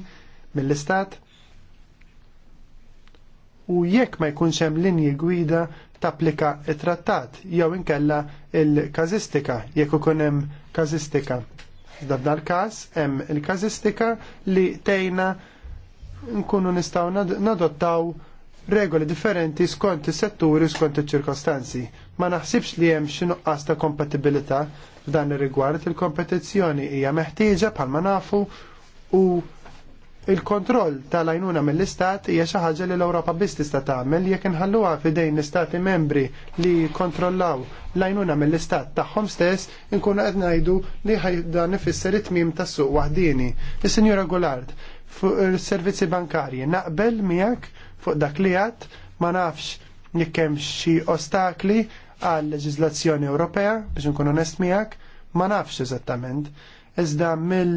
mill-istat. U jekk ma jkunx hemm linji gwida tapplika it-trattat jew inkella il-kazistika jekk ikun hemm kazistika. F'dan l każ hemm il-kazistika li tejna nkunu nistgħu nadottaw nad regoli differenti skont is-setturi skont iċ-ċirkostanzi. Ma naħsibx li hemm xi nuqqas ta' kompatibilità f'dan ir-rigward il-kompetizzjoni hija meħtieġa bħalma nafu u il-kontroll tal-għajnuna mill-istat hija xi ħaġa li l-Ewropa biss tista' tagħmel jekk inħalluha f'idejn l-istati membri li jikkontrollaw l-għajnuna mill-istat tagħhom stess inkunu qed ngħidu li dan ifisser it-tmiem tas-suq waħdini. Is-Sinjura Gulard, fuq is-servizzi bankarji naqbel miegħek fuq dak li għat, ma nafx jekkem xi ostakli għal leġizlazzjoni Ewropea, biex nkun onest miegħek, ma nafx eżattament. Iżda mill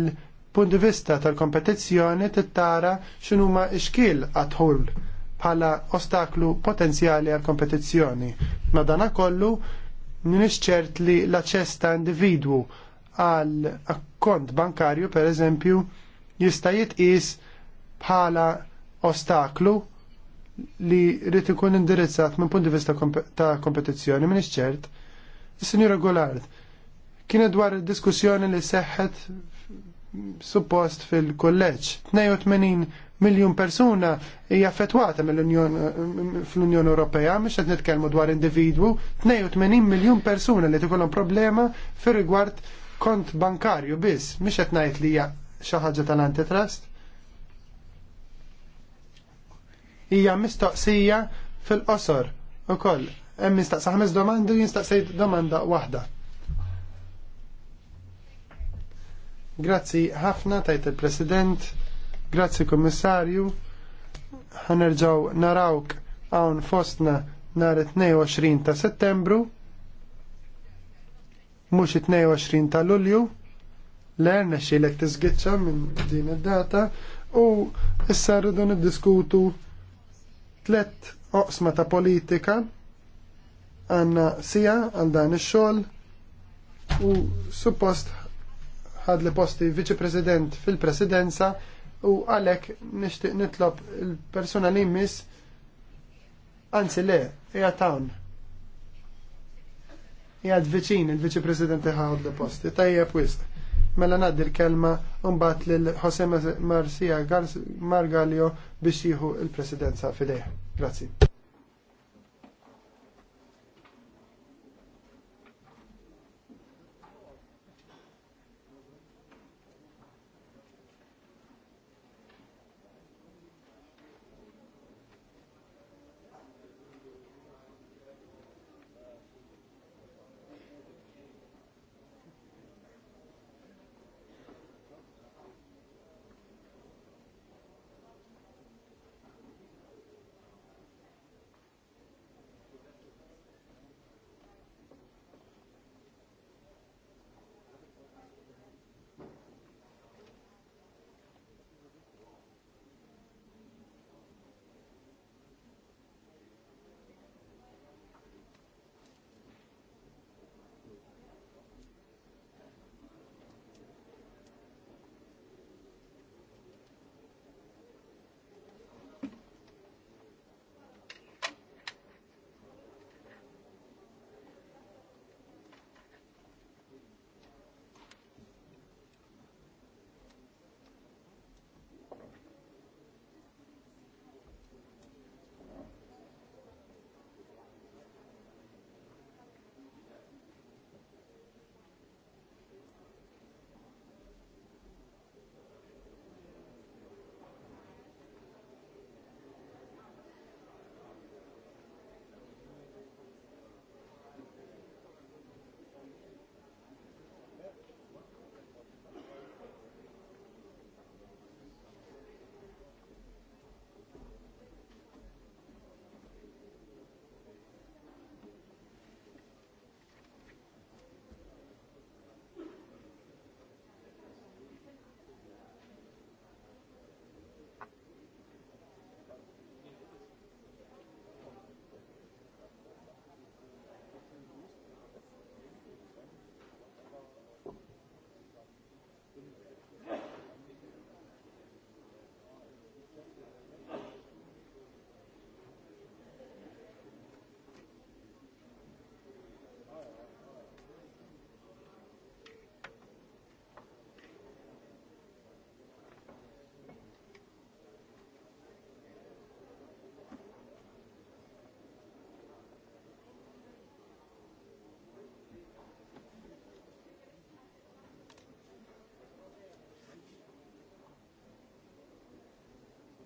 punt di vista tal-kompetizzjoni tittara huma xkil għadħul bħala ostaklu potenzjali għal kompetizzjoni. dana kollu nisċert li l-aċċess ta' individwu għal kont bankarju per eżempju jista' jitqis bħala ostaklu li rrit ikun indirizzat minn punt di vista ta' kompetizzjoni minn ċert. Is-Sinjura Golard, kienet dwar diskussjoni li seħħet suppost fil-kolleġġ. 82 miljon persuna hija affettwata mill-Unjoni Ewropea, mhux qed nitkellmu dwar individwu, 82 miljun persuna li tikollhom problema fir rigward kont bankarju biss, mhux qed ngħid li hija xi ħaġa tal-antitrust. hija mistoqsija fil-qosor ukoll. Hemm nistaqsa ħames domandi u jinstaqsej domanda waħda. Grazzi ħafna tajt il-President, grazzi Kummissarju, ħanerġaw narawk hawn fostna nhar 22 ta' Settembru, mhux 22 ta' Lulju, l-erna xilek tiżgitxa minn din id-data u issa rridu niddiskutu tlet oqsma ta' politika għanna sija għal dan ix-xogħol u suppost ħad li posti viċi-president fil-presidenza u għalek nishtiq nitlob il-persona li jmiss anzi le, hija tawn. Hija viċin il-viċi-president ħad li posti, tajjeb pwist mela ngħaddi l-kelma mbagħad lil Jose Marcia Margalio biex jieħu l presidenza fideħ. Grazzi.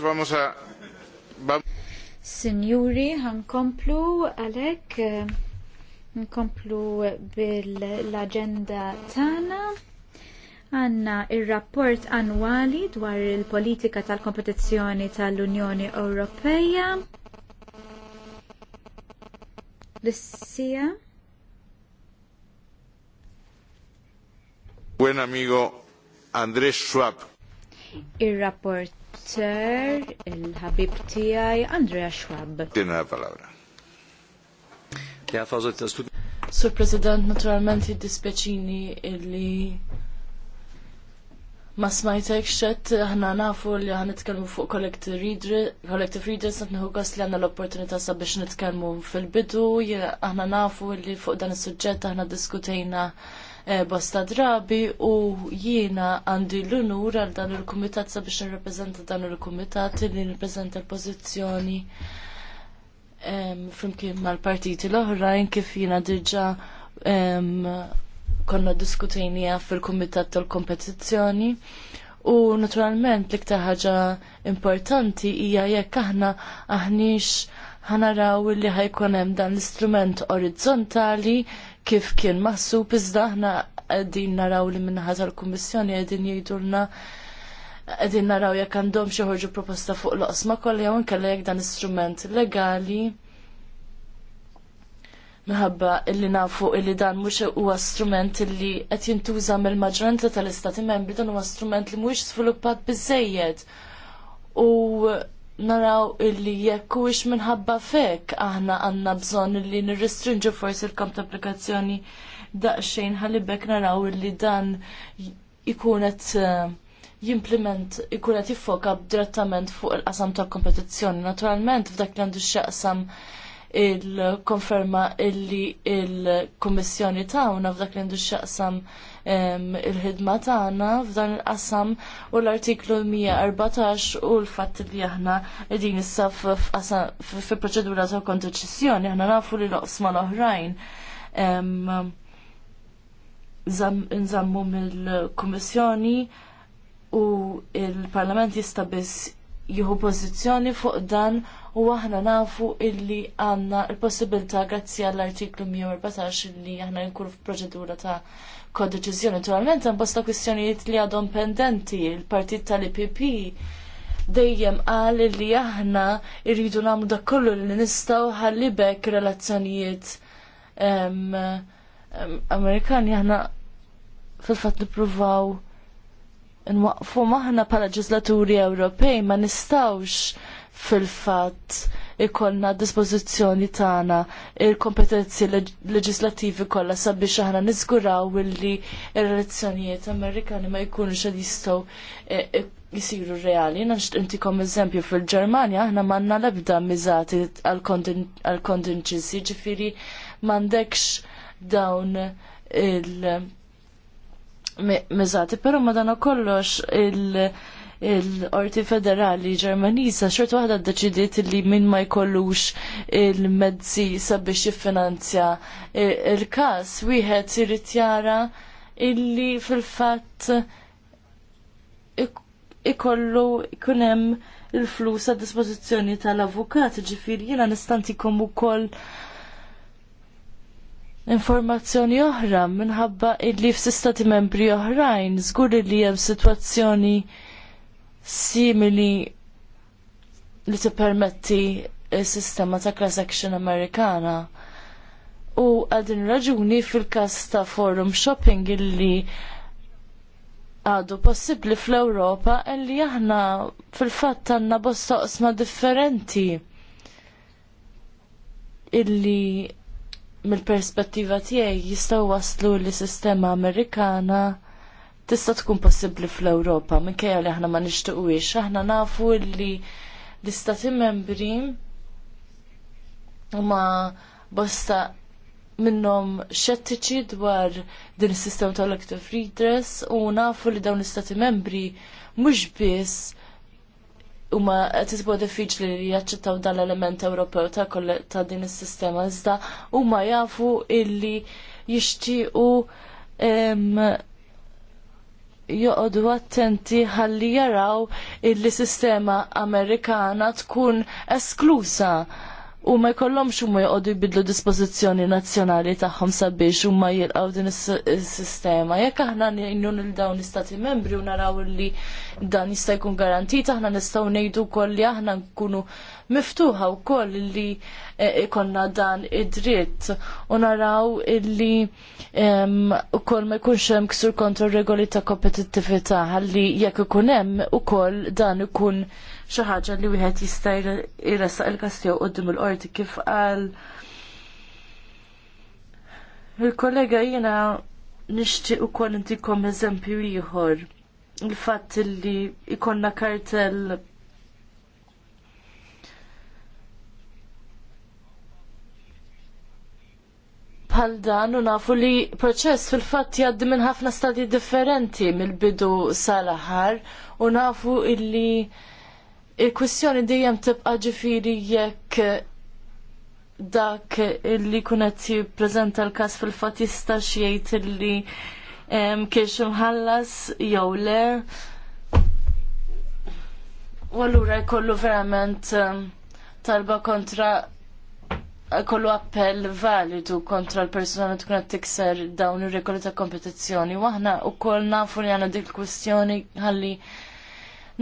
vamos a... Signori, nkomplu għalek, eh, nkomplu bil-agenda tana. Għanna il-rapport annwali dwar il-politika tal-kompetizzjoni tal-Unjoni Ewropeja. Lissija. Buen amigo Andrés Schwab. Il-rapport rapporter il-ħabib tiegħi Andrea Schwab. Dina Sur President, naturalment id illi ma smajtek xed, ħna nafu li ħan nitkelmu fuq collective readers, nħu għas li għanna l-opportunità sabiex nitkelmu fil-bidu, ħna nafu li fuq dan il-sujġet ħna diskutejna Eh, bosta drabi u jiena għandi l-unur għal dan il-kumitat sabiex nirrappreżenta dan il-kumitat li nirrappreżenta l-pożizzjoni flimkien mal-partiti l-oħrajn kif jiena diġà konna diskutejnija fil-kumitat tal-kompetizzjoni. U naturalment l-iktar ħaġa importanti hija jekk aħna aħniex ħanaraw li ħajkun hemm dan l-istrument orizzontali kif kien maħsub iżda aħna qegħdin naraw li minnaħat tal-Kummissjoni qegħdin jgħidulna qegħdin naraw jekk għandhom xi proposta fuq l-qosma kollha għon kalla jekk dan istrument legali minħabba illi nafu illi dan mhux huwa strument illi qed jintuża mill-maġranza tal-istati membri dan huwa strument li mhuwiex sviluppat biżejjed. U naraw illi jekk huwiex minħabba fek aħna għandna bżonn illi nirrestrinġu forsi l-kamp ta' applikazzjoni daqsxejn ħalibek naraw illi dan ikun qed eh, jimplement ikun qed jiffoka direttament fuq il-qasam tal kompetizzjoni. Naturalment f'dak li għandu x'jaqsam il-konferma illi il-Kommissjoni tagħna f'dak li għandu x'aqsam il-ħidma tagħna f'dan il-qasam u l-artiklu 114 u l-fatt li aħna qegħdin issa fi proċedura ta' kontradizzjoni aħna nafu li l-oqsma l-oħrajn nżammu mill-Kummissjoni u il-Parlament jista' biss jieħu pożizzjoni fuq dan u aħna nafu illi għanna il-possibilità grazzi għall-artiklu 114 illi aħna nkunu f'proċedura ta' kodeċizjoni. Naturalment hemm bosta kwistjonijiet li għadhom pendenti il-partit tal-IPP dejjem qal illi aħna rridu nagħmlu dak kollu li nistgħu ħalli bekk relazzjonijiet Amerikani aħna fil-fatt nippruvaw nwaqfu maħna pala ġizlaturi Ewropej ma nistawx fil-fatt ikollna dispożizzjoni tagħna il-kompetenzi leġislattivi kollha sabiex aħna niżguraw illi ir-relazzjonijiet Amerikani ma jkunux qed jistgħu e, e, jisiru reali. Nax intikom eżempju fil-Ġermanja aħna manna ebda miżati għal-kontinġizi, ġifiri m'għandekx dawn il- miżati, però madana kollox il- il-Qorti Federali Ġermaniża xorta waħda ddeċidiet li min ma jkollux il-mezzi sabiex jiffinanzja e, il-każ wieħed irid jara illi fil-fatt ikollu ikun hemm il-flus għad dispożizzjoni tal-avukat, ġifieri jiena ikom ukoll informazzjoni oħra minħabba illi f'sistati membri oħrajn żgur li hemm sitwazzjoni simili li tippermetti s-sistema ta' class action Amerikana. U għadin raġuni fil-kas ta' forum shopping illi għadu possibli fl-Europa illi aħna fil-fatt għanna bosta osma differenti illi mill-perspettiva tiegħi jistgħu waslu li sistema Amerikana tista' tkun possibbli fl-Ewropa minkejja li aħna ma nixtiequx. Aħna nafu li l-istati membri huma bosta minnom xettiċi dwar din is-sistema tal elective redress u nafu li dawn l-istati membri mhux biss huma qed isbu diffiċli li jaċċettaw dan l-element Ewropew ta' ta' din is-sistema iżda huma jafu illi jixtiequ joqodu attenti ħalli jaraw il-sistema Amerikana tkun esklusa u ma jkollhomx huma jqogħdu jbidlu dispożizzjoni nazzjonali tagħhom sabiex huma jilqgħu din is-sistema. Jekk aħna ngħinu lil dawn l-istati membri u naraw li dan jista' jkun garantit, aħna nistgħu ngħidu wkoll li aħna nkunu miftuħa wkoll li e, ikonna dan id-dritt u naraw illi ukoll ma jkunx hemm ksur kontra regoli ta' kompetittività ħalli jekk ikun hemm ukoll dan ikun xaħġa ħaġa li wieħed jista' jressaq il-kastew qudiem il-qorti kif qal il-kollega jiena nixtieq ukoll intikom eżempju ieħor il-fatt li ikonna kartell bħal dan u nafu li proċess fil-fatt jgħaddi minn ħafna stadji differenti mill-bidu sal-aħħar u nafu illi il kwestjoni dejjem tibqa' ġifiri jekk dak li kunet jippreżenta l-każ fil-fatt jista' jgħid li kiex mħallas jew le. U allura jkollu verament talba kontra kollu appell validu kontra l-persuna li tkun qed tikser dawn ir-regoli ta' kompetizzjoni. Waħna wkoll nafu li għandna dik il kwestjoni ħalli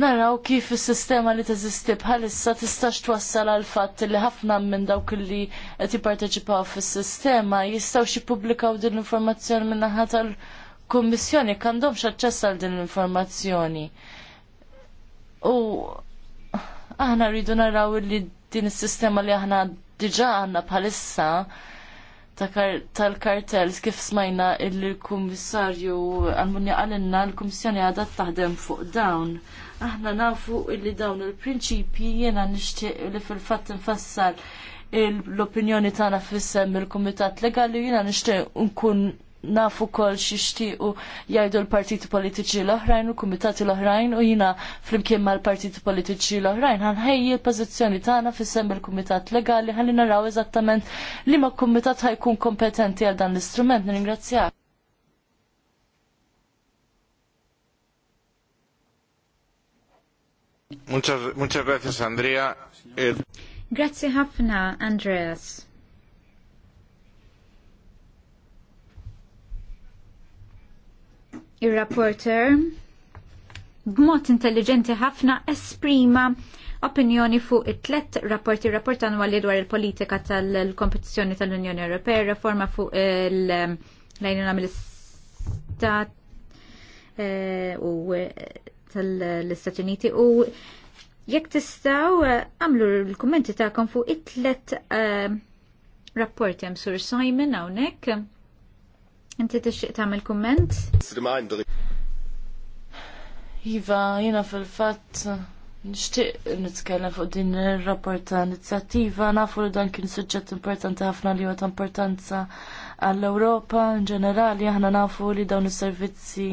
naraw kif is-sistema li teżisti bħalissa tistax twassal għal fatt li ħafna minn dawk li qed jipparteċipaw fis-sistema jistgħu jippubblikaw din l-informazzjoni minn naħa tal-Kummissjoni kandom xaċċess għal din l-informazzjoni. U aħna rridu naraw li din is-sistema li aħna diġà għandna bħalissa tal-kartels kif smajna il-kummissarju għal-munja għalinna l-kummissjoni għadha taħdem fuq dawn aħna nafu illi dawn il-prinċipji jiena nixtieq li fil-fatt nfassar l-opinjoni tagħna fissem il-Kumitat Legali jiena nixtieq nkun nafu kol xiextiqu jajdu l-partiti politiċi l-oħrajn u kumitati l-oħrajn u jina flimkien ma l-partiti politiċi l-oħrajn ħejji l-pozizjoni tagħna fis-sem il-kumitat legali ħalli naraw eżattament li ma kumitat ħajkun kompetenti għal dan l-istrument. Ningrazzjak. Muchas, gracias, Andrea. Eh, Grazie ħafna, Andreas. Il-rapporter b'mod intelligenti ħafna esprima opinjoni fuq it-tlet rapporti rapport annwali dwar il-politika tal-kompetizzjoni tal-Unjoni Ewropea, reforma fuq il-lajnuna mill-Istat eh, u eh, tal-Istati Uniti u Jekk tistaw eh, għamlu l-kummenti ta'kom fuq it-tlet eh, rapporti hemm Sur Simon hawnhekk. Inti tixtieq tagħmel kumment? Iva, jiena fil-fatt nixtieq nitkellem fuq din ir-rapport ta' inizjattiva nafu li dan kien suġġett importanti ħafna li huwa ta' importanza għall-Ewropa in ġenerali aħna nafu li dawn is-servizzi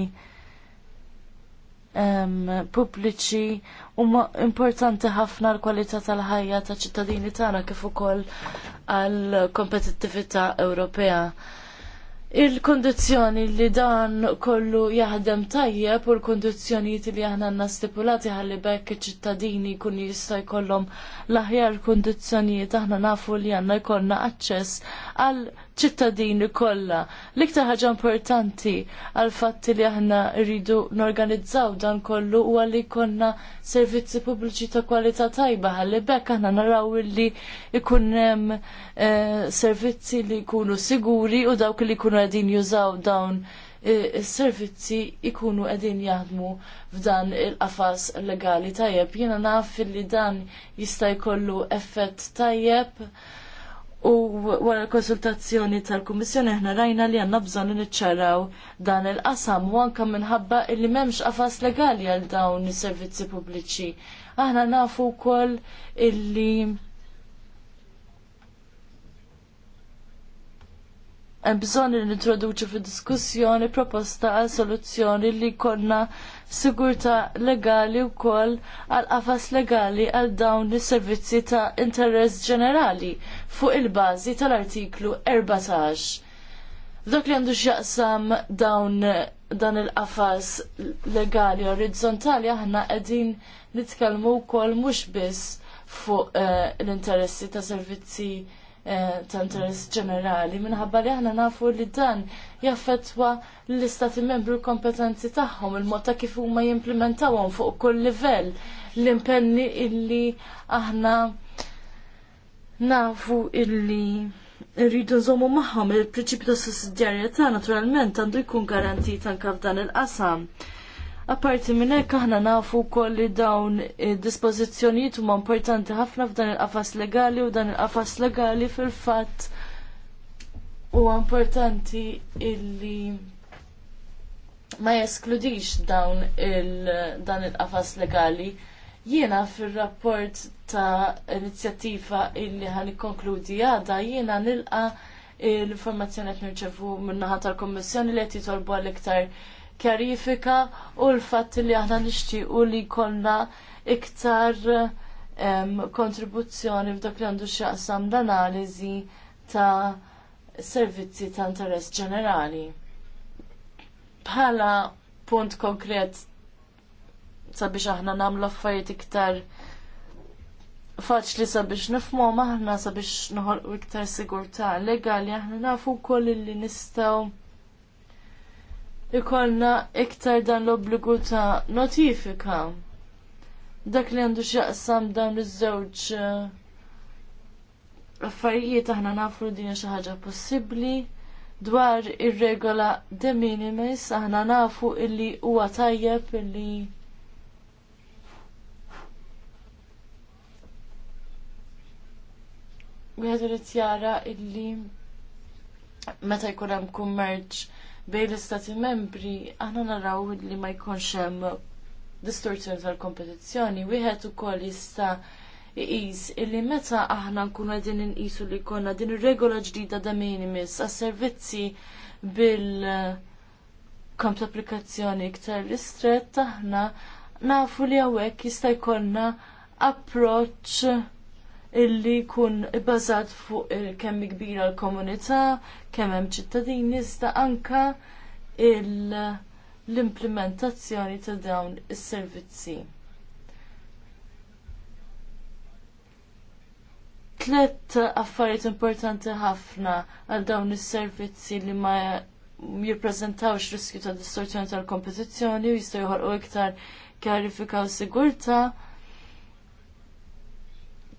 pubbliċi huma importanti ħafna l-kwalità tal-ħajja ta' ċittadini tagħna kif ukoll għall kompetittività Ewropea. Il-kondizjoni li dan kollu jaħdem tajjeb u l-kondizjonijiet li aħna għandna stipulati ħalli bekk iċ-ċittadini kun jista' jkollhom l-aħjar kundizzjonijiet aħna nafu li għandna jkollna aċċess għal ċittadini kollha. L-iktar ħaġa importanti għal fatti li aħna rridu norganizzaw dan kollu u għalli konna servizzi pubbliċi ta' kwalità tajba ħalli bekk aħna naraw li ikun hemm eh, servizzi li jkunu siguri u dawk li jkunu qegħdin jużaw dawn is-servizzi eh, ikunu qegħdin jaħdmu f'dan il-qafas legali tajjeb. Jiena naf li dan jista' jkollu effett tajjeb U wara l-konsultazzjoni tal-Kummissjoni aħna rajna li għandna bżonn niċċaraw dan il-qasam u anke minħabba li m'hemmx qafas legali għal dawn is-servizzi pubbliċi. Aħna nafu wkoll illi hemm bżonn li nintroduċu fid-diskussjoni proposta għal soluzzjoni li jkollna sigurtà legali wkoll għal qafas legali għal dawn is-servizzi ta' interess ġenerali fuq il-bażi tal-artiklu 14. Dak li għandu x'jaqsam dawn dan il-qafas legali orizzontali aħna qegħdin nitkellmu wkoll mhux biss fuq uh, l-interessi ta' servizzi Eh, ta' interess ġenerali minħabba li aħna nafu li dan jaffetwa l-istati membru kompetenti tagħhom il-mod ta' kif huma jimplementawhom fuq kull livell l-impenni illi aħna nafu illi rridu nżommu magħhom il-prinċipju ta' sussidjarjetà naturalment għandu jkun garantit anke f'dan il-qasam. Apparti minn hekk aħna nafu wkoll li dawn id-dispożizzjonijiet huma importanti ħafna f'dan il-qafas legali u dan il-qafas legali fil-fatt huwa importanti illi ma jeskludix dawn il dan il-qafas legali. Jiena fir-rapport ta' inizjattiva illi ħan ikkonkludi għada jiena nilqa l-informazzjoni qed nirċevu min-naħa tal-Kommissjoni li qed jitolbu għal iktar kjarifika u l fat li aħna nixtiequ li jkollna iktar kontribuzzjoni f'dak li għandu x'jaqsam l-analiżi ta' servizzi ta' interess ġenerali. Bħala punt konkret sabiex aħna nagħmlu affarijiet iktar faċli sabiex nifmu maħna sabiex nħolqu iktar sigurtà legali aħna nafu wkoll li nistgħu ikollna iktar dan l-obbligu ta' notifika. Dak li għandu xaqsam dan iż-żewġ eh, affarijiet aħna nafu din xi ħaġa possibbli dwar ir-regola de minimis aħna nafu illi huwa tajjeb illi wieħed irid jara illi meta jkun hemm kummerġ bejn l-istati membri aħna naraw li ma jkunx hemm distorsjoni tal-kompetizzjoni, wieħed ukoll jista' iqis illi meta aħna nkunu qegħdin inqisu li jkollna din ir-regola ġdida da minimis għas-servizzi bil kamp ta' applikazzjoni iktar l-Istret aħna nafu li hawnhekk jista' jkollna approċċ illi jkun ibbażat fuq kemm kbira l-komunità, kemm hemm ċittadini, iżda anka l-implementazzjoni ta' dawn is-servizzi. Tlet affarijiet importanti ħafna għal dawn is-servizzi li ma jirpreżentawx riskju ta' distorsjoni tal-kompetizzjoni u jistgħu jħolqu iktar kjarifikaw u sigurtà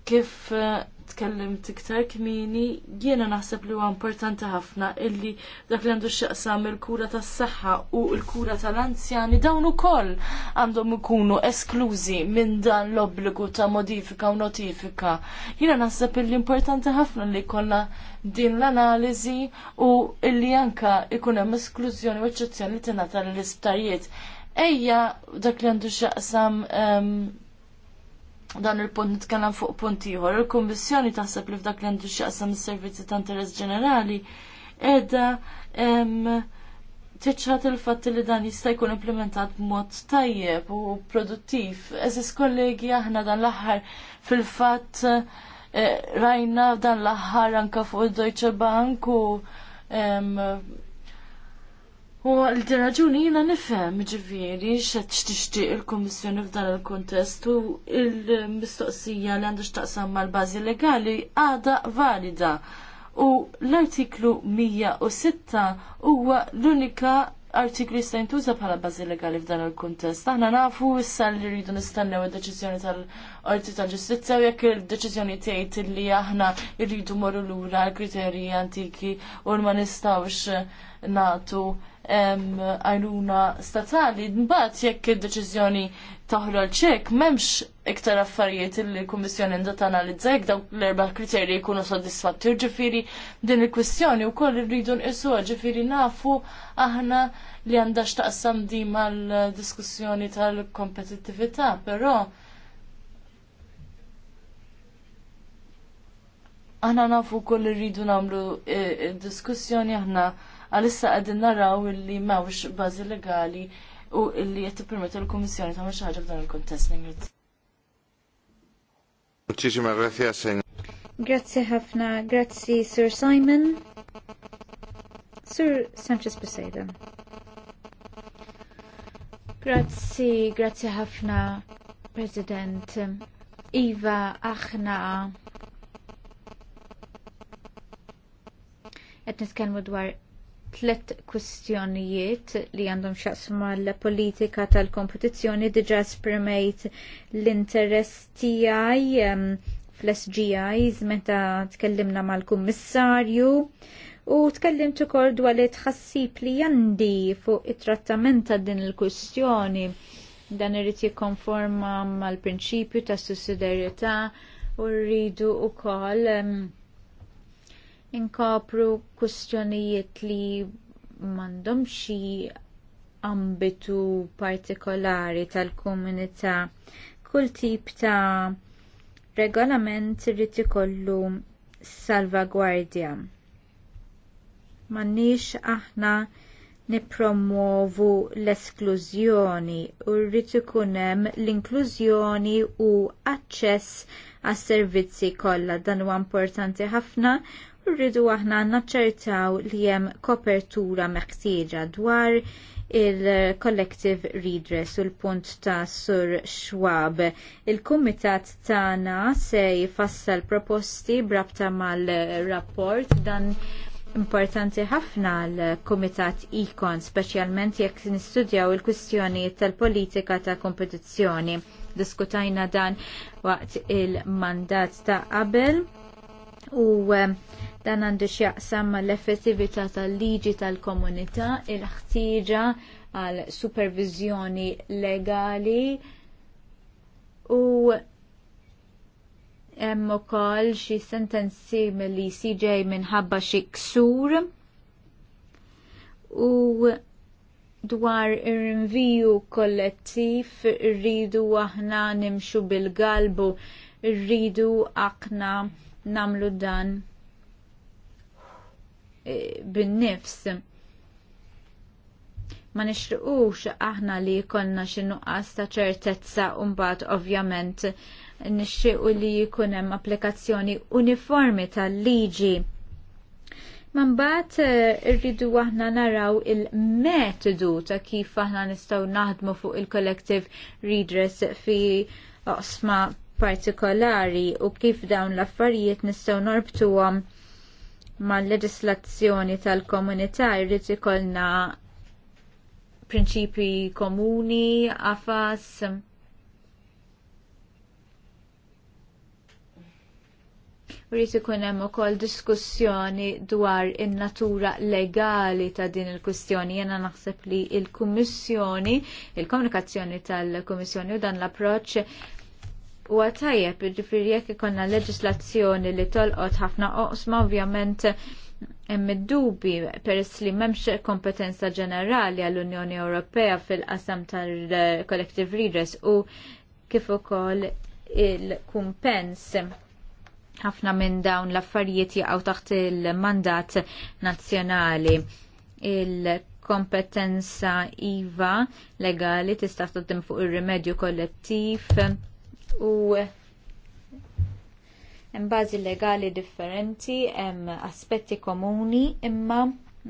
kif eh, tkellim tiktar kmini, jiena naħseb li huwa importanti ħafna illi dak li għandu x'jaqsam il-kura tas-saħħa u l-kura tal-anzjani dawn ukoll għandhom ikunu esklużi minn dan l-obbligu ta' modifika u notifika. Jiena naħseb illi importanti ħafna li kollha din l-analiżi u illi anka ikun hemm esklużjoni u eċċezzjoni li tingħata lill-isptarijiet. Ejja dak li għandu x'jaqsam um, dan il-punt nitkellem fuq punt ieħor. Il-Kummissjoni taħseb li f'dak li għandu x'jaqsam is-servizzi ta' interess ġenerali qiegħda tiċħat il-fatt li dan jista' jkun implementat b'mod tajjeb u produttiv. Eżis kollegi aħna dan l-aħħar fil-fatt eh, rajna dan l-aħħar anka fuq id deutsche Bank u U l din raġuni nifem nifhem ġifieri x'qed il-Kummissjoni f'dan il-kuntest u l-mistoqsija li għandu x'taqsam mal-bażi legali għadha valida. U l-artiklu 106 huwa l-unika artiklu jista' jintuża bħala bażi legali f'dan il-kuntest. Aħna nafu issa li rridu nistennew id-deċiżjoni tal-Qorti tal-Ġustizzja u jekk il-deċiżjoni tgħid li aħna rridu morru lura l-kriterji antiki u ma nistgħux nagħtu għajnuna statali, mbagħad jekk id-deċiżjoni għal ċek, m'hemmx iktar affarijiet li l-Kummissjoni għandha analizza jekk dawk l-erba' kriterji jkunu soddisfatti. Ġifieri din il-kwistjoni wkoll irridu nqisuha, ġifieri nafu aħna li għandha x'taqsam di mal-diskussjoni tal-kompetittività, però aħna nafu koll irridu nagħmlu eh, diskussjoni aħna għalissa għadin naraw li m'hawnx bażi legali u li qed tippermettu l-Kummissjoni ta' xi ħaġa f'dan il-kuntest. Muchísimas gracias, señor. Grazie ħafna, grazzi Sir Simon. Sir Sanchez Peseda. Grazzi, grazzi ħafna, President. Iva, aħna qed nitkellmu dwar tlet kwistjonijiet li għandhom xaqsma l-politika tal-kompetizzjoni diġa esprimejt l-interess tiegħi fl-SGIs meta tkellimna mal-kummissarju u tkellimt ukoll dwar li tħassib li għandi fuq it-trattament ta' din il-kwistjoni dan irid jikkonforma mal-prinċipju ta' sussidjarjetà u rridu wkoll inkopru kwistjonijiet li mandom xie ambitu partikolari tal-komunità. Kull tip ta' regolament irid ikollu salvagwardja. M'għandniex aħna nippromovu l-esklużjoni u rrid ikun hemm l-inklużjoni u aċċess għas servizzi kollha dan huwa importanti ħafna rridu aħna naċċertaw li hemm kopertura meħtieġa dwar il-Collective Redress u l-punt ta' Sur Schwab. Il-Kumitat tagħna se jfassal proposti brabta mal-rapport dan importanti ħafna l-Kumitat Ikon, speċjalment jekk nistudjaw il-kwistjoni tal-politika ta' kompetizzjoni. Diskutajna dan waqt il-mandat ta' qabel u eh, Dan għandu x'jaqsam mal-effettività tal-liġi tal-komunità, il-ħtieġa għal supervizjoni legali u hemm ukoll xi sentenzi milli siġej minħabba xi ksur u dwar ir-rinviju kollettiv rridu aħna nimxu bil-galbu rridu aħna namlu dan Eh, bin-nifs. Ma nixriqux aħna li jkollna xi nuqqas ta' ċertezza u mbagħad ovvjament nixtiequ li jkun hemm applikazzjoni uniformi tal-liġi. Ma mbagħad eh, irridu aħna naraw il-metodu ta' kif aħna nistgħu naħdmu fuq il-collective redress fi oqsma partikolari u kif dawn l-affarijiet nistgħu norbtuhom mal-leġislazzjoni tal-komunità jrid ikollna prinċipi komuni, għafas. Rrit ikun hemm ukoll diskussjoni dwar in-natura legali ta' din il-kwistjoni. Jena naħseb li il-Kummissjoni, il-komunikazzjoni tal-Kummissjoni u dan l-approċċ U għatajjeb, ġifiri jekk ikonna leġislazzjoni li tolqot ħafna oqsma, ovvjament hemm dubi peress li m'hemmx kompetenza ġenerali għall-Unjoni Ewropea fil-qasam tal-collective redress u kif ukoll il-kumpens ħafna minn dawn l-affarijiet jaqgħu taħt il-mandat nazzjonali. il kompetenza IVA legali tista' tim fuq ir-rimedju kollettiv u hemm bażi legali differenti, hemm aspetti komuni, imma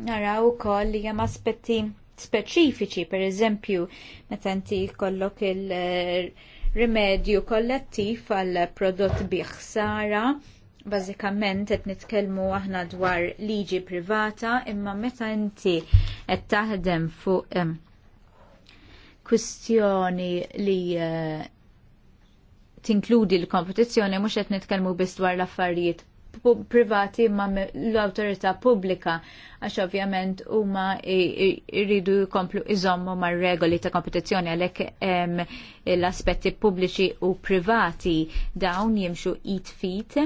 naraw ukoll li hemm aspetti speċifiċi, per eżempju, meta inti jkollok il-rimedju kollettiv għal prodott biħsara, bażikament qed nitkellmu aħna dwar liġi privata, imma meta inti qed taħdem fuq kwistjoni li eh, tinkludi l-kompetizzjoni mhux qed nitkellmu biss dwar l-affarijiet privati ma l-autorità pubblika għax ovvjament huma jridu jkomplu iżommu mar regoli ta' kompetizzjoni għalhekk l-aspetti pubbliċi u privati dawn jimxu it fit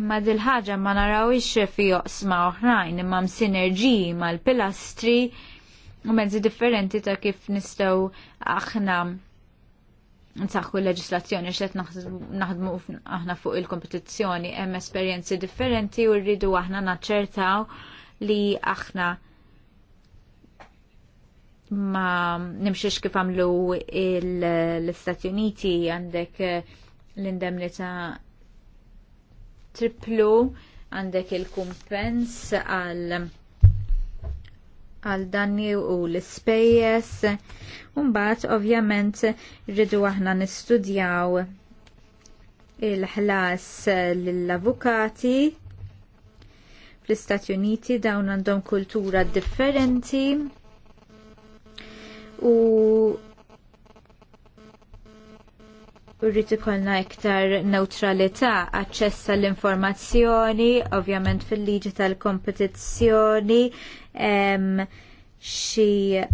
imma dil-ħaġa ma narawix fi oqsma oħrajn imma msinerġiji mal-pilastri u mezzi differenti ta' kif nistgħu aħna nsaħħu l-leġislazzjoni x'qed naħdmu aħna fuq il-kompetizzjoni hemm esperjenzi differenti u rridu aħna naċċertaw li aħna ma nimxiex kif għamlu l-Istati Uniti għandek eh, l-indemnita triplu għandek il-kumpens għal għal danni u l-spejjes. Umbat, ovvjament, rridu aħna nistudjaw il-ħlas l-avukati fl-Istati Uniti dawn għandhom kultura differenti u rrit ikollna iktar neutralità aċċess għall-informazzjoni, ovvjament fil-liġi tal-kompetizzjoni, xi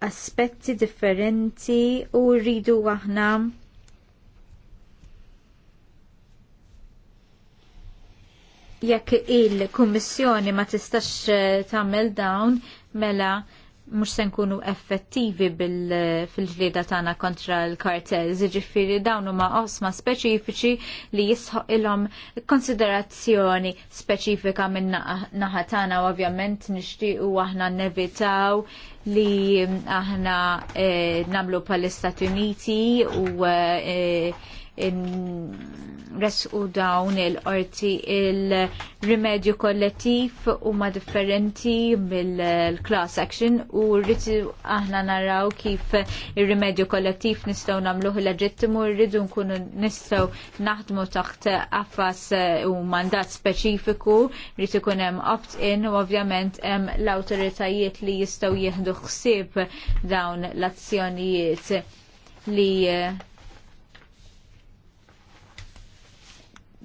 aspetti differenti u rridu aħna jekk il-Kummissjoni ma tistax eh, tagħmel dawn mela mux se nkunu effettivi fil-ġlieda tagħna kontra l-kartels, iġifieri dawn huma osma speċifiċi li jisħoq ilhom konsiderazzjoni speċifika minn naħa tagħna u ovvjament nixtiequ aħna nevitaw li aħna eh, namlu pal-Istati Uniti u eh, resqu dawn il-qorti il-rimedju kollettiv huma differenti mill-class action u rridu aħna naraw kif il-rimedju kollettiv nistgħu nagħmluh leġittimu rridu nkunu nistgħu naħdmu taħt affas u mandat speċifiku rritu ikun hemm opt-in u ovvjament hemm l-awtoritajiet li jistgħu jieħdu ħsieb dawn l-azzjonijiet li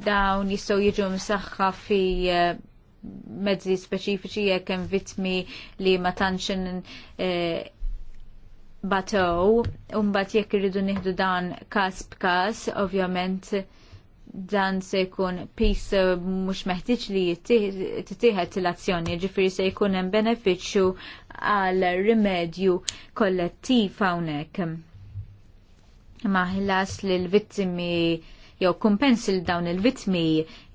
dawn jistgħu jiġu msaħħa fi eh, mezzi speċifiċi jekk hemm vittmi li ma tantx eh, batow, mbagħad jekk irridu nieħdu dan każ b'każ, ovvjament dan se jkun pis eh, mhux meħtieġ li titieħed l-azzjoni, ġifieri se jkun hemm benefiċċju għal rimedju kollettiv hawnhekk. Ma ħlas lill vittimi jew kumpens il dawn il-vitmi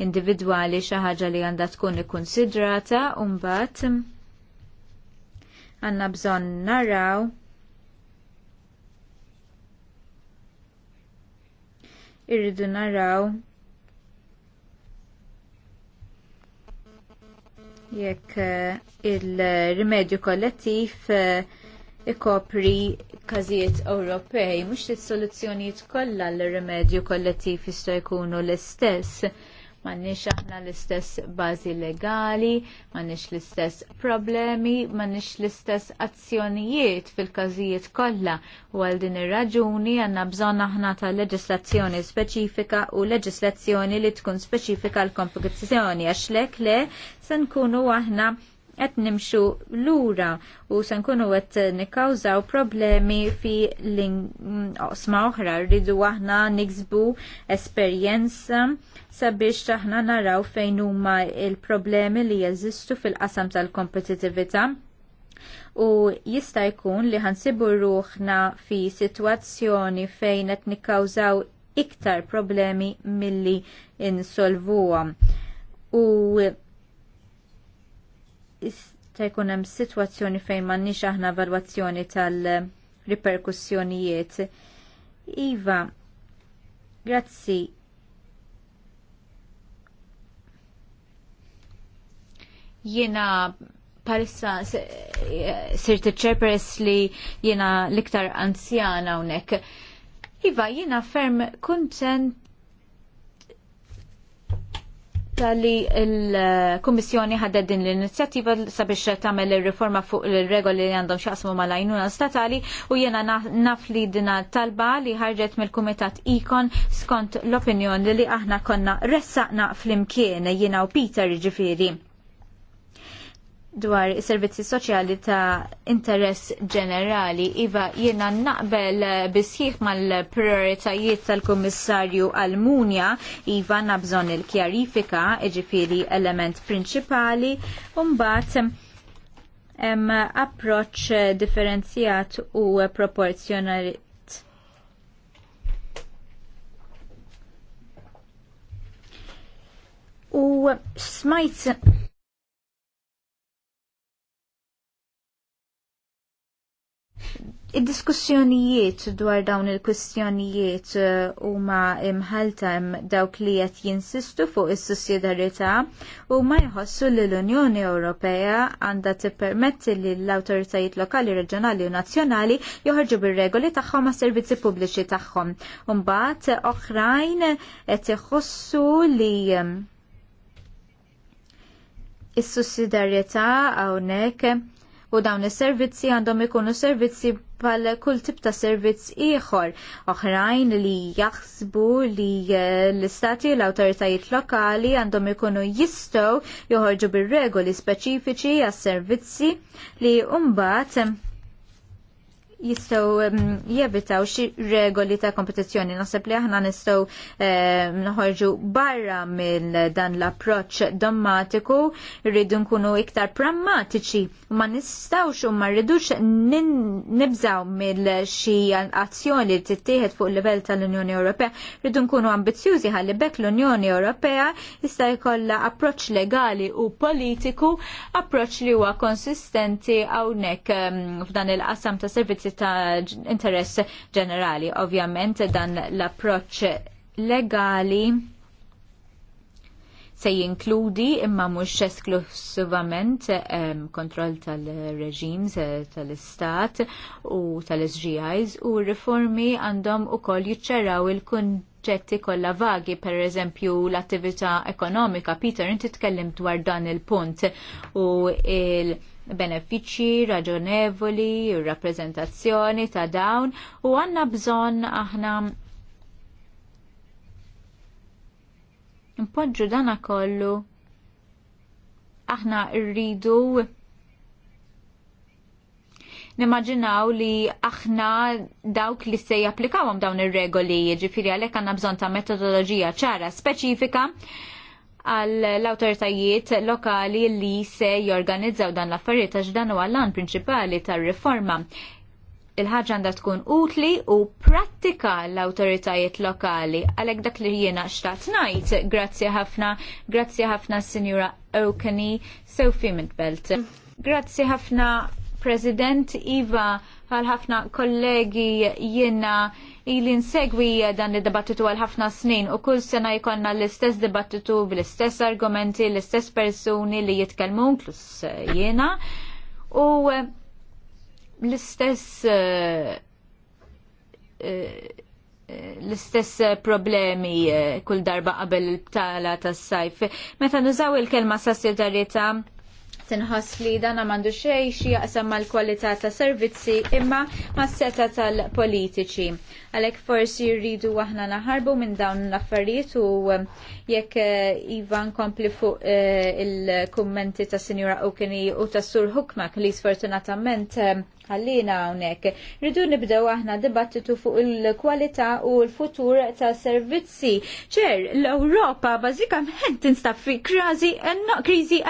individwali xi ħaġa li għandha tkun ikkunsidrata u mbagħad għandna bżonn naraw irridu naraw jekk eh, il-rimedju kollettiv eh, ikopri każijiet Ewropej, mhux is-soluzzjonijiet kollha l-rimedju kollettiv jista' jkunu l-istess. M'għandniex aħna l-istess bażi legali, m'għandniex l-istess problemi, m'għandniex l-istess azzjonijiet fil-każijiet kollha. U għal din ir-raġuni għandna bżonn aħna ta' leġislazzjoni speċifika u leġislazzjoni li tkun speċifika l-kompetizzjoni għax lek le se nkunu aħna qed nimxu lura u se nkunu qed nikkawżaw problemi fi l-oqsma oħra rridu aħna niksbu esperjenza sabiex aħna naraw fejn huma il-problemi li jeżistu fil-qasam tal-kompetitività u jista' jkun li ħansibu ruħna fi sitwazzjoni fejn qed nikkawżaw iktar problemi milli insolvuhom. U jista' jkun hemm sitwazzjoni fejn m'għandniex aħna evalwazzjoni tal-riperkussjonijiet. Iva, grazzi. Jiena palissa sirt ċerpers li jiena l-iktar anzjana hawnhekk. Iva, jiena ferm kuntent tal-li il-Kommissjoni ħadda din l-inizjattiva sabiex tagħmel ir-riforma fuq il-regoli li għandhom xaqsmu mal-għajnuna statali u jiena naf li dina talba li ħarġet mill-Kumitat Ikon skont l-opinjoni li aħna konna ressaqna fl-imkien jiena u Peter ġifieri dwar is servizzi soċjali ta' interess ġenerali, iva jiena naqbel bisħiħ mal-prioritajiet tal-Kummissarju Almunja, iva nabżon il-kjarifika, iġifiri element prinċipali, umbat em, approċ differenzjat u proporzjonali U smajt Id-diskussjonijiet dwar dawn il-kwistjonijiet uh, huma imħalta dawk li qed jinsistu fuq is-sussidjarjetà u ma jħossu li l-Unjoni Ewropea għandha tippermetti li l-awtoritajiet lokali, reġjonali u nazzjonali joħorġu bir-regoli tagħhom ma' servizzi pubbliċi tagħhom. Imbagħad oħrajn qed iħossu li um, is-sussidjarjetà hawnhekk u dawn is-servizzi għandhom ikunu servizzi bħal kull tip ta' servizz ieħor oħrajn li jaħsbu li eh, l-istati l-awtoritajiet lokali għandhom ikunu jistgħu joħorġu bir-regoli speċifiċi għas-servizzi li mbagħad jistaw jebitaw xi regoli ta' kompetizzjoni. Naseb li aħna nistaw nħorġu barra mill dan l-approċ dommatiku, rridu nkunu iktar prammatiċi u ma nistawx u ma rridux nibżaw mill xi azzjoni li tittieħed fuq livell tal-Unjoni Ewropea, rridu nkunu ambizzjużi ħalli bekk l-Unjoni Ewropea jista' jkollha approċ legali u politiku, approċ li huwa konsistenti hawnhekk f'dan il-qasam ta' servizzi interessi ta' interess ġenerali. Ovvjament dan l-approċ legali se jinkludi imma mhux esklusivament ehm, kontroll tal-reġims eh, tal-istat u tal-SGIs u riformi għandhom ukoll jiċċaraw il-kun ċetti kollha vagi, per eżempju l-attività ekonomika. Peter, inti tkellim dwar dan il-punt u il- benefiċċji raġonevoli, rappreżentazzjoni ta' dawn u għandna bżonn aħna npoġġu dana kollu aħna rridu nimmaġinaw li aħna dawk li se japplikawhom dawn ir-regoli, jiġifieri għalhekk għandna bżonn ta' metodoloġija ċara speċifika għall-autoritajiet lokali li se jorganizzaw dan l-affarijiet għax dan huwa l-an prinċipali tar-riforma. Il-ħaġa għandha tkun utli u prattika l-autoritajiet lokali għalhekk dak li jiena xtaqt ngħid. Grazzi ħafna, grazzi ħafna Sinjura Okani Sophie Mintbelt. Grazzi ħafna President Iva għal ħafna kollegi jiena ili nsegwi eh, dan id-dibattitu għal ħafna snin u kull sena jkollna l-istess dibattitu bl-istess argumenti, l-istess persuni li jitkellmu inklus eh, jiena u eh, l-istess l-istess problemi kull darba qabel il-btala tas sajf. Meta nużaw il-kelma sassidarita tinħoss li dan mandu xej xi jaqsam mal-kwalità ta' servizzi imma mas-seta tal-politiċi għalhekk forsi rridu aħna naħarbu minn dawn l-affarijiet u um, jekk eh, Ivan kompli fuq eh, il-kummenti ta' Sinjura Okeni u ta' Sur Hukmak li sfortunatament eh, għallina hawnhekk. Rridu nibdew aħna dibattitu fuq il-kwalità u l-futur ta' servizzi. ċer, l-Ewropa bażikament tinstab fi kriżi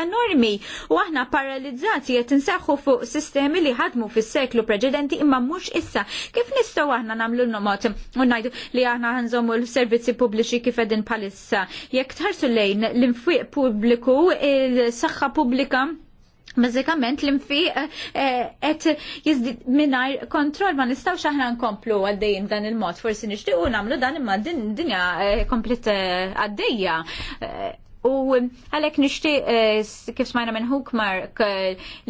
enormi u aħna paralizzati qed insaħħu fuq sistemi li ħadmu fis-seklu preċedenti imma mhux issa. Kif nistgħu aħna nagħmlu mod u ngħidu li aħna ħanżommu l-servizzi pubbliċi kif edin bħalissa. Jekk tħarsu lejn l infiq pubbliku, il-saħħa pubblika Mażikament l-infiq qed eh, eh, jizdid mingħajr kontroll ma nistgħux aħna nkomplu għaddejjin dan il-mod, forsi nixtiequ nagħmlu dan imma din dinja eh, komplet għaddejja. U għalek nishti kif smajna minn Hukmark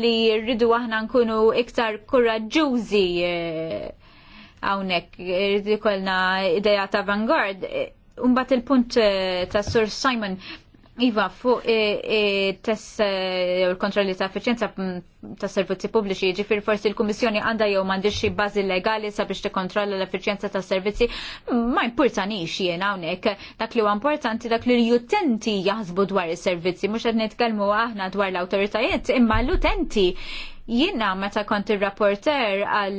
li rridu aħna nkunu iktar kuraġġużi Hawnhekk irrid ikollna ideja ta' vanguard. Umbat il-punt eh, ta' Sur Simon Iva, fuq e, e, tess e, l-kontrolli ta' efficienza mm, ta' servizzi pubbliċi, ġifir forsi l-Kummissjoni għandha jew mandi xi bażi legali sabiex tikkontrolla l efficienza ta' servizzi, ma importanix jien hawnhekk. Dak li huwa importanti dak li l-utenti jaħsbu dwar is-servizzi, mhux qed nitkellmu aħna dwar l-awtoritajiet, imma l-utenti jiena meta kont ir-rapporter għal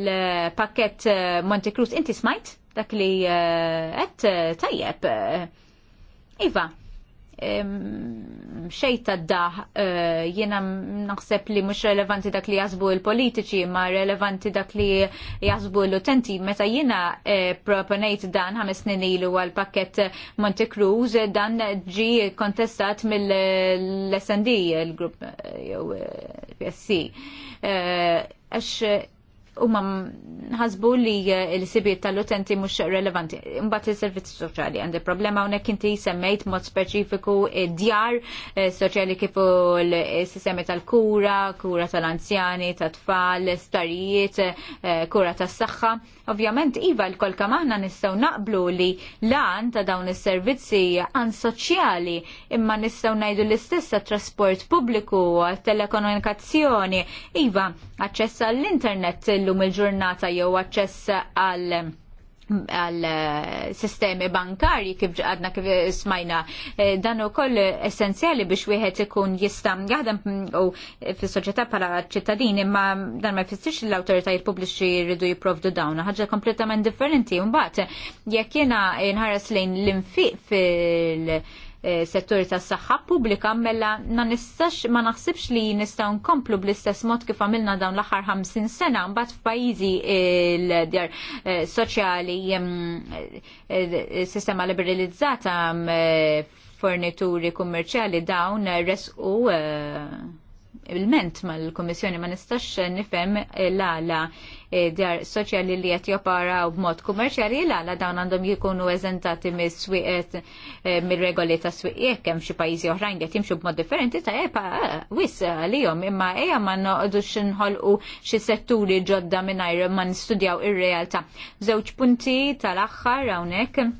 pakket Monte Cruz, inti smajt dak li qed tajjeb. Iva, xej d-daħ eh, jena naħseb li mux relevanti dak li jazbu il-politiċi ma relevanti dak li jazbu l-utenti meta jena eh, proponejt dan ħames snin ilu għal pakket Monte Cruz dan ġi kontestat mill-SND il-grupp eh, PSC għax huma nħasbu li eh, l-sibiet tal-utenti mhux relevanti. Imbagħad is-servizzi soċjali għandi problema hawnhekk inti semmejt mod speċifiku djar eh, soċjali kif l-sistemi tal-kura, kura tal-anzjani, tat-tfal, starijiet, eh, kura tas-saħħa. Ovvjament iva l-kol aħna nistgħu naqblu li lan ta' dawn is-servizzi għan soċjali imma nistgħu ngħidu l-istess trasport pubbliku, telekomunikazzjoni, iva aċċess għall-internet l-lum il-ġurnata jew aċċess għall għal eh, sistemi bankarji kif għadna kif eh, smajna eh, dan ukoll essenzjali biex wieħed ikun jista' jaħdem mm, u fis-soċjetà bħala ċittadin imma dan ma jfissirx l awtoritajiet pubbliċi jridu jipprovdu dawn ħaġa kompletament differenti mbagħad jekk jiena nħares lejn l-infiq fil- Eh, setturi tas saħħa pubblika mella ma nistax ma naħsibx li nistgħu nkomplu bl-istess mod kif għamilna dawn l-aħħar 50 sena mbagħad f'pajjiżi l-djar eh, soċjali eh, sistema liberalizzata fornituri kummerċjali dawn resqu il-ment mal-Komissjoni ma nistax nifhem l-għala eh, dar soċjali li qed b b'mod kummerċjali l-għala dawn għandhom jikunu eżentati mis-swieqet eh, mir-regoli ta' swiqet hemm xi pajjiżi oħrajn qed jimxu b'mod differenti ta' epa eh, wis jom imma ejja ma xinħol u xi setturi ġodda mingħajr ma nistudjaw ir-realtà. Zewċ punti tal-aħħar hawnhekk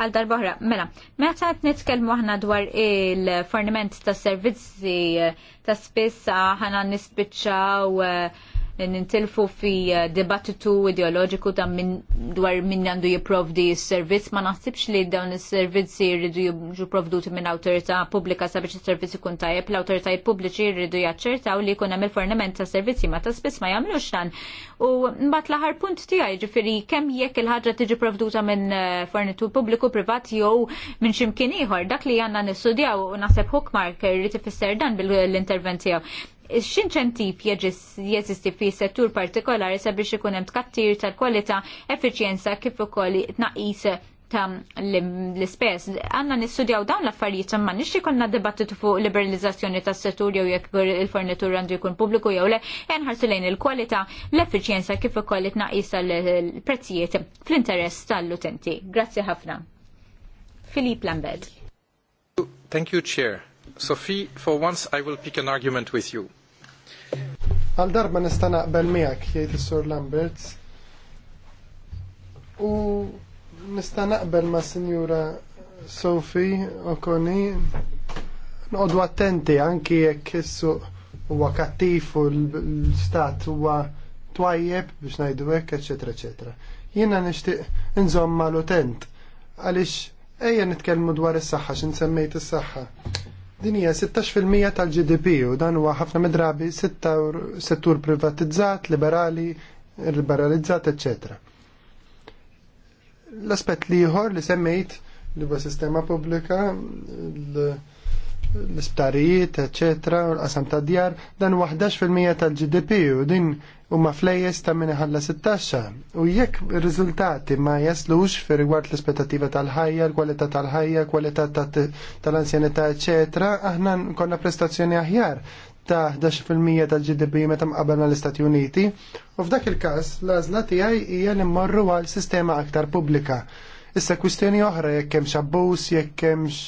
għal darbohra. Mela, meta qed nitkellmu aħna dwar il-forniment ta' servizzi eh, ta' spiss ħana nispiċċaw eh, nintilfu fi eh, dibattitu ideoloġiku ta' min dwar min għandu jiprovdi s-servizz, ma naħsibx li dawn is-servizzi jridu provduti minn awtorità pubblika sabiex is-servizz ikun tajjeb, l-awtoritajiet pubbliċi jridu jaċċertaw li jkun hemm il-fornament ta' servizzi ma ta' spiss ma jagħmlux dan. U mbagħad l-aħħar punt tiegħi ġifiri, kemm jekk il ħagġa tiġi provduta minn eh, fornitur pubbliku privat jew minn x'imkien ieħor, dak li għandna nistudjaw u naħseb hookmark irid fisser dan bil-intervent tiegħu x'inċentiv jeżisti fi settur partikolari sabiex ikun hemm tkattir tal-kwalità, effiċjenza kif ukoll tnaqis ta' l-ispess. Għanna nistudjaw dawn l-affarijiet imma nixi konna debattitu fuq liberalizzazzjoni tas settur jew jekk il-fornitur għandu jkun pubbliku jew le, jenħarsu lejn il-kwalità, l-effiċjenza kif ukoll itnaqis tal prezzijiet fl-interess tal-utenti. Grazzi ħafna. Filip Lambed. Thank you, Chair. Sophie, for once I will pick an argument with you. Għal darba nista' naqbel miegħek jgħid is-Sur Lamberts. U nista' naqbel ma' Sinjura Sofi Okoni noqogħdu attenti anki jekk issu huwa kattiv u l-stat huwa twajjeb biex ngħidu hekk, eċetera, eċetera. Jiena nixtieq inżomm mal-utent għaliex ejja nitkellmu dwar is-saħħa x'insemmejt is-saħħa. Din hija 16% tal-GDP u dan huwa ħafna midrabi settur privatizzat, liberali, liberalizzat, etc. L-aspett li ieħor li semmejt li huwa sistema pubblika, l-isptarijiet, eccetera, u l-qasam ta' djar, dan 11% tal-GDP u din huma flejjes ta' minn ħalla 16 u jekk ir-riżultati ma jaslux fi rigward l-aspettativa tal-ħajja, l-kwalità tal-ħajja, kwalità tal-anzjanità, etc., aħna konna prestazzjoni aħjar ta' 11% tal-GDP meta mqabel mal-Istati Uniti u f'dak il-każ l-għażla tiegħi hija li mmorru għal sistema aktar pubblika. Issa kwistjoni oħra jekk hemmx abbuż, jekk hemmx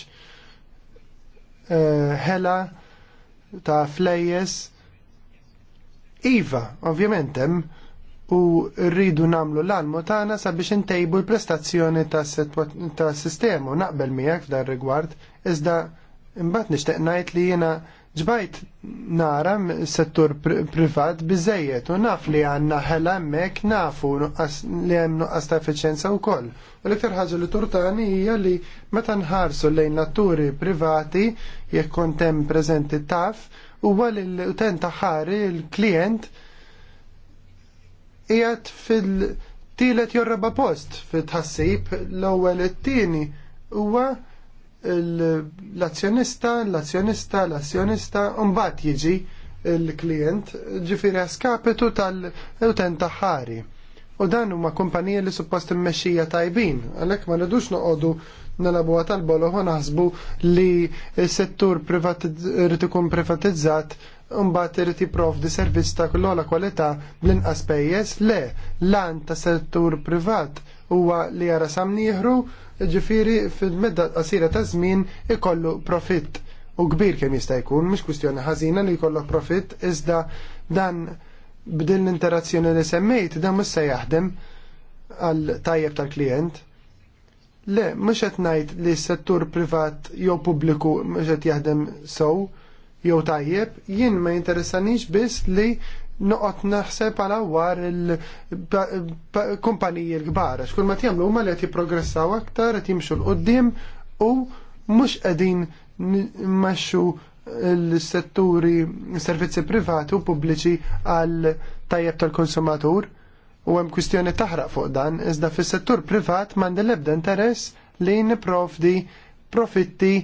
ħela eh, ta' flejjes. Iva, ovvjament hemm u rridu namlu l-almu tagħna sabiex intejbu l-prestazzjoni tas sistema u naqbel miegħek f'dan rigward iżda imbagħad nixtieq ngħid li jiena ġbajt nara settur privat bizzejiet u naf li għanna ħela mek nafu li għannu nuqqas ta' efficienza u koll. U l-iktar li turtani hija li meta nħarsu lejn natturi privati jekk kontem prezenti taf u għal l-utent ħari l-klient jgħat fil-tilet jorraba post fil-tħassib l-ewwel it-tieni huwa l-azzjonista, l-azzjonista, l-azzjonista, mbagħad jiġi l-klient ġifiri għaskapitu tal-utent ħari. U dan huma kumpanija li suppost immexxija tajbin, għalhekk ma rridux noqogħdu nalabu tal-bolo u naħsbu li s-settur irid ikun privatizzat mbagħad irid jipprovdi servizz ta' kull kwalità bl-inqas pejjeż, le, lan ta' settur privat huwa li jara samnieħru ġifiri fil-medda qasira ta' żmien ikollu profitt u kbir kemm jista' jkun, mhux kwistjoni ħażina li jkollok profitt, iżda dan b'din l-interazzjoni li semmejt dan mhux se jaħdem għal tajjeb tal-klient. Le, mhux qed ngħid li s-settur privat jew pubbliku mhux qed jaħdem sew jew tajjeb, jien ma jinteressanix biss li Noqot naħseb għal war il-kumpaniji l-kbar Xkun ma tjamlu huma li qed jipprogressaw aktar għati mxu l qoddim u mhux qegħdin mmexxu l-setturi servizzi privati u pubbliċi għal tajjeb tal-konsumatur u hemm kwistjoni taħraq fuq dan iżda fis-settur privat mandi l-ebda interess li niprofdi profitti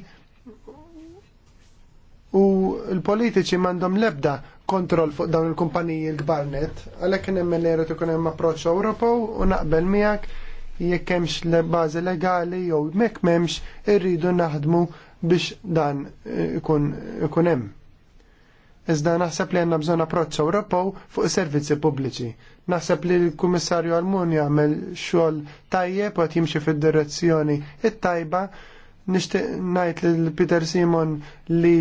u l-politiċi m'għandhom l-ebda kontroll fuq dawn il-kumpaniji l-gbarnet, għalek nemmen li jrid ikun hemm approċċ Ewropew u naqbel miegħek jekk hemmx bażi legali jew mek m'hemmx irridu naħdmu biex dan ikun hemm. Iżda naħseb li għandna bżonn approċċ Ewropew fuq servizzi pubbliċi. Naħseb li l-Kummissarju Almunja għamel xogħol tajjeb u qed jimxi fid-direzzjoni it-tajba nishtiq najt l-Peter Simon li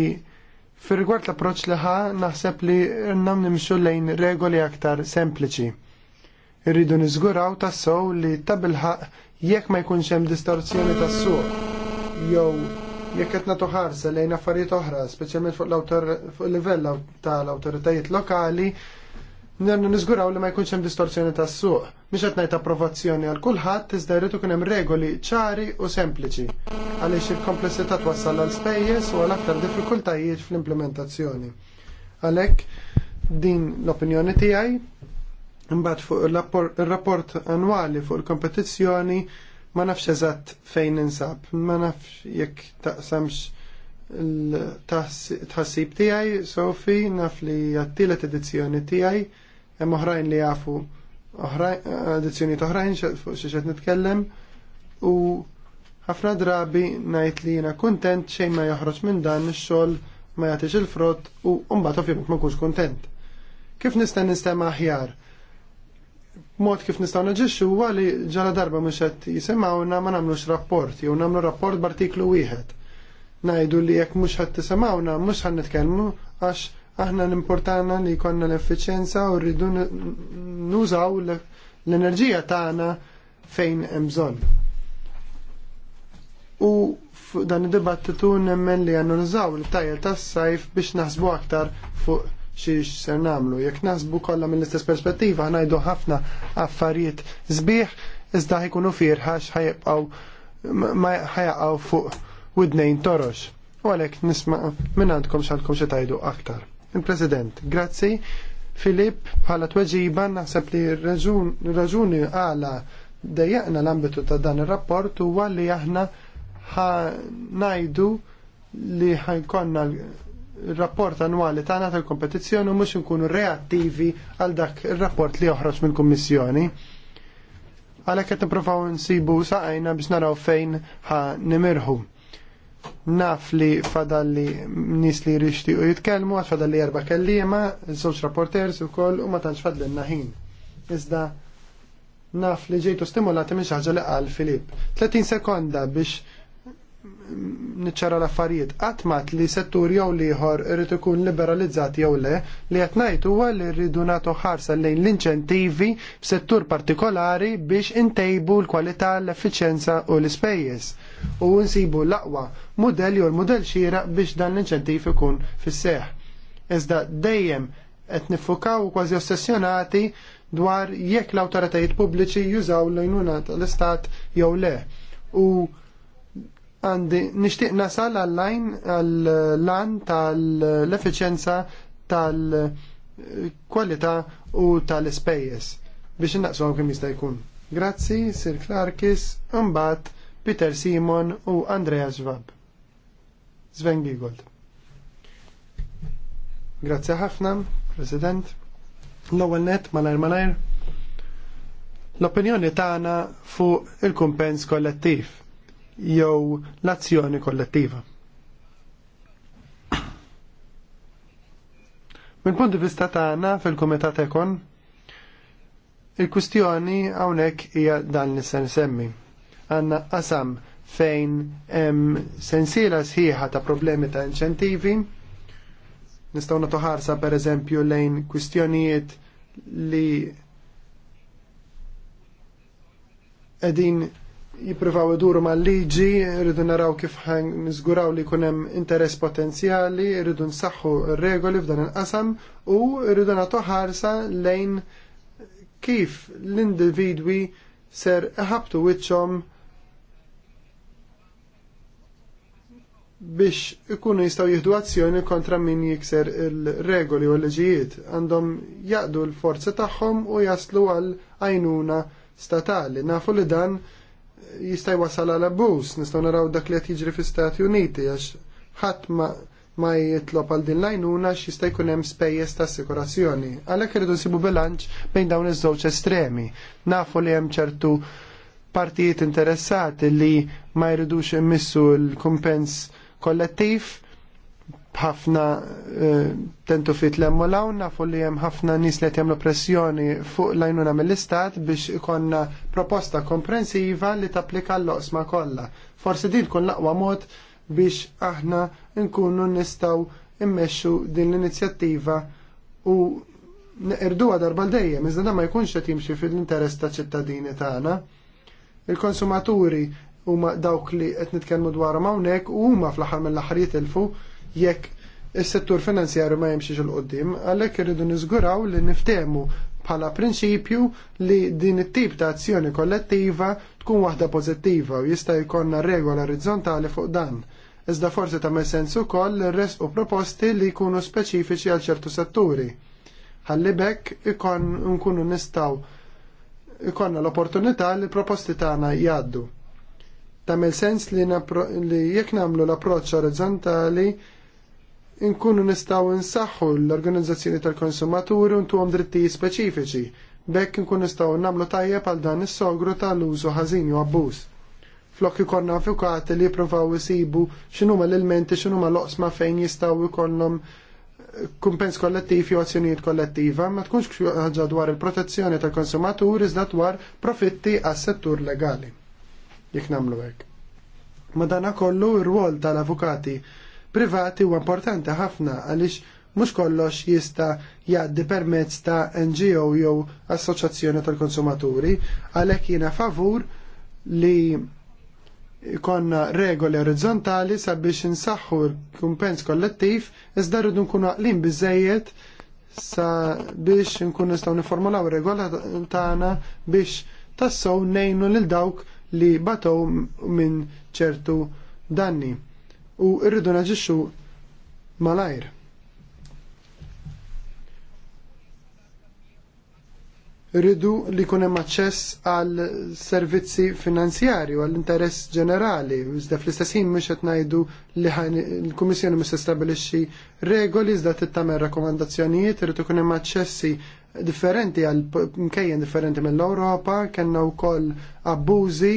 Fir-rigward l-approċ li ħa naħseb li rnam nimxu lejn regoli aktar sempliċi. Irridu niżguraw tassow li tabilħaq jekk ma jkunx hemm distorzjoni tas-suq jew jekk qed nagħtu ħarsa lejn affarijiet oħra, speċjalment fuq l-awtor livell tal-awtoritajiet lokali, nernu niżguraw li ma jkunx hemm distorsjoni tas-suq. Mhix qed ngħid approvazzjoni għal kulħadd iżda jrid ikun hemm regoli ċari u sempliċi għaliex il-komplessità twassal għal spejjeż u għal aktar diffikultajiet fl-implementazzjoni. Għalhekk din l-opinjoni tiegħi imbagħad fuq ir-rapport annwali fuq il-kompetizzjoni ma nafx eżatt fejn insab, ma nafx jekk taqsamx l-tħassib tiegħi, Sofi, naf li għattilet edizzjoni tiegħi hemm oħrajn li jafu addizzjonijiet oħrajn fuq xi qed nitkellem u ħafna drabi ngħid li jiena kuntent xejn ma joħroġ minn dan ix-xogħol ma jagħtix il-frott u mbagħad ovvjament ma nkunx kuntent. Kif nista' nistema' aħjar? mod kif nistgħu naġixxu huwa li ġara darba mhux qed jisimgħuna ma nagħmlux rapport jew nagħmlu rapport b'artiklu wieħed. Ngħidu li jekk mhux qed tisimgħuna mhux ħan nitkellmu għax Aħna l-importanna li jkollna l efficienza u rridu nużaw l-enerġija tagħna fejn hemm bżonn. U dan id-dibattitu nemmen li għannu nżaw l-tajjel tas-sajf biex naħsbu aktar fuq xiex ser namlu. Jek naħsbu kollha mill-istess perspettiva ngħidu ħafna affarijiet sbieħ iżda ħajkunu firħax ħajibqgħu ma fuq widnejn torox. U għalhekk nisma' minn għandkom xalkom xi tajdu aktar. Il-President, grazzi. Filip, bħala tweġiba naħseb li raġuni għala dejjaqna l-ambitu ta' dan il-rapport u għalli aħna najdu li ħajkonna il-rapport annwali tagħna tal-kompetizzjoni u mhux inkunu reattivi għal dak ir-rapport li joħroġ mill-Kummissjoni. Għalhekk qed nippruvaw nsibu saqajna biex naraw fejn ħa nimirħu naf li fadalli nis li rixti u jitkelmu, għax fadalli erba kellima, il-soċ rapporters u koll, u ma tanċ fadlinna ħin. Iżda naf li ġejtu stimolati minn xaġa li qal Filip. 30 sekonda biex niċċara l-affarijiet. Għatmat li settur jew liħor irrid ikun liberalizzat jew le, li qed ngħid huwa li rridu nagħtu ħarsa lejn l-inċentivi f'settur partikolari biex intejbu l-kwalità, l-effiċjenza u l-ispejjeż u nsibu l-aqwa model jew l xira xieraq biex dan l-inċentiv ikun fis-seħ. Iżda dejjem qed niffukaw kważi ossessjonati dwar jekk l-awtoritajiet pubbliċi jużaw l-għajnuna tal-istat jew le. U għandi nixtieq nasal għall-lajn għall-lan tal-efficienza tal-kwalità u tal-ispejjeż biex innaqsu kemm jista' jkun. Grazzi, Sir Clarkis, imbagħad Peter Simon u Andrea Schwab. Sven Giegold. Grazie ħafna, President. L-ewwel net malajr malajr. L-opinjoni tagħna fuq il-kumpens kollettiv jew l-azzjoni kollettiva. Mill punt di vista tagħna fil-Kumitat Ekon, il-kustjoni hawnhekk hija dan li se nsemmi għanna qasam fejn hemm sensiela sħiħa ta' problemi ta' inċentivi. Nistgħu nagħtu ħarsa pereżempju lejn kwistjonijiet li qegħdin jippruvaw iduru mal-liġi, rridu naraw kif niżguraw li jkun hemm interess potenzjali, rridu nsaħħu regoli f'dan il-qasam u rridu nagħtu ħarsa lejn kif l-individwi ser ħabtu wiċċhom biex ikunu jistaw jihdu azzjoni kontra min jikser il-regoli u l-leġijiet għandhom jaqdu l-forzi tagħhom u jaslu għal għajnuna statali. Nafu li dan jista' jwasal għal abbuż, nistgħu naraw dak li qed jiġri fl-Istati Uniti għax ħadd ma ma jitlob għal din l-għajnuna x' jista' jkun hemm spejjeż ta' assikurazzjoni. Għalhekk irridu nsibu bilanċ bejn dawn iż-żewġ estremi. Nafu li hemm ċertu partijiet interessati li ma jridux immissu l-kumpens kollettiv ħafna e, tentu fit lemmu lawna nafu li hemm ħafna nies li qed pressjoni fuq lajnuna mill-istat biex ikonna proposta komprensiva li tapplika l osma kollha. Forsi din tkun laqwa mod biex aħna nkunu nistgħu immexxu din l-inizjattiva u irduha darba dejjem iżda ma jkunx qed jimxi fil-interess ta' ċittadini tagħna. Il-konsumaturi ma dawk li qed nitkellmu dwarhom hawnhekk huma fl-aħħar mill-aħħar jitilfu jekk is-settur finanzjarju ma jimxiex il qudiem għalhekk irridu niżguraw li niftehmu bħala prinċipju li din it-tip ta' azzjoni kollettiva tkun waħda pożittiva u jista' jkollna regola orizzontali fuq dan. Iżda forsi ta' sens ukoll res u proposti li jkunu speċifiċi għal ċertu setturi. Ħalli bekk ikon nkunu nistaw ikonna l-opportunità li proposti tagħna jgħaddu. Tamel sens li, li jekk nagħmlu l-approċċ orizzontali nkunu nistgħu nsaħħu l-organizzazzjoni tal-konsumaturi u ntuhom dritti speċifiċi bekk inkunu nistgħu nagħmlu tajjeb għal dan is-sogru tal-użu ħażin u abbuż. Flok ikonna fukati li jippruvaw isibu x'inhuma l-elementi x'inhuma l-oqsma fejn jistgħu jkollhom kumpens kollettiv jew azzjonijiet kollettiva ma tkunx ħaġa dwar il-protezzjoni tal-konsumatur iżda dwar profitti għas-settur legali jekk nagħmlu hekk. dan kollu r-rwol tal-avukati privati huwa importanti ħafna għaliex mhux kollox jista jgħaddi permezz ta' NGO jew assoċjazzjoni tal-konsumaturi għalhekk jiena favur li konna regoli orizzontali sabiex insaħħu l-kumpens kollettiv iżda rridu nkunu għaqlin biżejjed sabiex nkunu nistgħu niformulaw regola tagħna biex tassew nejnu lil dawk li batow minn ċertu danni u rridu naġixxu malajr. rridu li jkun hemm aċċess għal servizzi finanzjarji u għall interess ġenerali. Iżda fl-istess ħin mhux qed ngħidu li l-Kummissjoni mhux tistabbilixxi regoli iżda tittamel rakkomandazzjonijiet irid ikun hemm aċċessi differenti għal mkejjen differenti mill-Ewropa, kellna wkoll abbużi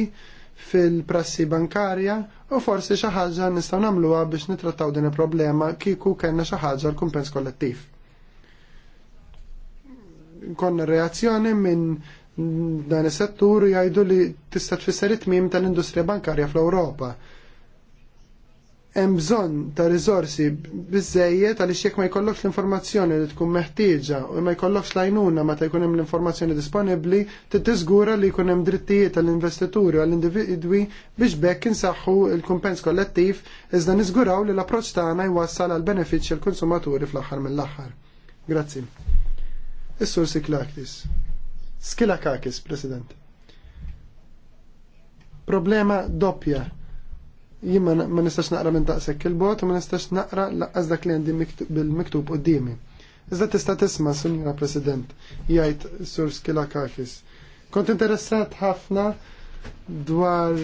fil-prassi bankarja u forsi xi ħaġa nistgħu nagħmluha biex nitrattaw din il-problema kieku kellna xi ħaġa l-kumpens kollettiv konna reazzjoni minn dan is-settur jgħidu li tista' tfisser it-tmiem tal-industrija bankarja fl-Ewropa. Hemm bżonn ta' riżorsi biżejjed għaliex jekk ma jkollokx l-informazzjoni li tkun meħtieġa u ma jkollokx lajnuna meta jkun hemm l-informazzjoni disponibbli, titiżgura li jkun hemm drittijiet tal-investituri u għall-individwi biex bekk insaħħu l-kumpens kollettiv iżda niżguraw li l-approċċ tagħna jwassal għal benefiċċji l-konsumaturi fl-aħħar mill-aħħar. Grazzi. Is-sur Skila Kakis, President. Problema doppja. Jimma ma nistax naqra minn taqsek il-bot u ma nistax naqra laqqas dak li għandi bil-miktub d-dimi. Iżda tista' tisma, Sinjora President, jgħid Sur kakis. Kont interessat ħafna dwar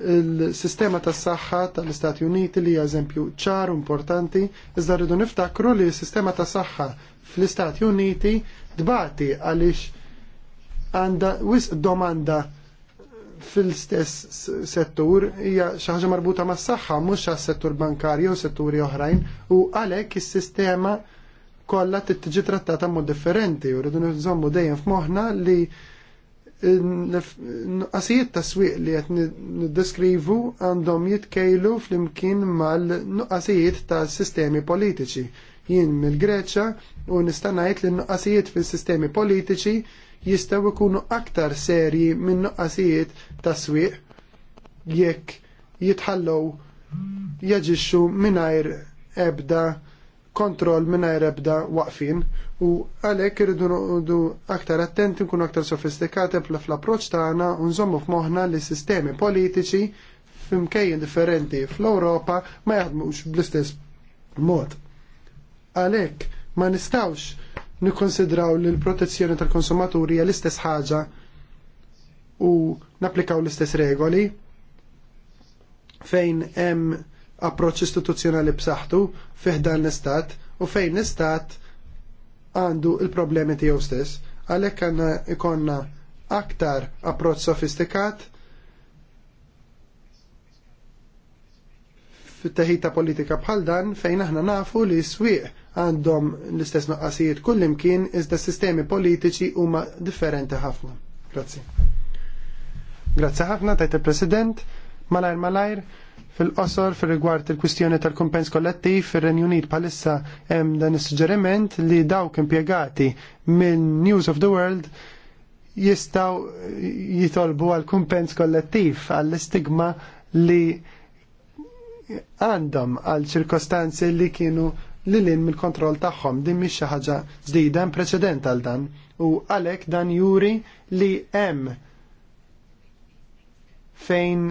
il-sistema tas saħħa tal-Istati Uniti li eżempju ċar importanti, iżda rridu niftakru li s-sistema tas saħħa fl-Istati Uniti dbati għaliex għandha wisq domanda fil-stess settur hija xi ħaġa marbuta mas-saħħa mhux għas-settur bankarju u setturi oħrajn u għalhekk is-sistema kollha tiġi trattata mod differenti u rridu nżommu dejjem f'moħħna li Għasijiet ta' swieq li qed niddeskrivu għandhom jitkejlu flimkien mal-nuqqasijiet ta' sistemi politiċi jien mill-Greċja u nista' ngħid li nuqqasijiet fis-sistemi politiċi jistgħu jkunu aktar serji minn nuqqasijiet ta' swieq jekk jitħallow jaġixxu mingħajr ebda kontroll minnajr ebda waqfin u għalek irridu nuqdu aktar attenti nkunu aktar sofistikati fl-approċ tagħna u nżommu f'moħħna li sistemi politiċi f'imkejjen differenti fl-Ewropa ma jaħdmux bl-istess mod. Għalhekk ma nistgħux nikkonsidraw li l-protezzjoni tal-konsumaturi hija l-istess ħaġa u napplikaw l-istess regoli fejn hemm approċċ istituzzjonali b'saħħtu fih dan l-istat u fejn l-istat għandu il-problemi tiegħu stess. Għalhekk għandna ikonna aktar approċċ sofistikat fit-teħita politika bħal dan fejn aħna nafu li swieq għandhom l-istess noqqasijiet kullimkien iżda sistemi politiċi huma differenti ħafna. Grazzi. Grazzi ħafna tajt il-President, malajr malajr, fil-qosor fil-rigward il-kwistjoni tal-kumpens kollettiv fil-Renju Unit palissa hemm dan is-suġġeriment li dawk impjegati minn News of the World jistaw jitolbu għal kumpens kollettiv għall-istigma li għandhom għal ċirkostanzi li kienu li lin mill-kontroll tagħhom din mhix xi ħaġa ġdida preċedent għal dan u għalhekk dan juri li hemm fejn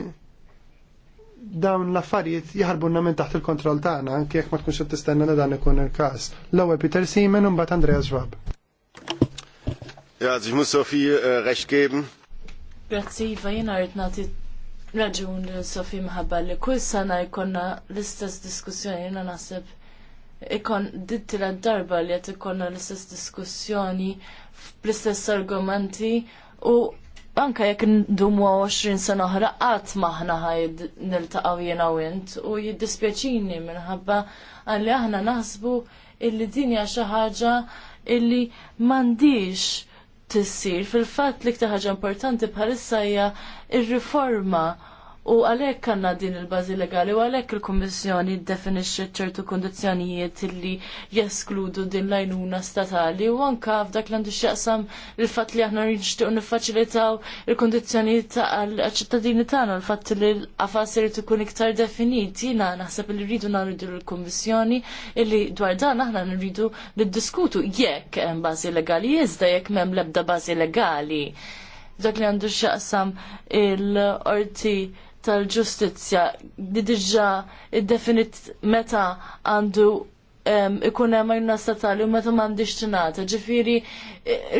dawn l-affarijiet jaħarbunna minn taħt il-kontroll tagħna anke jekk ma tkunx qed tistenna li dan ikun il-każ. L-ewwel Peter Siemen u mbagħad Andrea Schwab. Ja, ich Sofi Sophie äh, recht geben. Grazzi, Iva, jena rrit nagħti raġun Sofi mħabba li kull sana jkollna l-istess diskussjoni jena naħseb ikon dittila darba li qed ikonna l-istess diskussjoni bl-istess argumenti u anke jekk ndumu 20 sena oħra qatt maħna ħaj niltaqgħu jena u int u jiddispjaċini minħabba għalli aħna naħsbu illi dini għaxa xi ħaġa illi m'għandix tissir. Fil-fatt li iktar ħaġa importanti bħalissa hija r riforma U għalhekk għandna din il-bażi legali u għalhekk il-Kummissjoni ddefinixxi ċertu kundizzjonijiet li jeskludu din l statali u anke f'dak li għandu x'jaqsam il-fatt li aħna nixtiequ niffaċilitaw il-kundizzjonijiet għall-ċittadini tagħna l fat li l-qafas irid ikun iktar definit. Jiena naħseb li rridu nagħmlu l kommissjoni illi dwar dan aħna nridu niddiskutu jekk hemm bażi legali iżda jekk m'hemm l-ebda bażi legali. Dak li għandu x'jaqsam il-orti tal-ġustizzja li diġà iddefinit meta għandu ikun hemm għajna statali u meta m'għandix tingħata. Ġifieri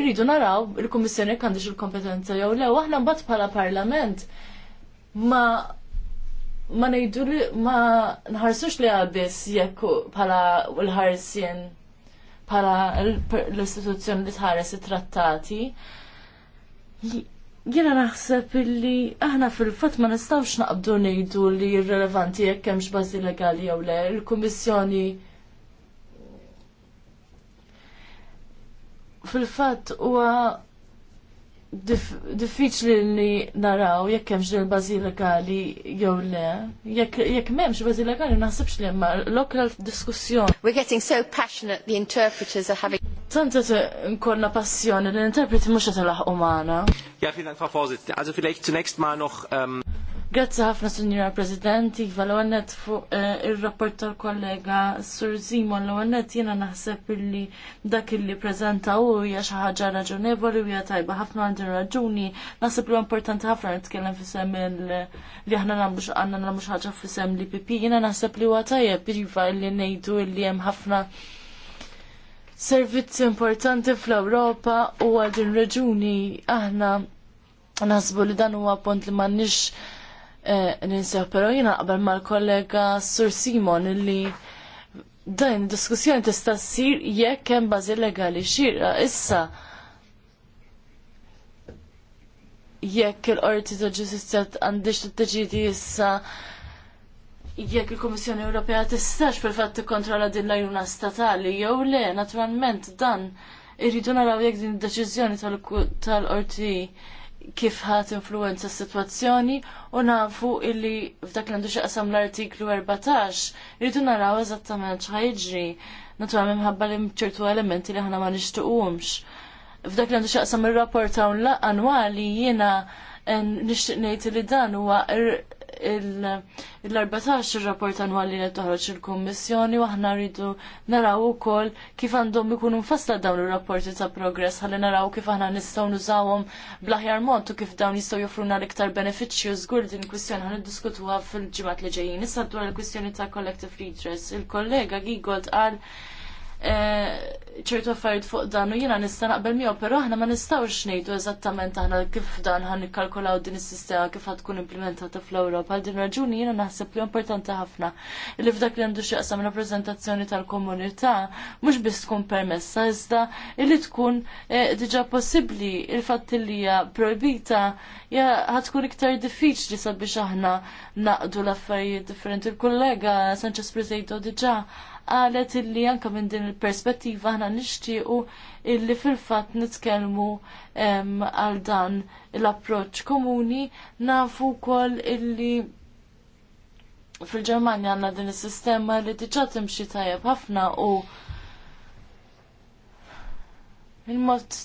rridu naraw il-Kummissjoni jekk għandix il-kompetenza jew le, aħna mbagħad bħala Parlament ma ma ngħidu li ma nħarsux li għabis jekk bħala l-ħarsien bħala l-istituzzjoni li tħares it-trattati Jena naħseb illi aħna fil-fat ma nistawx naqbdu nejdu li irrelevanti jekk hemmx bażi legali jew le. Il-Kummissjoni fil-fatt huwa diffiċ li li naraw jekk hemmx il bażi legali jew le. Jekk m'hemmx bażi legali naħsibx li hemm lokal diskussjoni. We're getting so passionate the interpreters are having Tant qed nkollna passjoni l-interpreti mhux qed ilaħqu magħna. Ja, vielen Dank, Frau Vorsitzende. Also vielleicht zunächst mal noch ähm, Grazzi ħafna, Sinjora President, Iva l fuq eh, il-rapport tal-kollega Sur Zimo l jena naħseb illi dak illi prezenta u hija xi ħaġa raġunevoli u hija tajba ħafna għandin raġuni. Naħseb li importanti ħafna nitkellem fisem li aħna nagħmlu għandna nagħmlu xi ħaġa fisem li pipi. Jiena naħseb li huwa tajjeb iva illi ngħidu illi hemm ħafna servizzi importanti fl-Ewropa u għal din raġuni aħna naħsbu li dan huwa pont li m'għandniex Eh, ninsew, pero jina qabel mal-kollega Sur Simon illi dan diskussjoni tista' ssir jekk hemm bażi legali xira issa jekk il-qorti ta' ġustizzja għandix tiddeċidi issa jekk il-Kummissjoni Ewropea tistax fil-fatt tikkontrolla din l-ajruna statali jew le, naturalment dan irridu naraw jekk din id-deċiżjoni tal-qorti tal qorti kif ħat influenza s-situazzjoni u nafu illi f'dak li għandu xaqsam l-artiklu 14 rridu naraw eżattament xħajġri naturalment mħabba li mċertu elementi li ħana ma nixtuqumx. F'dak li għandu xaqsam il-rapport annwali jiena eh, nixtieq ngħid li dan huwa l-14 rapport annwali li toħroġ il-Kummissjoni u aħna rridu naraw ukoll kif għandhom ikunu mfassla dawn ir-rapporti ta' progress ħalli naraw kif aħna nistgħu nużawhom bl-aħjar mod u kif dawn jistgħu jofruna l-iktar benefiċċju żgur din kwistjoni ħan fil-ġimgħat li ġejjin. Issa dwar il-kwistjoni ta' collective redress. Il-kollega Gigold qal Eh, ċertu affarijiet fuq dan u jiena nista' naqbel miegħu, però aħna ma nistgħux ngħidu eżattament aħna kif dan ħan nikkalkulaw din is-sistema kif ħad tkun implementata fl-Ewropa. Għal din raġuni jiena naħseb li importanti ħafna li f'dak li għandu x'jaqsam rappreżentazzjoni tal-komunità mhux biss tkun permessa iżda li tkun eh, diġà possibbli il-fatt li hija projbita ja ħad tkun iktar diffiċli sabiex aħna naqdu l-affarijiet differenti. Il-kollega Sanchez Presedo diġà qalet illi anke minn din il-perspettiva aħna nixtiequ illi fil-fatt nitkellmu għal dan l-approċċ komuni nafu wkoll illi fil-Ġermanja għandna din is-sistema li diġà timxi tajjeb ħafna u il-mod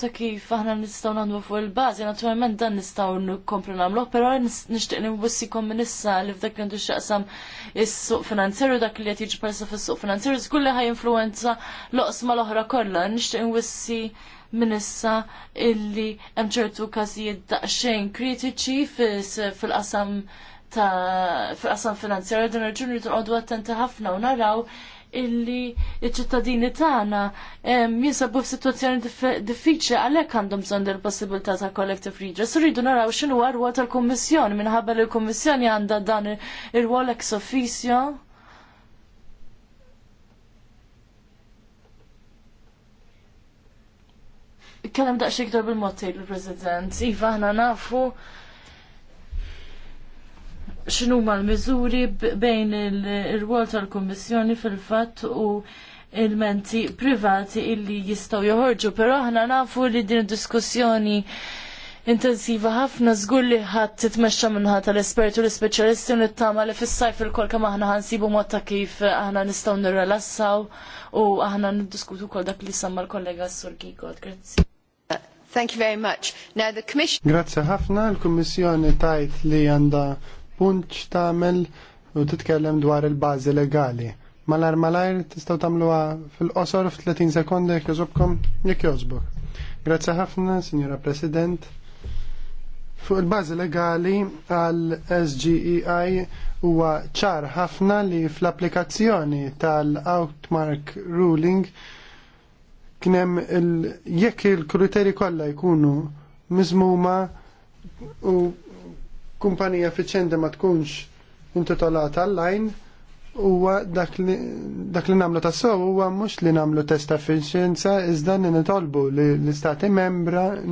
ta' kif aħna nistgħu nagħmlu fuq il-bażi, naturalment dan nistgħu nkomplu nagħmlu, però nixtieq minn issa li f'dak li għandu x'aqsam is-suq finanzjeru dak li qed jiġi palissa fis-suq finanzjeru żgur li ħajinfluwenza l-oqsma l-oħra kollha. Nixtieq nwissi minissa illi hemm ċertu każijiet daqsxejn kritiċi fil-qasam ta' fil-qasam finanzjeru din raġuni li toqgħodu attenti ħafna u naraw illi iċ-ċittadini tagħna jinsabu f'sitwazzjoni diffiċli għalhekk għandhom bżonn il-possibilità ta' collective redress. rridu naraw x'inhu huwa tal-Kummissjoni minħabba li l-Kummissjoni għandha dan ir-rwol ex officio. Kellem daqsxejn bil-mod il-President. Iva aħna nafu x'inhuma l-miżuri bejn il-rwol tal-Kummissjoni fil-fatt u il-menti privati illi jistgħu joħorġu, però aħna nafu li din diskussjoni intensiva ħafna żgur li ħat titmesċa minn tal-esperti u l-ispeċjalisti u nittama li fis-sajf il-kol kemm aħna ħansibu mod ta' kif aħna nistgħu nirrelassaw u aħna niddiskutu wkoll dak li samma l-kollega Sur Kod. Grazzi. Thank you very much. Now the Commission. Grazie ħafna. l kummissjoni tajt li għandha punt x'tagħmel u titkellem dwar il-bażi legali. Malar malajr tistgħu tagħmluha fil-qosor f'30 30 jekk jogħġobkom jekk jogħġbok. Grazzi ħafna, signora President. Fuq il-bażi legali għal SGEI huwa ċar ħafna li fl-applikazzjoni tal-Outmark Ruling kienem il jekk il-kriteri kollha jkunu miżmuma u kumpanija effiċjenti ma tkunx intitolata online huwa dak li, dak li namlu tassew huwa mhux li namlu test ta' effiċjenza iżda nitolbu li l-istati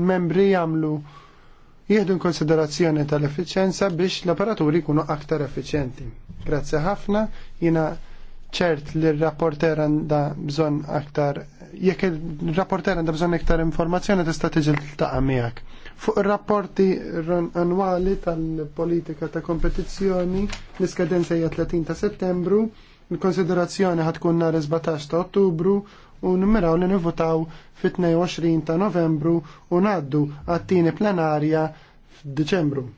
membri jagħmlu jieħdu konsiderazzjoni tal-effiċjenza biex l-operaturi jkunu aktar effiċjenti. Grazzi ħafna, jina ċert li r-rapporter għandha bżon aktar, jekk il-rapporter għandha bżon aktar informazzjoni tista' tiġi l-taqa miegħek. Fuq rapporti annwali tal-politika ta' kompetizzjoni, l-iskadenza hija 30 ta' Settembru, il-konsiderazzjoni ħatkun nhar 17 ta' Ottubru u nimmiraw li nivvotaw fit-22 ta' Novembru u ngħaddu għat-tieni plenarja f'Diċembru.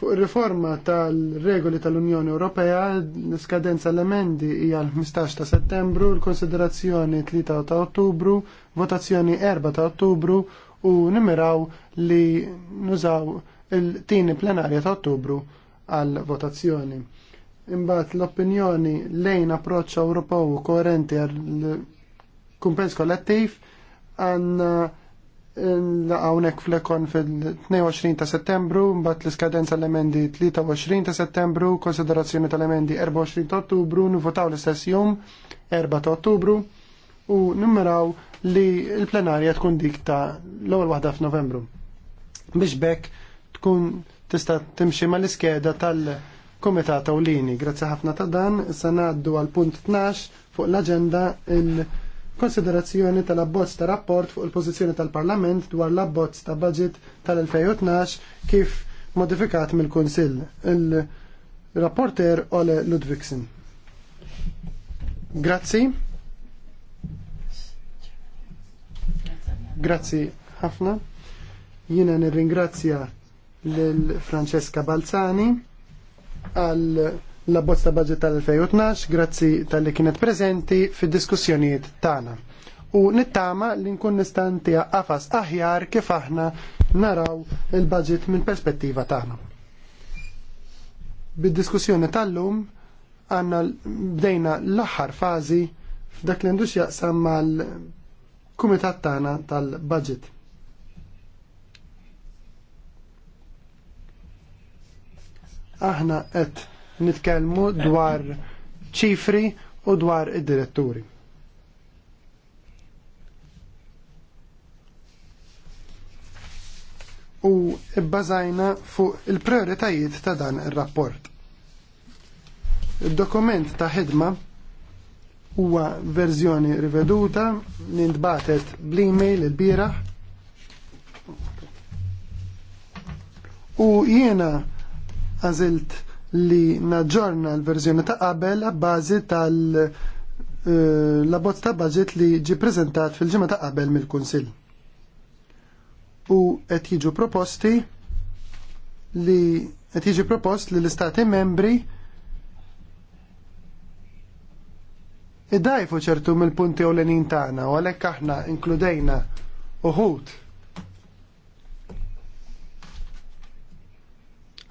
Fuq riforma tal-regoli tal-Unjoni Ewropea, l-skadenza l-emendi hija l-15 ta' settembru, l-konsiderazzjoni 3 ta' ottubru, votazzjoni 4 ta' ottubru u nimiraw li nużaw il-tini plenarja ta' ottubru għal votazzjoni. Imbagħad l-opinjoni lejn approċċ Ewropew koerenti għal kumpens kollettiv għandna hawnhekk flekon fil-22 ta' settembru, mbagħad l skadenza l-emendi 23 ta' settembru, konsiderazzjoni tal-emendi 24 ta' ottubru, nivvotaw l-istess jum 4 ta' ottubru u numeraw li l-plenarja tkun dik ta' l-ewwel waħda f'Novembru. Biex bekk tkun tista' timxi mal-iskeda tal- kumitat Awlini, grazzi ħafna ta' dan, sanaddu għal punt 12 fuq l-agenda il- konsiderazzjoni tal-abbozz ta' rapport fuq il-pożizzjoni tal-Parlament dwar l-abbozz ta' budget tal-2012 kif modifikat mill-Kunsill. Il-rapporter Ole Ludwigsen. Grazzi. Grazzi ħafna. Jiena nirringrazzja lil Francesca Balzani għal l bozza budget tal-2012, grazzi tal-li kienet prezenti fid-diskussjonijiet tagħna. U nittama li nkun nistanti għafas aħjar kif aħna naraw il-budget minn perspettiva tagħna bid-diskussjoni tal-lum għanna bdejna l-axar fazi f'dak l-indux jaqsam mal-kumitat tagħna tal-budget. Aħna et nitkellmu dwar ċifri u dwar id-diretturi. U bbażajna fuq il-prioritajiet ta' dan ir-rapport. Il-dokument ta' ħidma huwa verżjoni riveduta li ntbatet bl-email il-bieraħ u jiena għażilt li naġġorna l-verżjoni ta' qabel għabbażi tal- eh, la bozz ta' budget li ġi prezentat fil-ġimgħa ta' qabel mill-Kunsill. U qed jiġu proposti li qed jiġi propost li l-Istati membri iddajfu dajfu ċertu mill-punti u l-enin tagħna u għalhekk aħna inkludejna uħud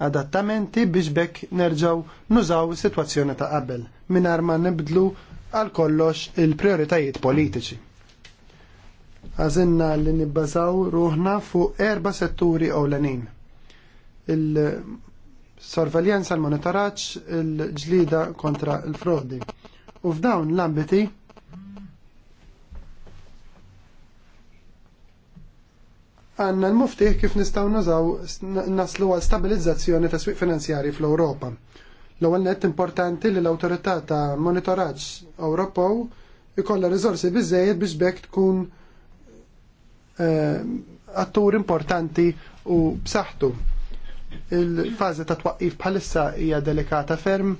adattamenti biex bekk nerġaw nużaw situazzjoni ta' qabel minar ma nibdlu għal kollox il-prioritajiet politiċi. Għazinna li nibbażaw ruħna fuq erba setturi ewlenin. Il-sorveljanza l-monitoraċ, il-ġlida kontra il-frodi. U f'dawn l-ambiti għanna l-muftiħ kif nistaw nazaw naslu għal stabilizzazzjoni ta' swieq finanzjari fl-Europa. L-ewwel nett importanti li l-awtorità ta' monitoraġġ Ewropew ikolla rizorsi bizzejed biex bekk tkun eh, attur importanti u b'saħħtu. Il-fażi ta' twaqqif bħalissa hija delikata ferm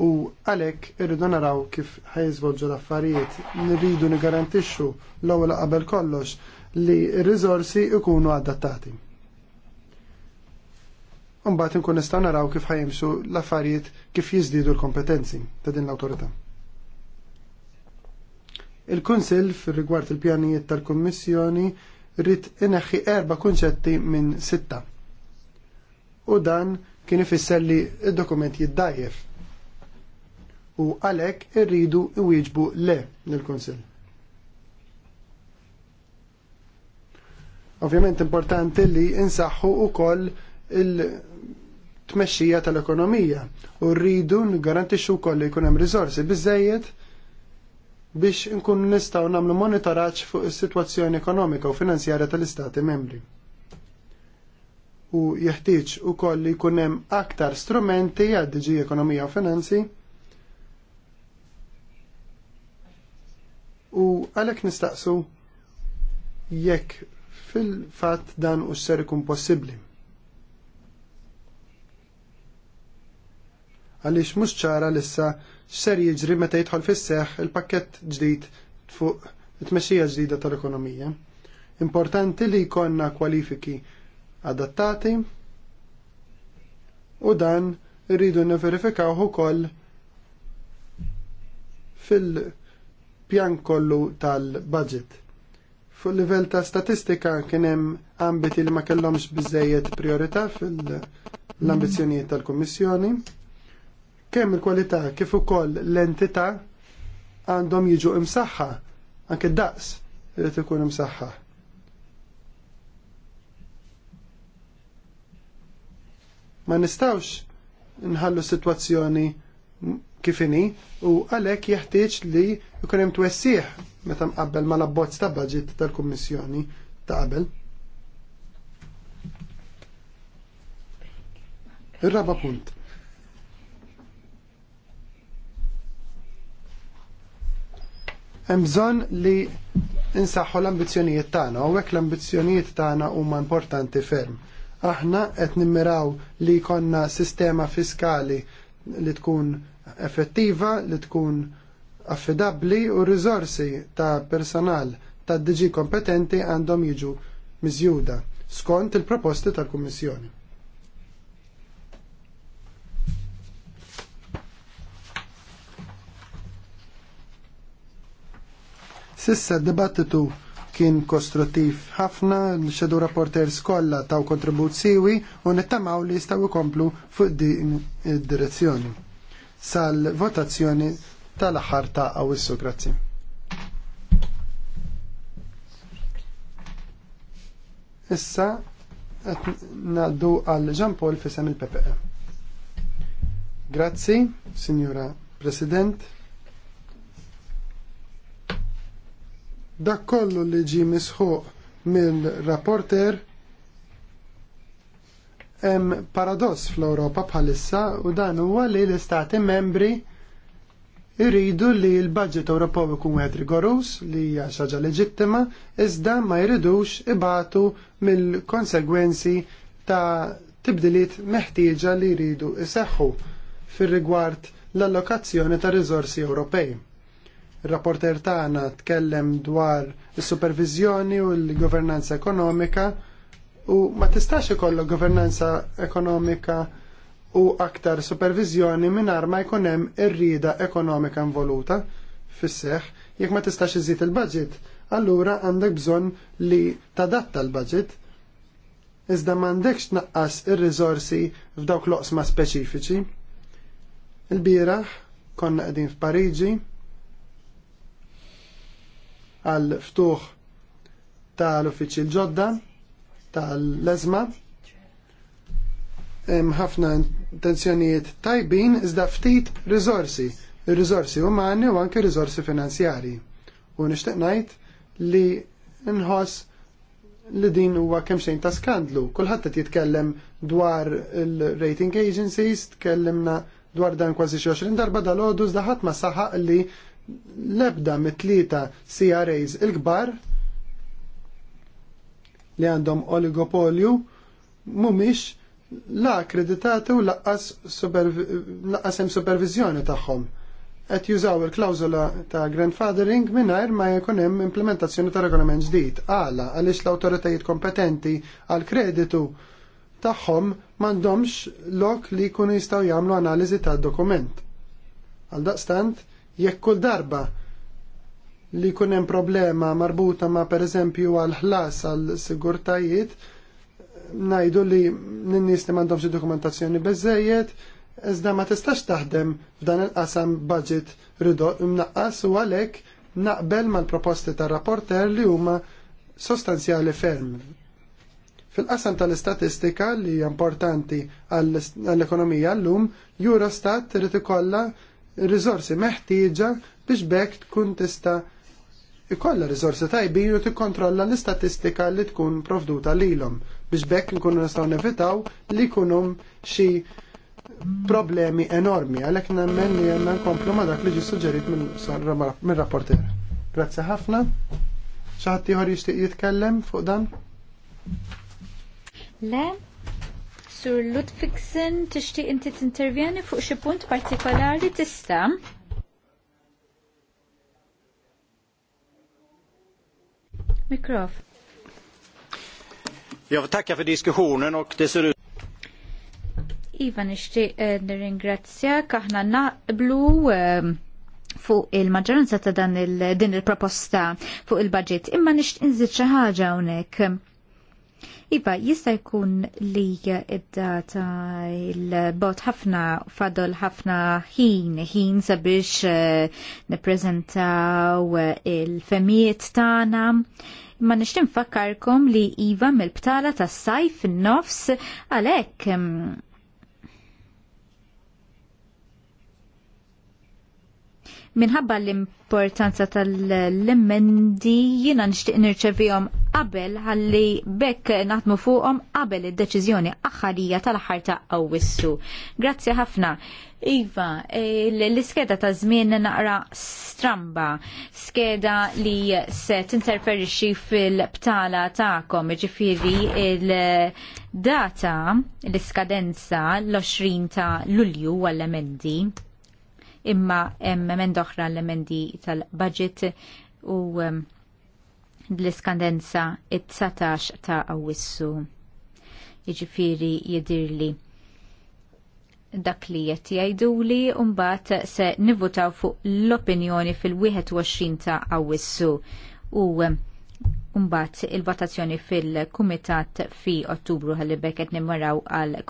u għalhekk irridu naraw kif ħajżvolġu l-affarijiet. Nirridu nigarantixxu l-ewwel qabel kollox li r-riżorsi ikunu adattati. Umbat nkun nistgħu naraw kif ħajimxu l-affarijiet kif jiżdiedu l-kompetenzi ta' din l-awtorità. Il-Kunsill fir-rigward il-pjanijiet tal-Kummissjoni rrid ineħħi erba' kunċetti minn sitta. U dan kien ifisser li d-dokument jiddajjef. U għalhekk irridu iwieġbu le lill-Kunsill. Ovvjament importanti li insaħħu wkoll il-tmexxija tal-ekonomija u rridu n-garantixu wkoll li jkun hemm riżorsi biżejjed biex nkun nistgħu nagħmlu monitoraċ fuq is-sitwazzjoni ekonomika u finanzjarja tal-Istati membri. U jeħtieġ ukoll li jkun hemm aktar strumenti għad-DG Ekonomija u Finanzi U għalek nistaqsu jekk Fil-fatt dan u ser ikun possibbli. Għaliex mhux ċara lissa x'ser jiġri meta jitħol fis-seħħ il-pakkett ġdid fuq it-tmexxija ġdida tal-ekonomija. Importanti li jkollna kwalifiki adattati u dan irridu niverifikaw ukoll fil-pjan kollu tal-budget. Fuq livell ta' statistika kien hemm ambiti li ma kellhomx biżejjed priorità fil-ambizzjonijiet tal-Kummissjoni. Kemm il-kwalità kif ukoll l-entità għandhom jiġu imsaħħa anke daqs irid ikun imsaħħa. ma nistawx nħallu situazzjoni kifini u għalhekk jeħtieġ li jkun hemm twessiħ meta mqabbel ma l-abbozz ta' budget tal-Kummissjoni ta' qabel. Ir-raba punt. Hemm bżonn li insaħħu l-ambizzjonijiet tagħna u hekk l-ambizzjonijiet tagħna huma importanti ferm. Aħna qed nimmiraw li jkollna sistema fiskali li tkun effettiva, li tkun affidabbli u r-riżorsi ta' personal tad diġi kompetenti għandhom jiġu miżjuda skont il-proposti tal-Kummissjoni. Sissa d-dibattitu kien kostruttiv ħafna, l-xedu rapporters kollha taw kontribut siwi u nittamaw li jistgħu jkomplu fuq din id-direzzjoni. Sal-votazzjoni tal-aħħar ta' Awissu. Grazzi. Issa qed ngħaddu għal Jean Paul fisem il-PPE. Grazzi, Signora President. Dak kollu li ġi misħuq mill-rapporter hemm paradoss fl-Ewropa bħalissa u dan huwa li l-istati membri irridu li l-budget Ewropew ikun wieħed rigorus li hija xi ħaġa leġittima iżda ma jridux ibatu mill-konsegwenzi ta' tibdiliet meħtieġa li jridu iseħħu fir-rigward l-allokazzjoni ta' riżorsi Ewropej. Ir-rapporter tagħna tkellem dwar is-supervizjoni u l-governanza ekonomika u ma tistax ikollok governanza ekonomika u aktar supervizjoni mingħajr ma jkun hemm ir-rida ekonomika involuta fis-seħ jekk ma tistax iżid il-budget, allura għandek bżonn li tadatta l-budget iżda m'għandekx tnaqqas ir-riżorsi f'dawk l-oqsma speċifiċi. Il-bieraħ konna qegħdin f'Pariġi għal ftuħ tal-uffiċċji l-ġodda tal-leżma ħafna intenzjonijiet tajbin iżda ftit riżorsi, riżorsi umani u anke riżorsi finanzjari. U nixtieq ngħid li nħoss li din huwa kemm xejn ta' skandlu. Kulħadd qed jitkellem dwar il-rating agencies, tkellimna dwar dan kważi xi 20 darba dal-għodu iżda ħadd ma saħaq li l-ebda mit-tlieta CRAs il-kbar li għandhom oligopolju mhumiex la akkreditati u laqqas hemm supervizjoni tagħhom. Qed jużaw il-klawżola ta' grandfathering mingħajr ma jkun hemm implementazzjoni ta' regolament ġdid. Għala għaliex l-awtoritajiet kompetenti għal kreditu tagħhom m'għandhomx lok li jkunu jistgħu jagħmlu analiżi tad-dokument. Għal daqstant, jekk kull darba li jkun hemm problema marbuta ma' pereżempju għal ħlas għal sigurtajiet, najdu li n-nis li mandomx dokumentazzjoni bezzejiet, iżda ma tistax taħdem f'dan il-qasam budget rido imnaqqas u għalek naqbel mal-proposti tar rapporter li huma sostanzjali ferm. Fil-qasam tal-istatistika li importanti għall-ekonomija l-lum, Eurostat rrit ikolla rizorsi meħtieġa biex bekk tkun tista' ikolla rizorsi tajbin u tikkontrolla l-istatistika li tkun provduta lilhom biex bekk nkunu nistgħu nevitaw li kunum xi problemi enormi għalhekk nemmen li għandna nkomplu ma dak li ġi suġġerit minn rapporter. Grazzi ħafna. Xi ħadd ieħor jixtieq jitkellem fuq dan? Le, Sur Ludwigsen tixtieq inti tintervjeni fuq xi punt partikolari tista' Mikrofon. Jag vill tacka för diskussionen och det ser ut Iva nixtieq eh, nirringrazzjak aħna naqblu eh, fuq il-maġġoranza ta' dan din il-proposta fuq il-budget imma nisht inżid xi ħaġa hawnhekk. Iva, jista' jkun li id-data il-bot ħafna fadol ħafna ħin, ħin sabiex eh, nippreżentaw il-femijiet tagħna ma nixtin fakkarkom li Iva mill-btala tas sajf nofs għalek mm, minħabba l-importanza tal-emendi jina nishtiq nirċevijom qabel għalli bekk naħdmu fuqhom qabel id-deċiżjoni aħħarija tal-aħħar ta' Awwissu. Grazzi ħafna. Iva, eh, l-iskeda ta' żmien naqra stramba, skeda li se tinterferixxi fil-btala tagħkom, ġifiri il-data, l-iskadenza l-20 ta' Lulju għall-emendi imma hemm emend oħra l-emendi tal-budget u um, l-iskandenza it-19 ta' awissu. Jiġifieri jidirli dak li qed jgħiduli mbagħad se nivvutaw fuq l-opinjoni fil-21 ta' Awwissu u um, mbagħad il-votazzjoni fil-Kumitat fi Ottubru ħalli bekk qed nimmaraw għal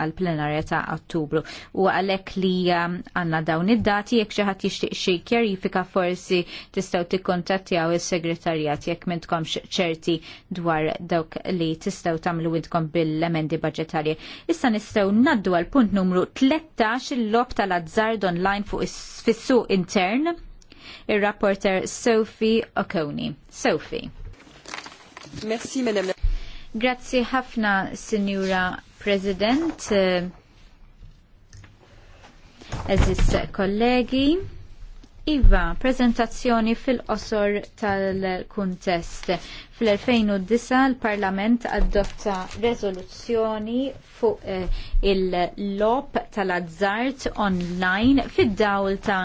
għal-plenarja ta' ottubru. U għalek li um, għanna dawn id-dati jek xaħat jishtiq xejker, jifika forsi tistaw għaw il-segretarjat jek mentkom ċerti dwar dawk li tistaw tamlu idkom bil-emendi budgetarje. Issa nistaw naddu għal-punt numru 13 il-lob tal-azzard online fuq is-fissu intern il-rapporter Sophie Oconi. Sophie. Merci, madame. Grazzi ħafna, Signora President, Aziz uh, kollegi, Iva, prezentazzjoni fil-qosor tal-kuntest. Fil-2009 l-Parlament adotta rezoluzzjoni fuq eh, il-lop tal-azzart online fid-dawl ta'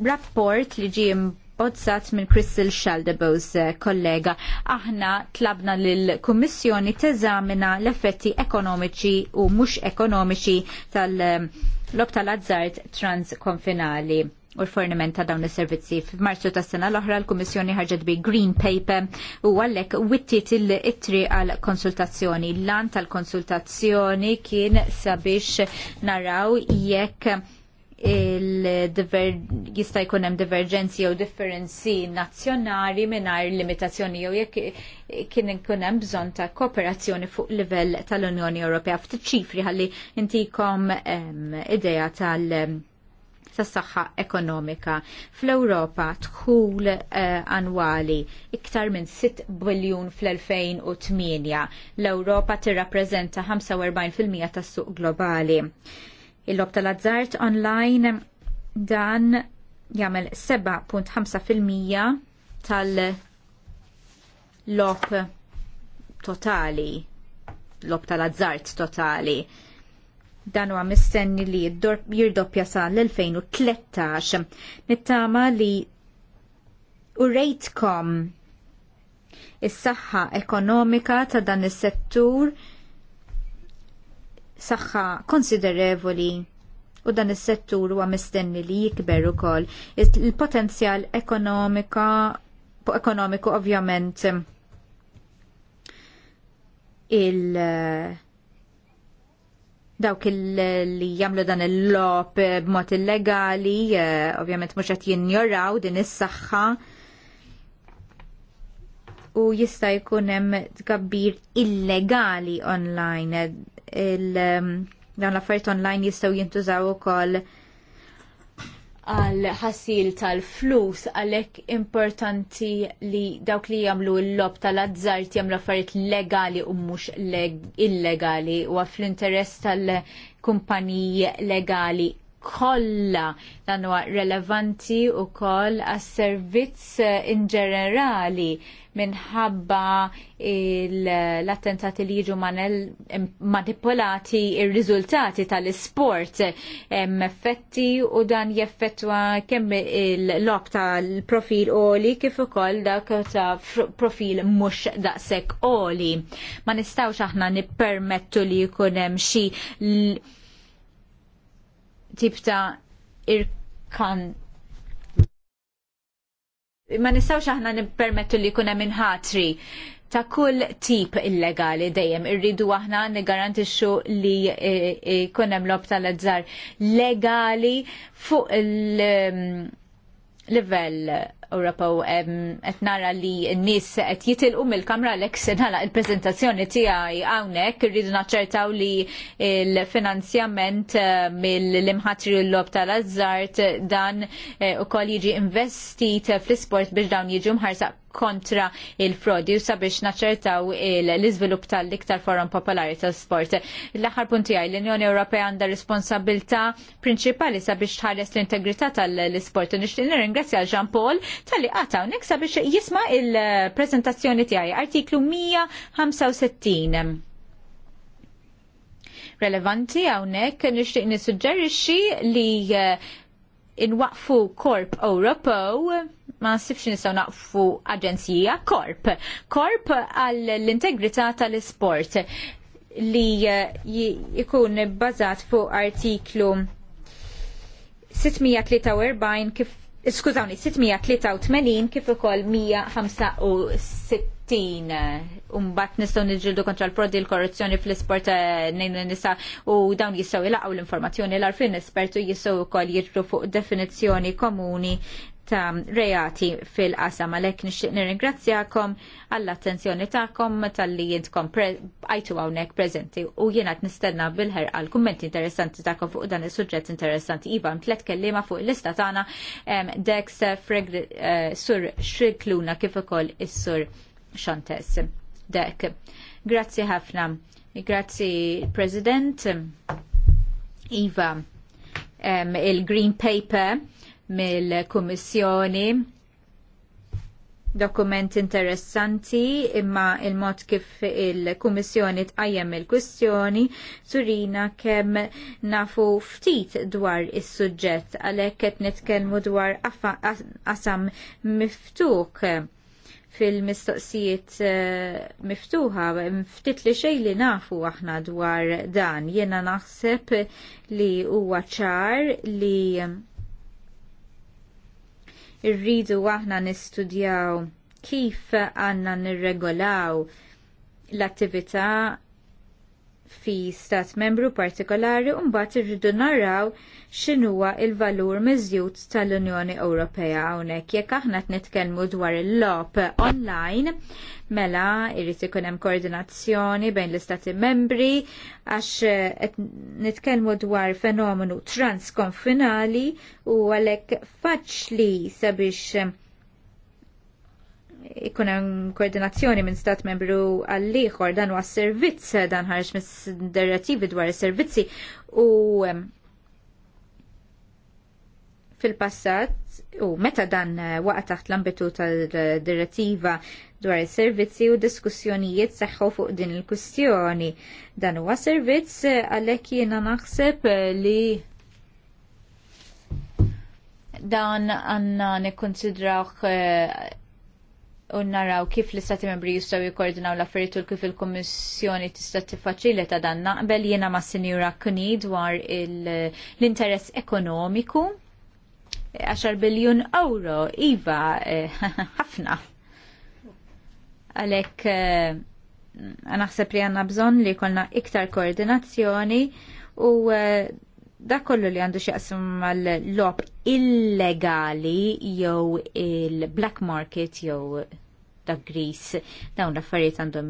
rapport li ġie Ozzat minn Crystal Shaldebos kollega. Aħna tlabna lill-Kummissjoni teżamina l-effetti ekonomiċi u mhux ekonomiċi tal-lob um, tal-azzart transkonfinali u l-forniment ta' dawn is-servizzi. F'Marzu tas sena l-oħra l kommissjoni ħarġet bi Green Paper u għalhekk wittit il-ittri għal konsultazzjoni. L-an tal-konsultazzjoni kien sabiex naraw jekk jista' jkun hemm divergenzi jew differenzi nazzjonali mingħajr limitazzjoni jew jekk kien ikun hemm bżonn ta' kooperazzjoni fuq livell tal-Unjoni Ewropea ftit ċifri ħalli intikom idea tal- tas-saħħa ekonomika. Fl-Ewropa dħul eh, annwali iktar minn 6 biljun fl-2008. L-Ewropa tirrappreżenta 45% tas-suq globali Il-lob tal-azzart online dan jagħmel 7.5% tal-lob totali, lob tal-azzart totali. Dan huwa mistenni li jirdoppja l 2013 Nittama li u rejtkom is-saħħa ekonomika ta' dan is-settur saħħa konsiderevoli u dan is-settur huwa mistenni li jikber ukoll. Il-potenzjal ekonomika ekonomiku ovvjament il dawk li jagħmlu dan il-lop b'mod illegali, eh, ovvjament mhux qed jinjoraw din is-saħħa u jista' jkun hemm tkabbir illegali online. Il, um, dawn l-affarijiet online jistgħu jintużaw ukoll għal ħasil tal-flus għalhekk importanti li dawk li jagħmlu l-lob tal-azzart jagħmlu affarijiet legali u mhux illegali u fl-interess tal-kumpaniji legali Kolla dan huwa relevanti wkoll għas-servizz eh, in ġenerali minħabba l-attentati li jiġu manipolati il riżultati tal-isport effetti u dan jeffettwa kemm il-lob tal-profil oli kif ukoll dak ta' profil mhux daqshekk oli. Ma nistgħux aħna nippermettu li jkun hemm xi tip ta' irkan ma nistawx aħna nippermettu li kuna minħatri ta' kull tip illegali dejjem irridu aħna nigarantixxu li e, e, jkun hemm lob tal-azzar legali fuq il-livell mm, Ewropew qed nara li n-nies qed jitilqu mill-kamra l se nagħlaq il-preżentazzjoni tiegħi hawnhekk irridu naċċertaw li l-finanzjament eh, mill-imħatri l-lob tal-azzart dan eh, ukoll jiġi investit eh, fl-isport biex dawn jiġu mħarsaq kontra il-frodi u sabiex naċertaw l-izvilup tal-iktar forum popolari tal-sport. L-aħħar punti għaj, l-Unjoni Ewropea għandha responsabilta prinċipali sabiex tħares l-integrità tal-sport. Nixtin nirringrazzja Jean Paul tal-li għataw nek sabiex jisma il-prezentazzjoni tiegħi. Artiklu 165 relevanti għawnek nishtiq nisuġġerixi li eh, inwaqfu korp Ewropew ma nsibx nistgħu naqfu aġenzija korp. Korp għall integrità tal-isport li eh, jkun bbażat fuq artiklu 643 kif Skużawni, 683 kif ukoll 165 umbat nistgħu niġġieldu kontra l-prodi l-korruzzjoni fl-isport eh, nejn nisa u dawn jistgħu jilaqgħu l-informazzjoni l-arfin espertu jistgħu wkoll jidru fuq definizzjoni komuni ta' reati fil-qasam għalhekk nixtieq nirringrazzjakom għall-attenzjoni tagħkom tal-li jintkom għajtu hawnhekk preżenti u jiena qed nistenna bil-ħerqa kummenti interessanti tagħkom fuq dan is-suġġett interessanti iva tliet kelliema fuq il-lista tagħna Dex Freg eh, Sur Xrikluna kif ukoll is-Sur Xantes. Dek. Grazzi ħafna. Grazzi President. Iva, il-Green Paper mill-Kummissjoni dokument interessanti imma il-mod kif il-Kummissjoni tqajjem il-kwistjoni turina kemm nafu ftit dwar is-suġġett għalhekk qed nitkellmu dwar qasam miftuk fil-mistoqsijiet uh, miftuħa, ftit li xej li nafu aħna dwar dan. Jiena naħseb li huwa ċar li irridu aħna nistudjaw kif għanna nirregolaw l-attività fi stat membru partikolari u mbagħad irridu naraw x'inhuwa l-valur miżjud tal-Unjoni Ewropea hawnhekk. Jekk aħna qed nitkellmu dwar il-lop online, mela jrid ikun hemm koordinazzjoni bejn l-istati membri għax qed nitkellmu dwar fenomenu transkonfinali u għalhekk faċli sabiex ikun hemm koordinazzjoni minn stat membru għall ieħor dan huwa servizz dan ħareġ mis-direttivi dwar is-servizzi u fil-passat u meta dan eh, waqa taħt l-ambitu tal-direttiva dwar is-servizzi u diskussjonijiet seħħu fuq din il-kwistjoni. Dan huwa servizz eh, għalhekk jiena naħseb eh, li dan għanna nikkonsidrawh u naraw kif l-istati membri jistaw jikordinaw l-affarijiet u kif il-Kommissjoni tista' tiffaċili ta' dan naqbel jiena ma' Sinjura Kuni dwar l-interess ekonomiku. 10 biljun euro, iva, eh, [LAUGHS] ħafna. Għalek, eh, naħseb li għanna bżon li kolna iktar koordinazzjoni u eh, da kollu li għandu xieqsum mal-lop illegali jew il-black market jew da gris dawn l-affarijiet għandhom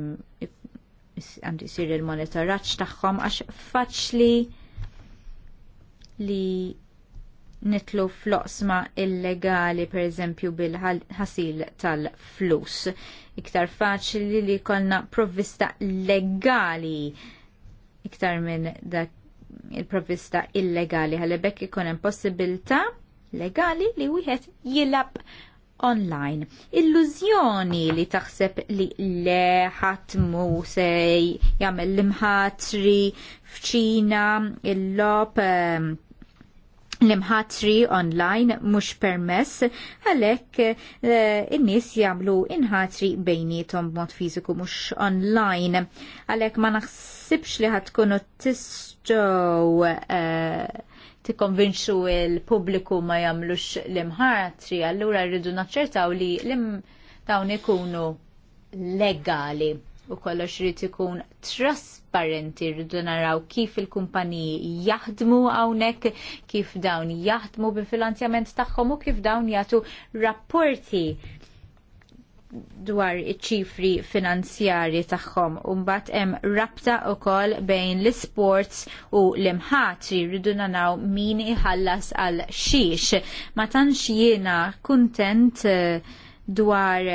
għandu jisir il-monitoraċ tagħhom għax faċli li nitlu floqsma illegali per eżempju bil-ħasil tal-flus. Iktar faċli li konna provvista legali iktar minn dak il-provvista illegali ħalibek ikun hemm possibilità legali li wieħed jilab online. Illużjoni li taħseb li leħat mu se jagħmel l-imħatri f'Ċina il-lob ehm, l-imħatri online mhux permess għalhekk eh, in-nies jagħmlu inħatri bejnietom b'mod fiżiku mhux online. Għalhekk ma naħseb naħsibx li ħatkunu tistgħu eh, tikkonvinxu il-pubbliku ma jagħmlux l-imħatri, allura rridu naċċertaw li dawn ikunu legali u kollox rrid ikun trasparenti rridu naraw kif il-kumpaniji jaħdmu hawnhekk, kif dawn jaħdmu bil-finanzjament tagħhom u kif dawn jagħtu rapporti dwar iċ-ċifri finanzjarji tagħhom u mbagħad hemm rabta wkoll bejn l-isports u l-imħatri rridu nanaw min iħallas għal xiex. Ma tantx jiena kuntent eh, dwar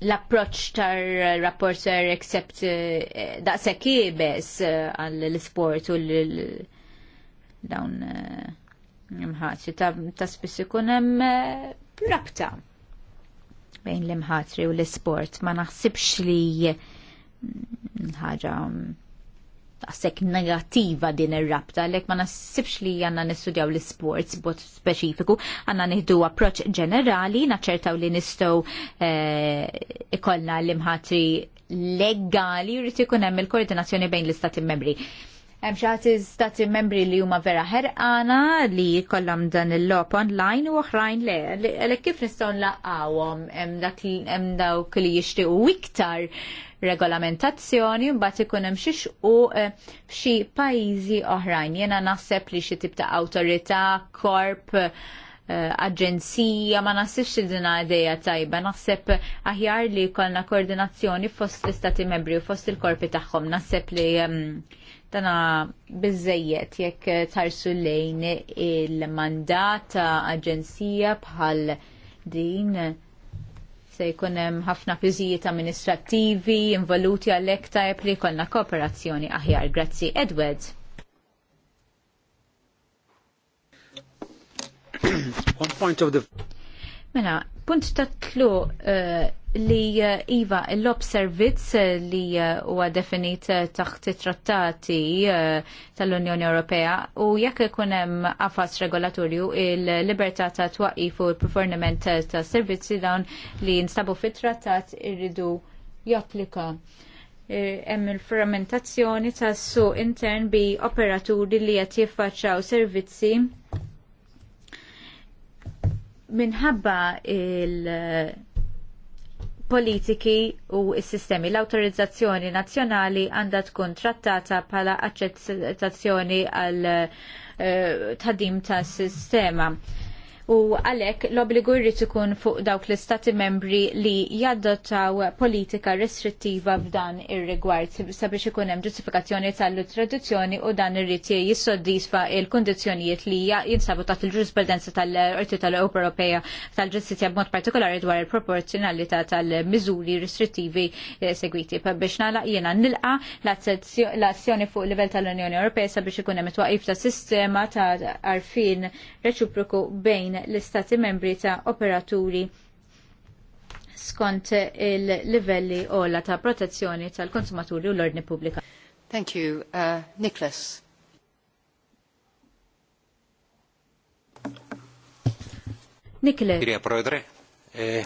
l-approċ tar rapporter except eh, daqsa kibes eh, għall l-sport u l-dawn imħatri ta', ta spiss ikun hemm eh, rabta bejn l-imħatri u l-isport. Ma naħsibx li mm, ħaġa għasek mm, negativa din ir-rabta, lek ma nasibx li għanna nistudjaw l isport bot speċifiku, għanna nihdu approċ ġenerali, naċċertaw li nistow eh, ikollna l-imħatri legali, rrit ikun hemm il-koordinazzjoni bejn l-istati membri. Hemm xi stati membri li huma vera ħerqana li jkollhom dan il-lop online u oħrajn le. Le kif nistgħu nlaqgħuhom hemm dawk li jixtiequ iktar regolamentazzjoni mbagħad ikun hemm xi u eh, f'xi pajjiżi oħrajn. Jiena naħseb li xi tip ta' awtorità, korp, eh, aġenzija, ma naħsibx li dina ideja tajba, naħseb aħjar li jkollna koordinazzjoni fost l-istati membri u fost il-korpi tagħhom. Naħseb li mm, Dana bizzejiet jekk tarsu lejn il-mandat aġenzija bħal din se jkun hemm ħafna fiżijiet amministrattivi involuti għalhekk tajb li jkollna kooperazzjoni aħjar. Grazzi, Edward. One point of the... Mena, punt ta' tlu uh, eh, li eh, Iva, l-lob servizz li eh, huwa definit eh, taħt trattati tal-Unjoni Ewropea u jekk ikun hemm qafas regolatorju il-libertà ta' twaqif u l-performament ta' servizzi dawn li nstabu fit-trattat irridu japplika. Hemm il-fermentazzjoni tas-suq intern bi operaturi li qed jiffaċċaw servizzi minħabba il- politiki u s-sistemi. L-autorizzazzjoni nazzjonali għandha tkun trattata bħala aċċettazzjoni għal eh, tadim tas sistema u għalhekk l-obbligu jrid ikun fuq dawk l-istati membri li jadottaw politika restrittiva f'dan ir-rigward sabiex ikun hemm ġustifikazzjoni tal traduzzjoni u dan irrid jissodisfa il-kundizzjonijiet li jinsabu taħt il-ġurisprudenza tal-Qorti tal-Ewropea tal-Ġustizzja b'mod partikolari dwar il-proporzjonalità tal-miżuri restrittivi eh, segwiti. Biex nagħlaq jiena nilqa l-azzjoni fuq livell tal-Unjoni Ewropea sabiex ikun hemm it-twaqif ta' sistema ta' arfin reċipruku bejn l-istati membri ta' operaturi skont il-livelli ola ta' protezzjoni tal-konsumaturi u l-ordni pubblika. Thank you. Uh, Nicholas. Nikle. Κυρία Πρόεδρε, ε,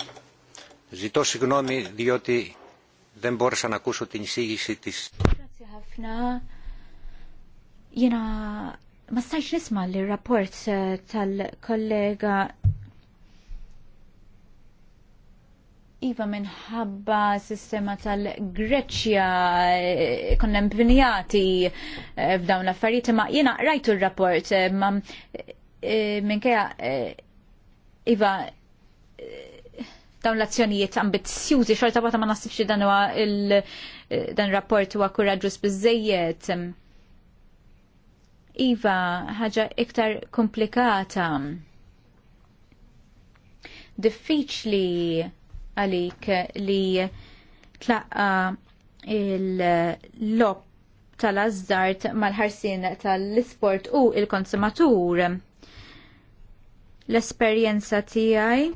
ζητώ συγγνώμη διότι δεν μπόρεσα να ακούσω την εισήγηση της. Grazie, Hafna. Jena ma stajx nisma li rapport eh, tal-kollega Iva minħabba sistema tal-Greċja eh, konna mbinjati eh, f'dawn l-affarijiet ma jiena rajtu r-rapport ma minkejja Iva dawn l-azzjonijiet ambizzjużi xorta bata ma nasibx dan dan rapport huwa kuraġġuż bizzejiet iva ħaġa iktar komplikata. Diffiċli għalik li tlaqqa il-lob tal-azzart mal-ħarsin tal-isport u il-konsumatur. L-esperjenza tiegħi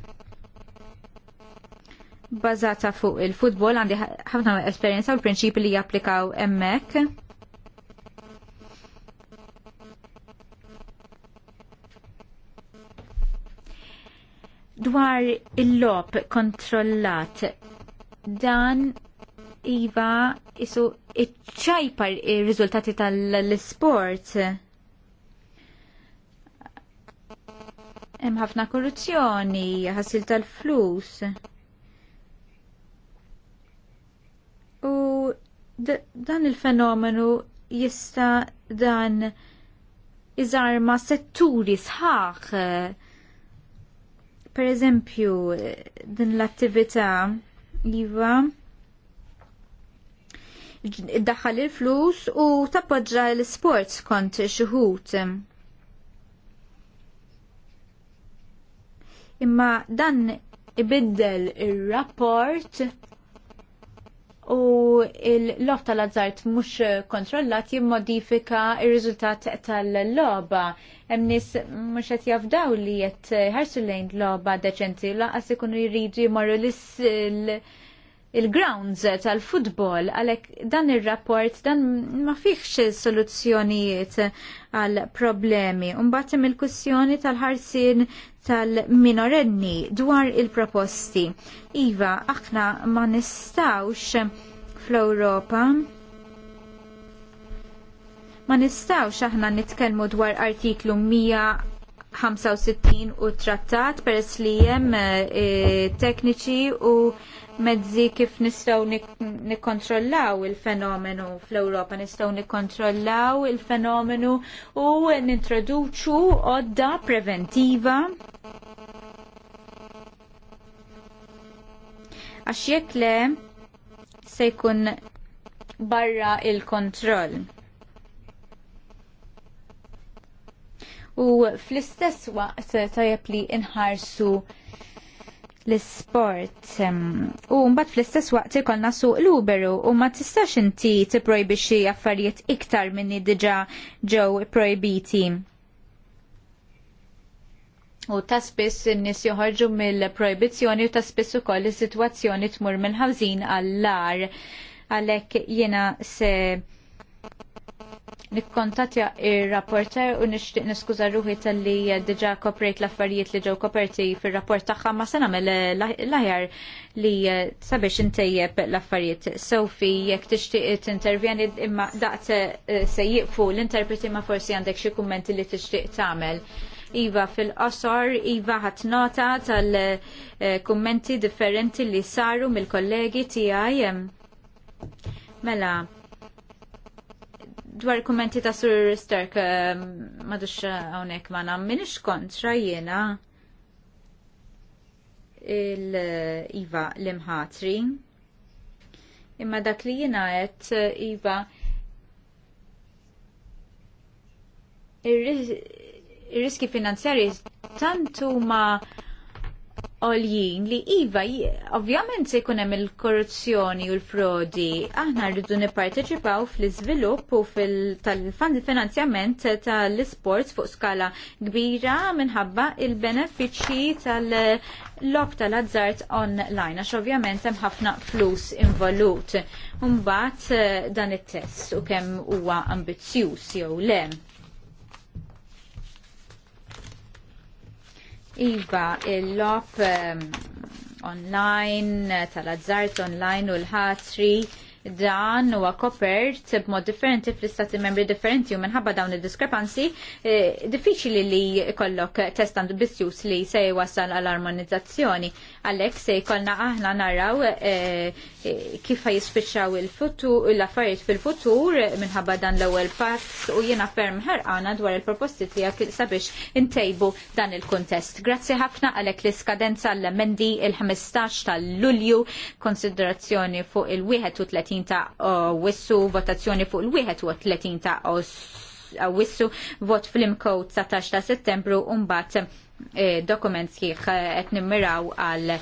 bażata fuq il-futbol għandi ħafna esperjenza u l-prinċipi li japplikaw hemmhekk dwar il lop kontrollat dan iva isu iċċajpar il-rizultati tal-sport. Hemm ħafna korruzzjoni, ħassil tal-flus. U dan il-fenomenu jista' dan iżarma setturi sħaħ Per eżempju, din l-attività jiva id-daħal il-flus u tappoġġa l-sports kont xuħut. Imma dan ibiddel ir-rapport u l-lob tal-azzart mhux kontrollat jimmodifika il riżultat tal-logħba. Hemm nies mhux qed jafdaw li qed ħarsu lejn logħba deċenti laqas ikunu jridu jimmarru l il-grounds tal-futbol għalek dan il-rapport dan ma fiħx soluzzjonijiet għal problemi. Unbatem il-kussjoni tal-ħarsin tal-minorenni dwar il-proposti. Iva, aħna ma nistawx fl-Europa ma nistawx aħna nitkellmu dwar artiklu 100 65 u trattat peress li jem eh, tekniċi u mezzi kif nistgħu nikkontrollaw il-fenomenu fl-Ewropa, nistgħu nikkontrollaw il-fenomenu u nintroduċu odda preventiva. Għax jekk le se jkun barra il-kontroll. U fl-istess waqt tajjeb li inħarsu l-sport. U mbagħad fl-istess waqt ikolna suq l-Uberu u ma tistax inti tipprojbixxi affarijiet iktar minni diġà ġew projbiti. U ta' spiss n-nis joħorġu mill projbizzjoni u ta' spiss u koll sitwazzjoni tmur mill-ħawżin għall-lar. Għalek jena se nikkontatja ir-rapporter u nixtieq niskuża ruħi tal-li diġà koprejt l-affarijiet li ġew koperti fir-rapport tagħha ma se nagħmel eh, l li eh, sabiex intejjeb l-affarijiet. Sofi, jekk tixtieq tintervjeni imma daqt eh, se jiqfu l-interpreti ma forsi għandek xi kummenti li tixtieq tagħmel. Iva fil-qosor, Iva ħat nota tal-kummenti differenti li saru mill-kollegi tiegħi. Mela, dwar kommenti ta' Sur Stark um, madux hawnhekk uh, ma minix kontra jiena il-Iva uh, l-imħatri. Imma dak li jiena għet uh, Iva ir-riski finanzjarji tantu ma oljin li iva, ovvjament se jkun hemm il-korruzzjoni u l-frodi, aħna rridu nipparteċipaw fl-iżvilupp u fil finanzjament tal-isports fuq skala kbira minħabba il-benefiċċji tal-lob tal-azzart online, għax ovvjament hemm ħafna flus involut. Mbagħad eh, dan it-test u kemm huwa ambizzjuż jew le. Iva, il-lop um, online, tal-azzart online u l-ħatri dan huwa kopert b'mod differenti fl-istati membri differenti u minħabba dawn id-diskrepanzi eh, diffiċli li jkollok bis bisjus li se jwassal għall-armonizzazzjoni. Għalhekk se jkollna aħna naraw eh, eh, kif jispiċċaw il-futu l-affarijiet fil-futur minħabba dan l-ewwel pass u jiena ferm ħarqana dwar il-proposti tiegħek sabiex intejbu dan il-kuntest. Grazzi ħafna għalhekk l-iskadenza l-emendi il-15 tal-Lulju, konsiderazzjoni fuq il-31 ta' wissu, votazzjoni fuq il-31 ta' wissu, vot fl-imkow 19 ta' settembru un-bat E, dokument sħiħ qed nimmiraw għal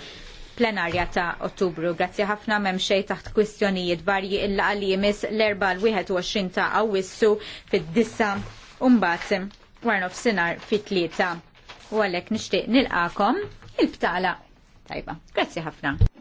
plenarja ta' Ottubru. Grazzi ħafna m'hemm xejn taħt kwistjonijiet varji illa għal jimis l erba l-21 ta' Awwissu fid-dissa mbagħad warna sinar fit-tlieta. U għalhekk nixtieq nilqakom il-btala. Tajba, grazzi ħafna.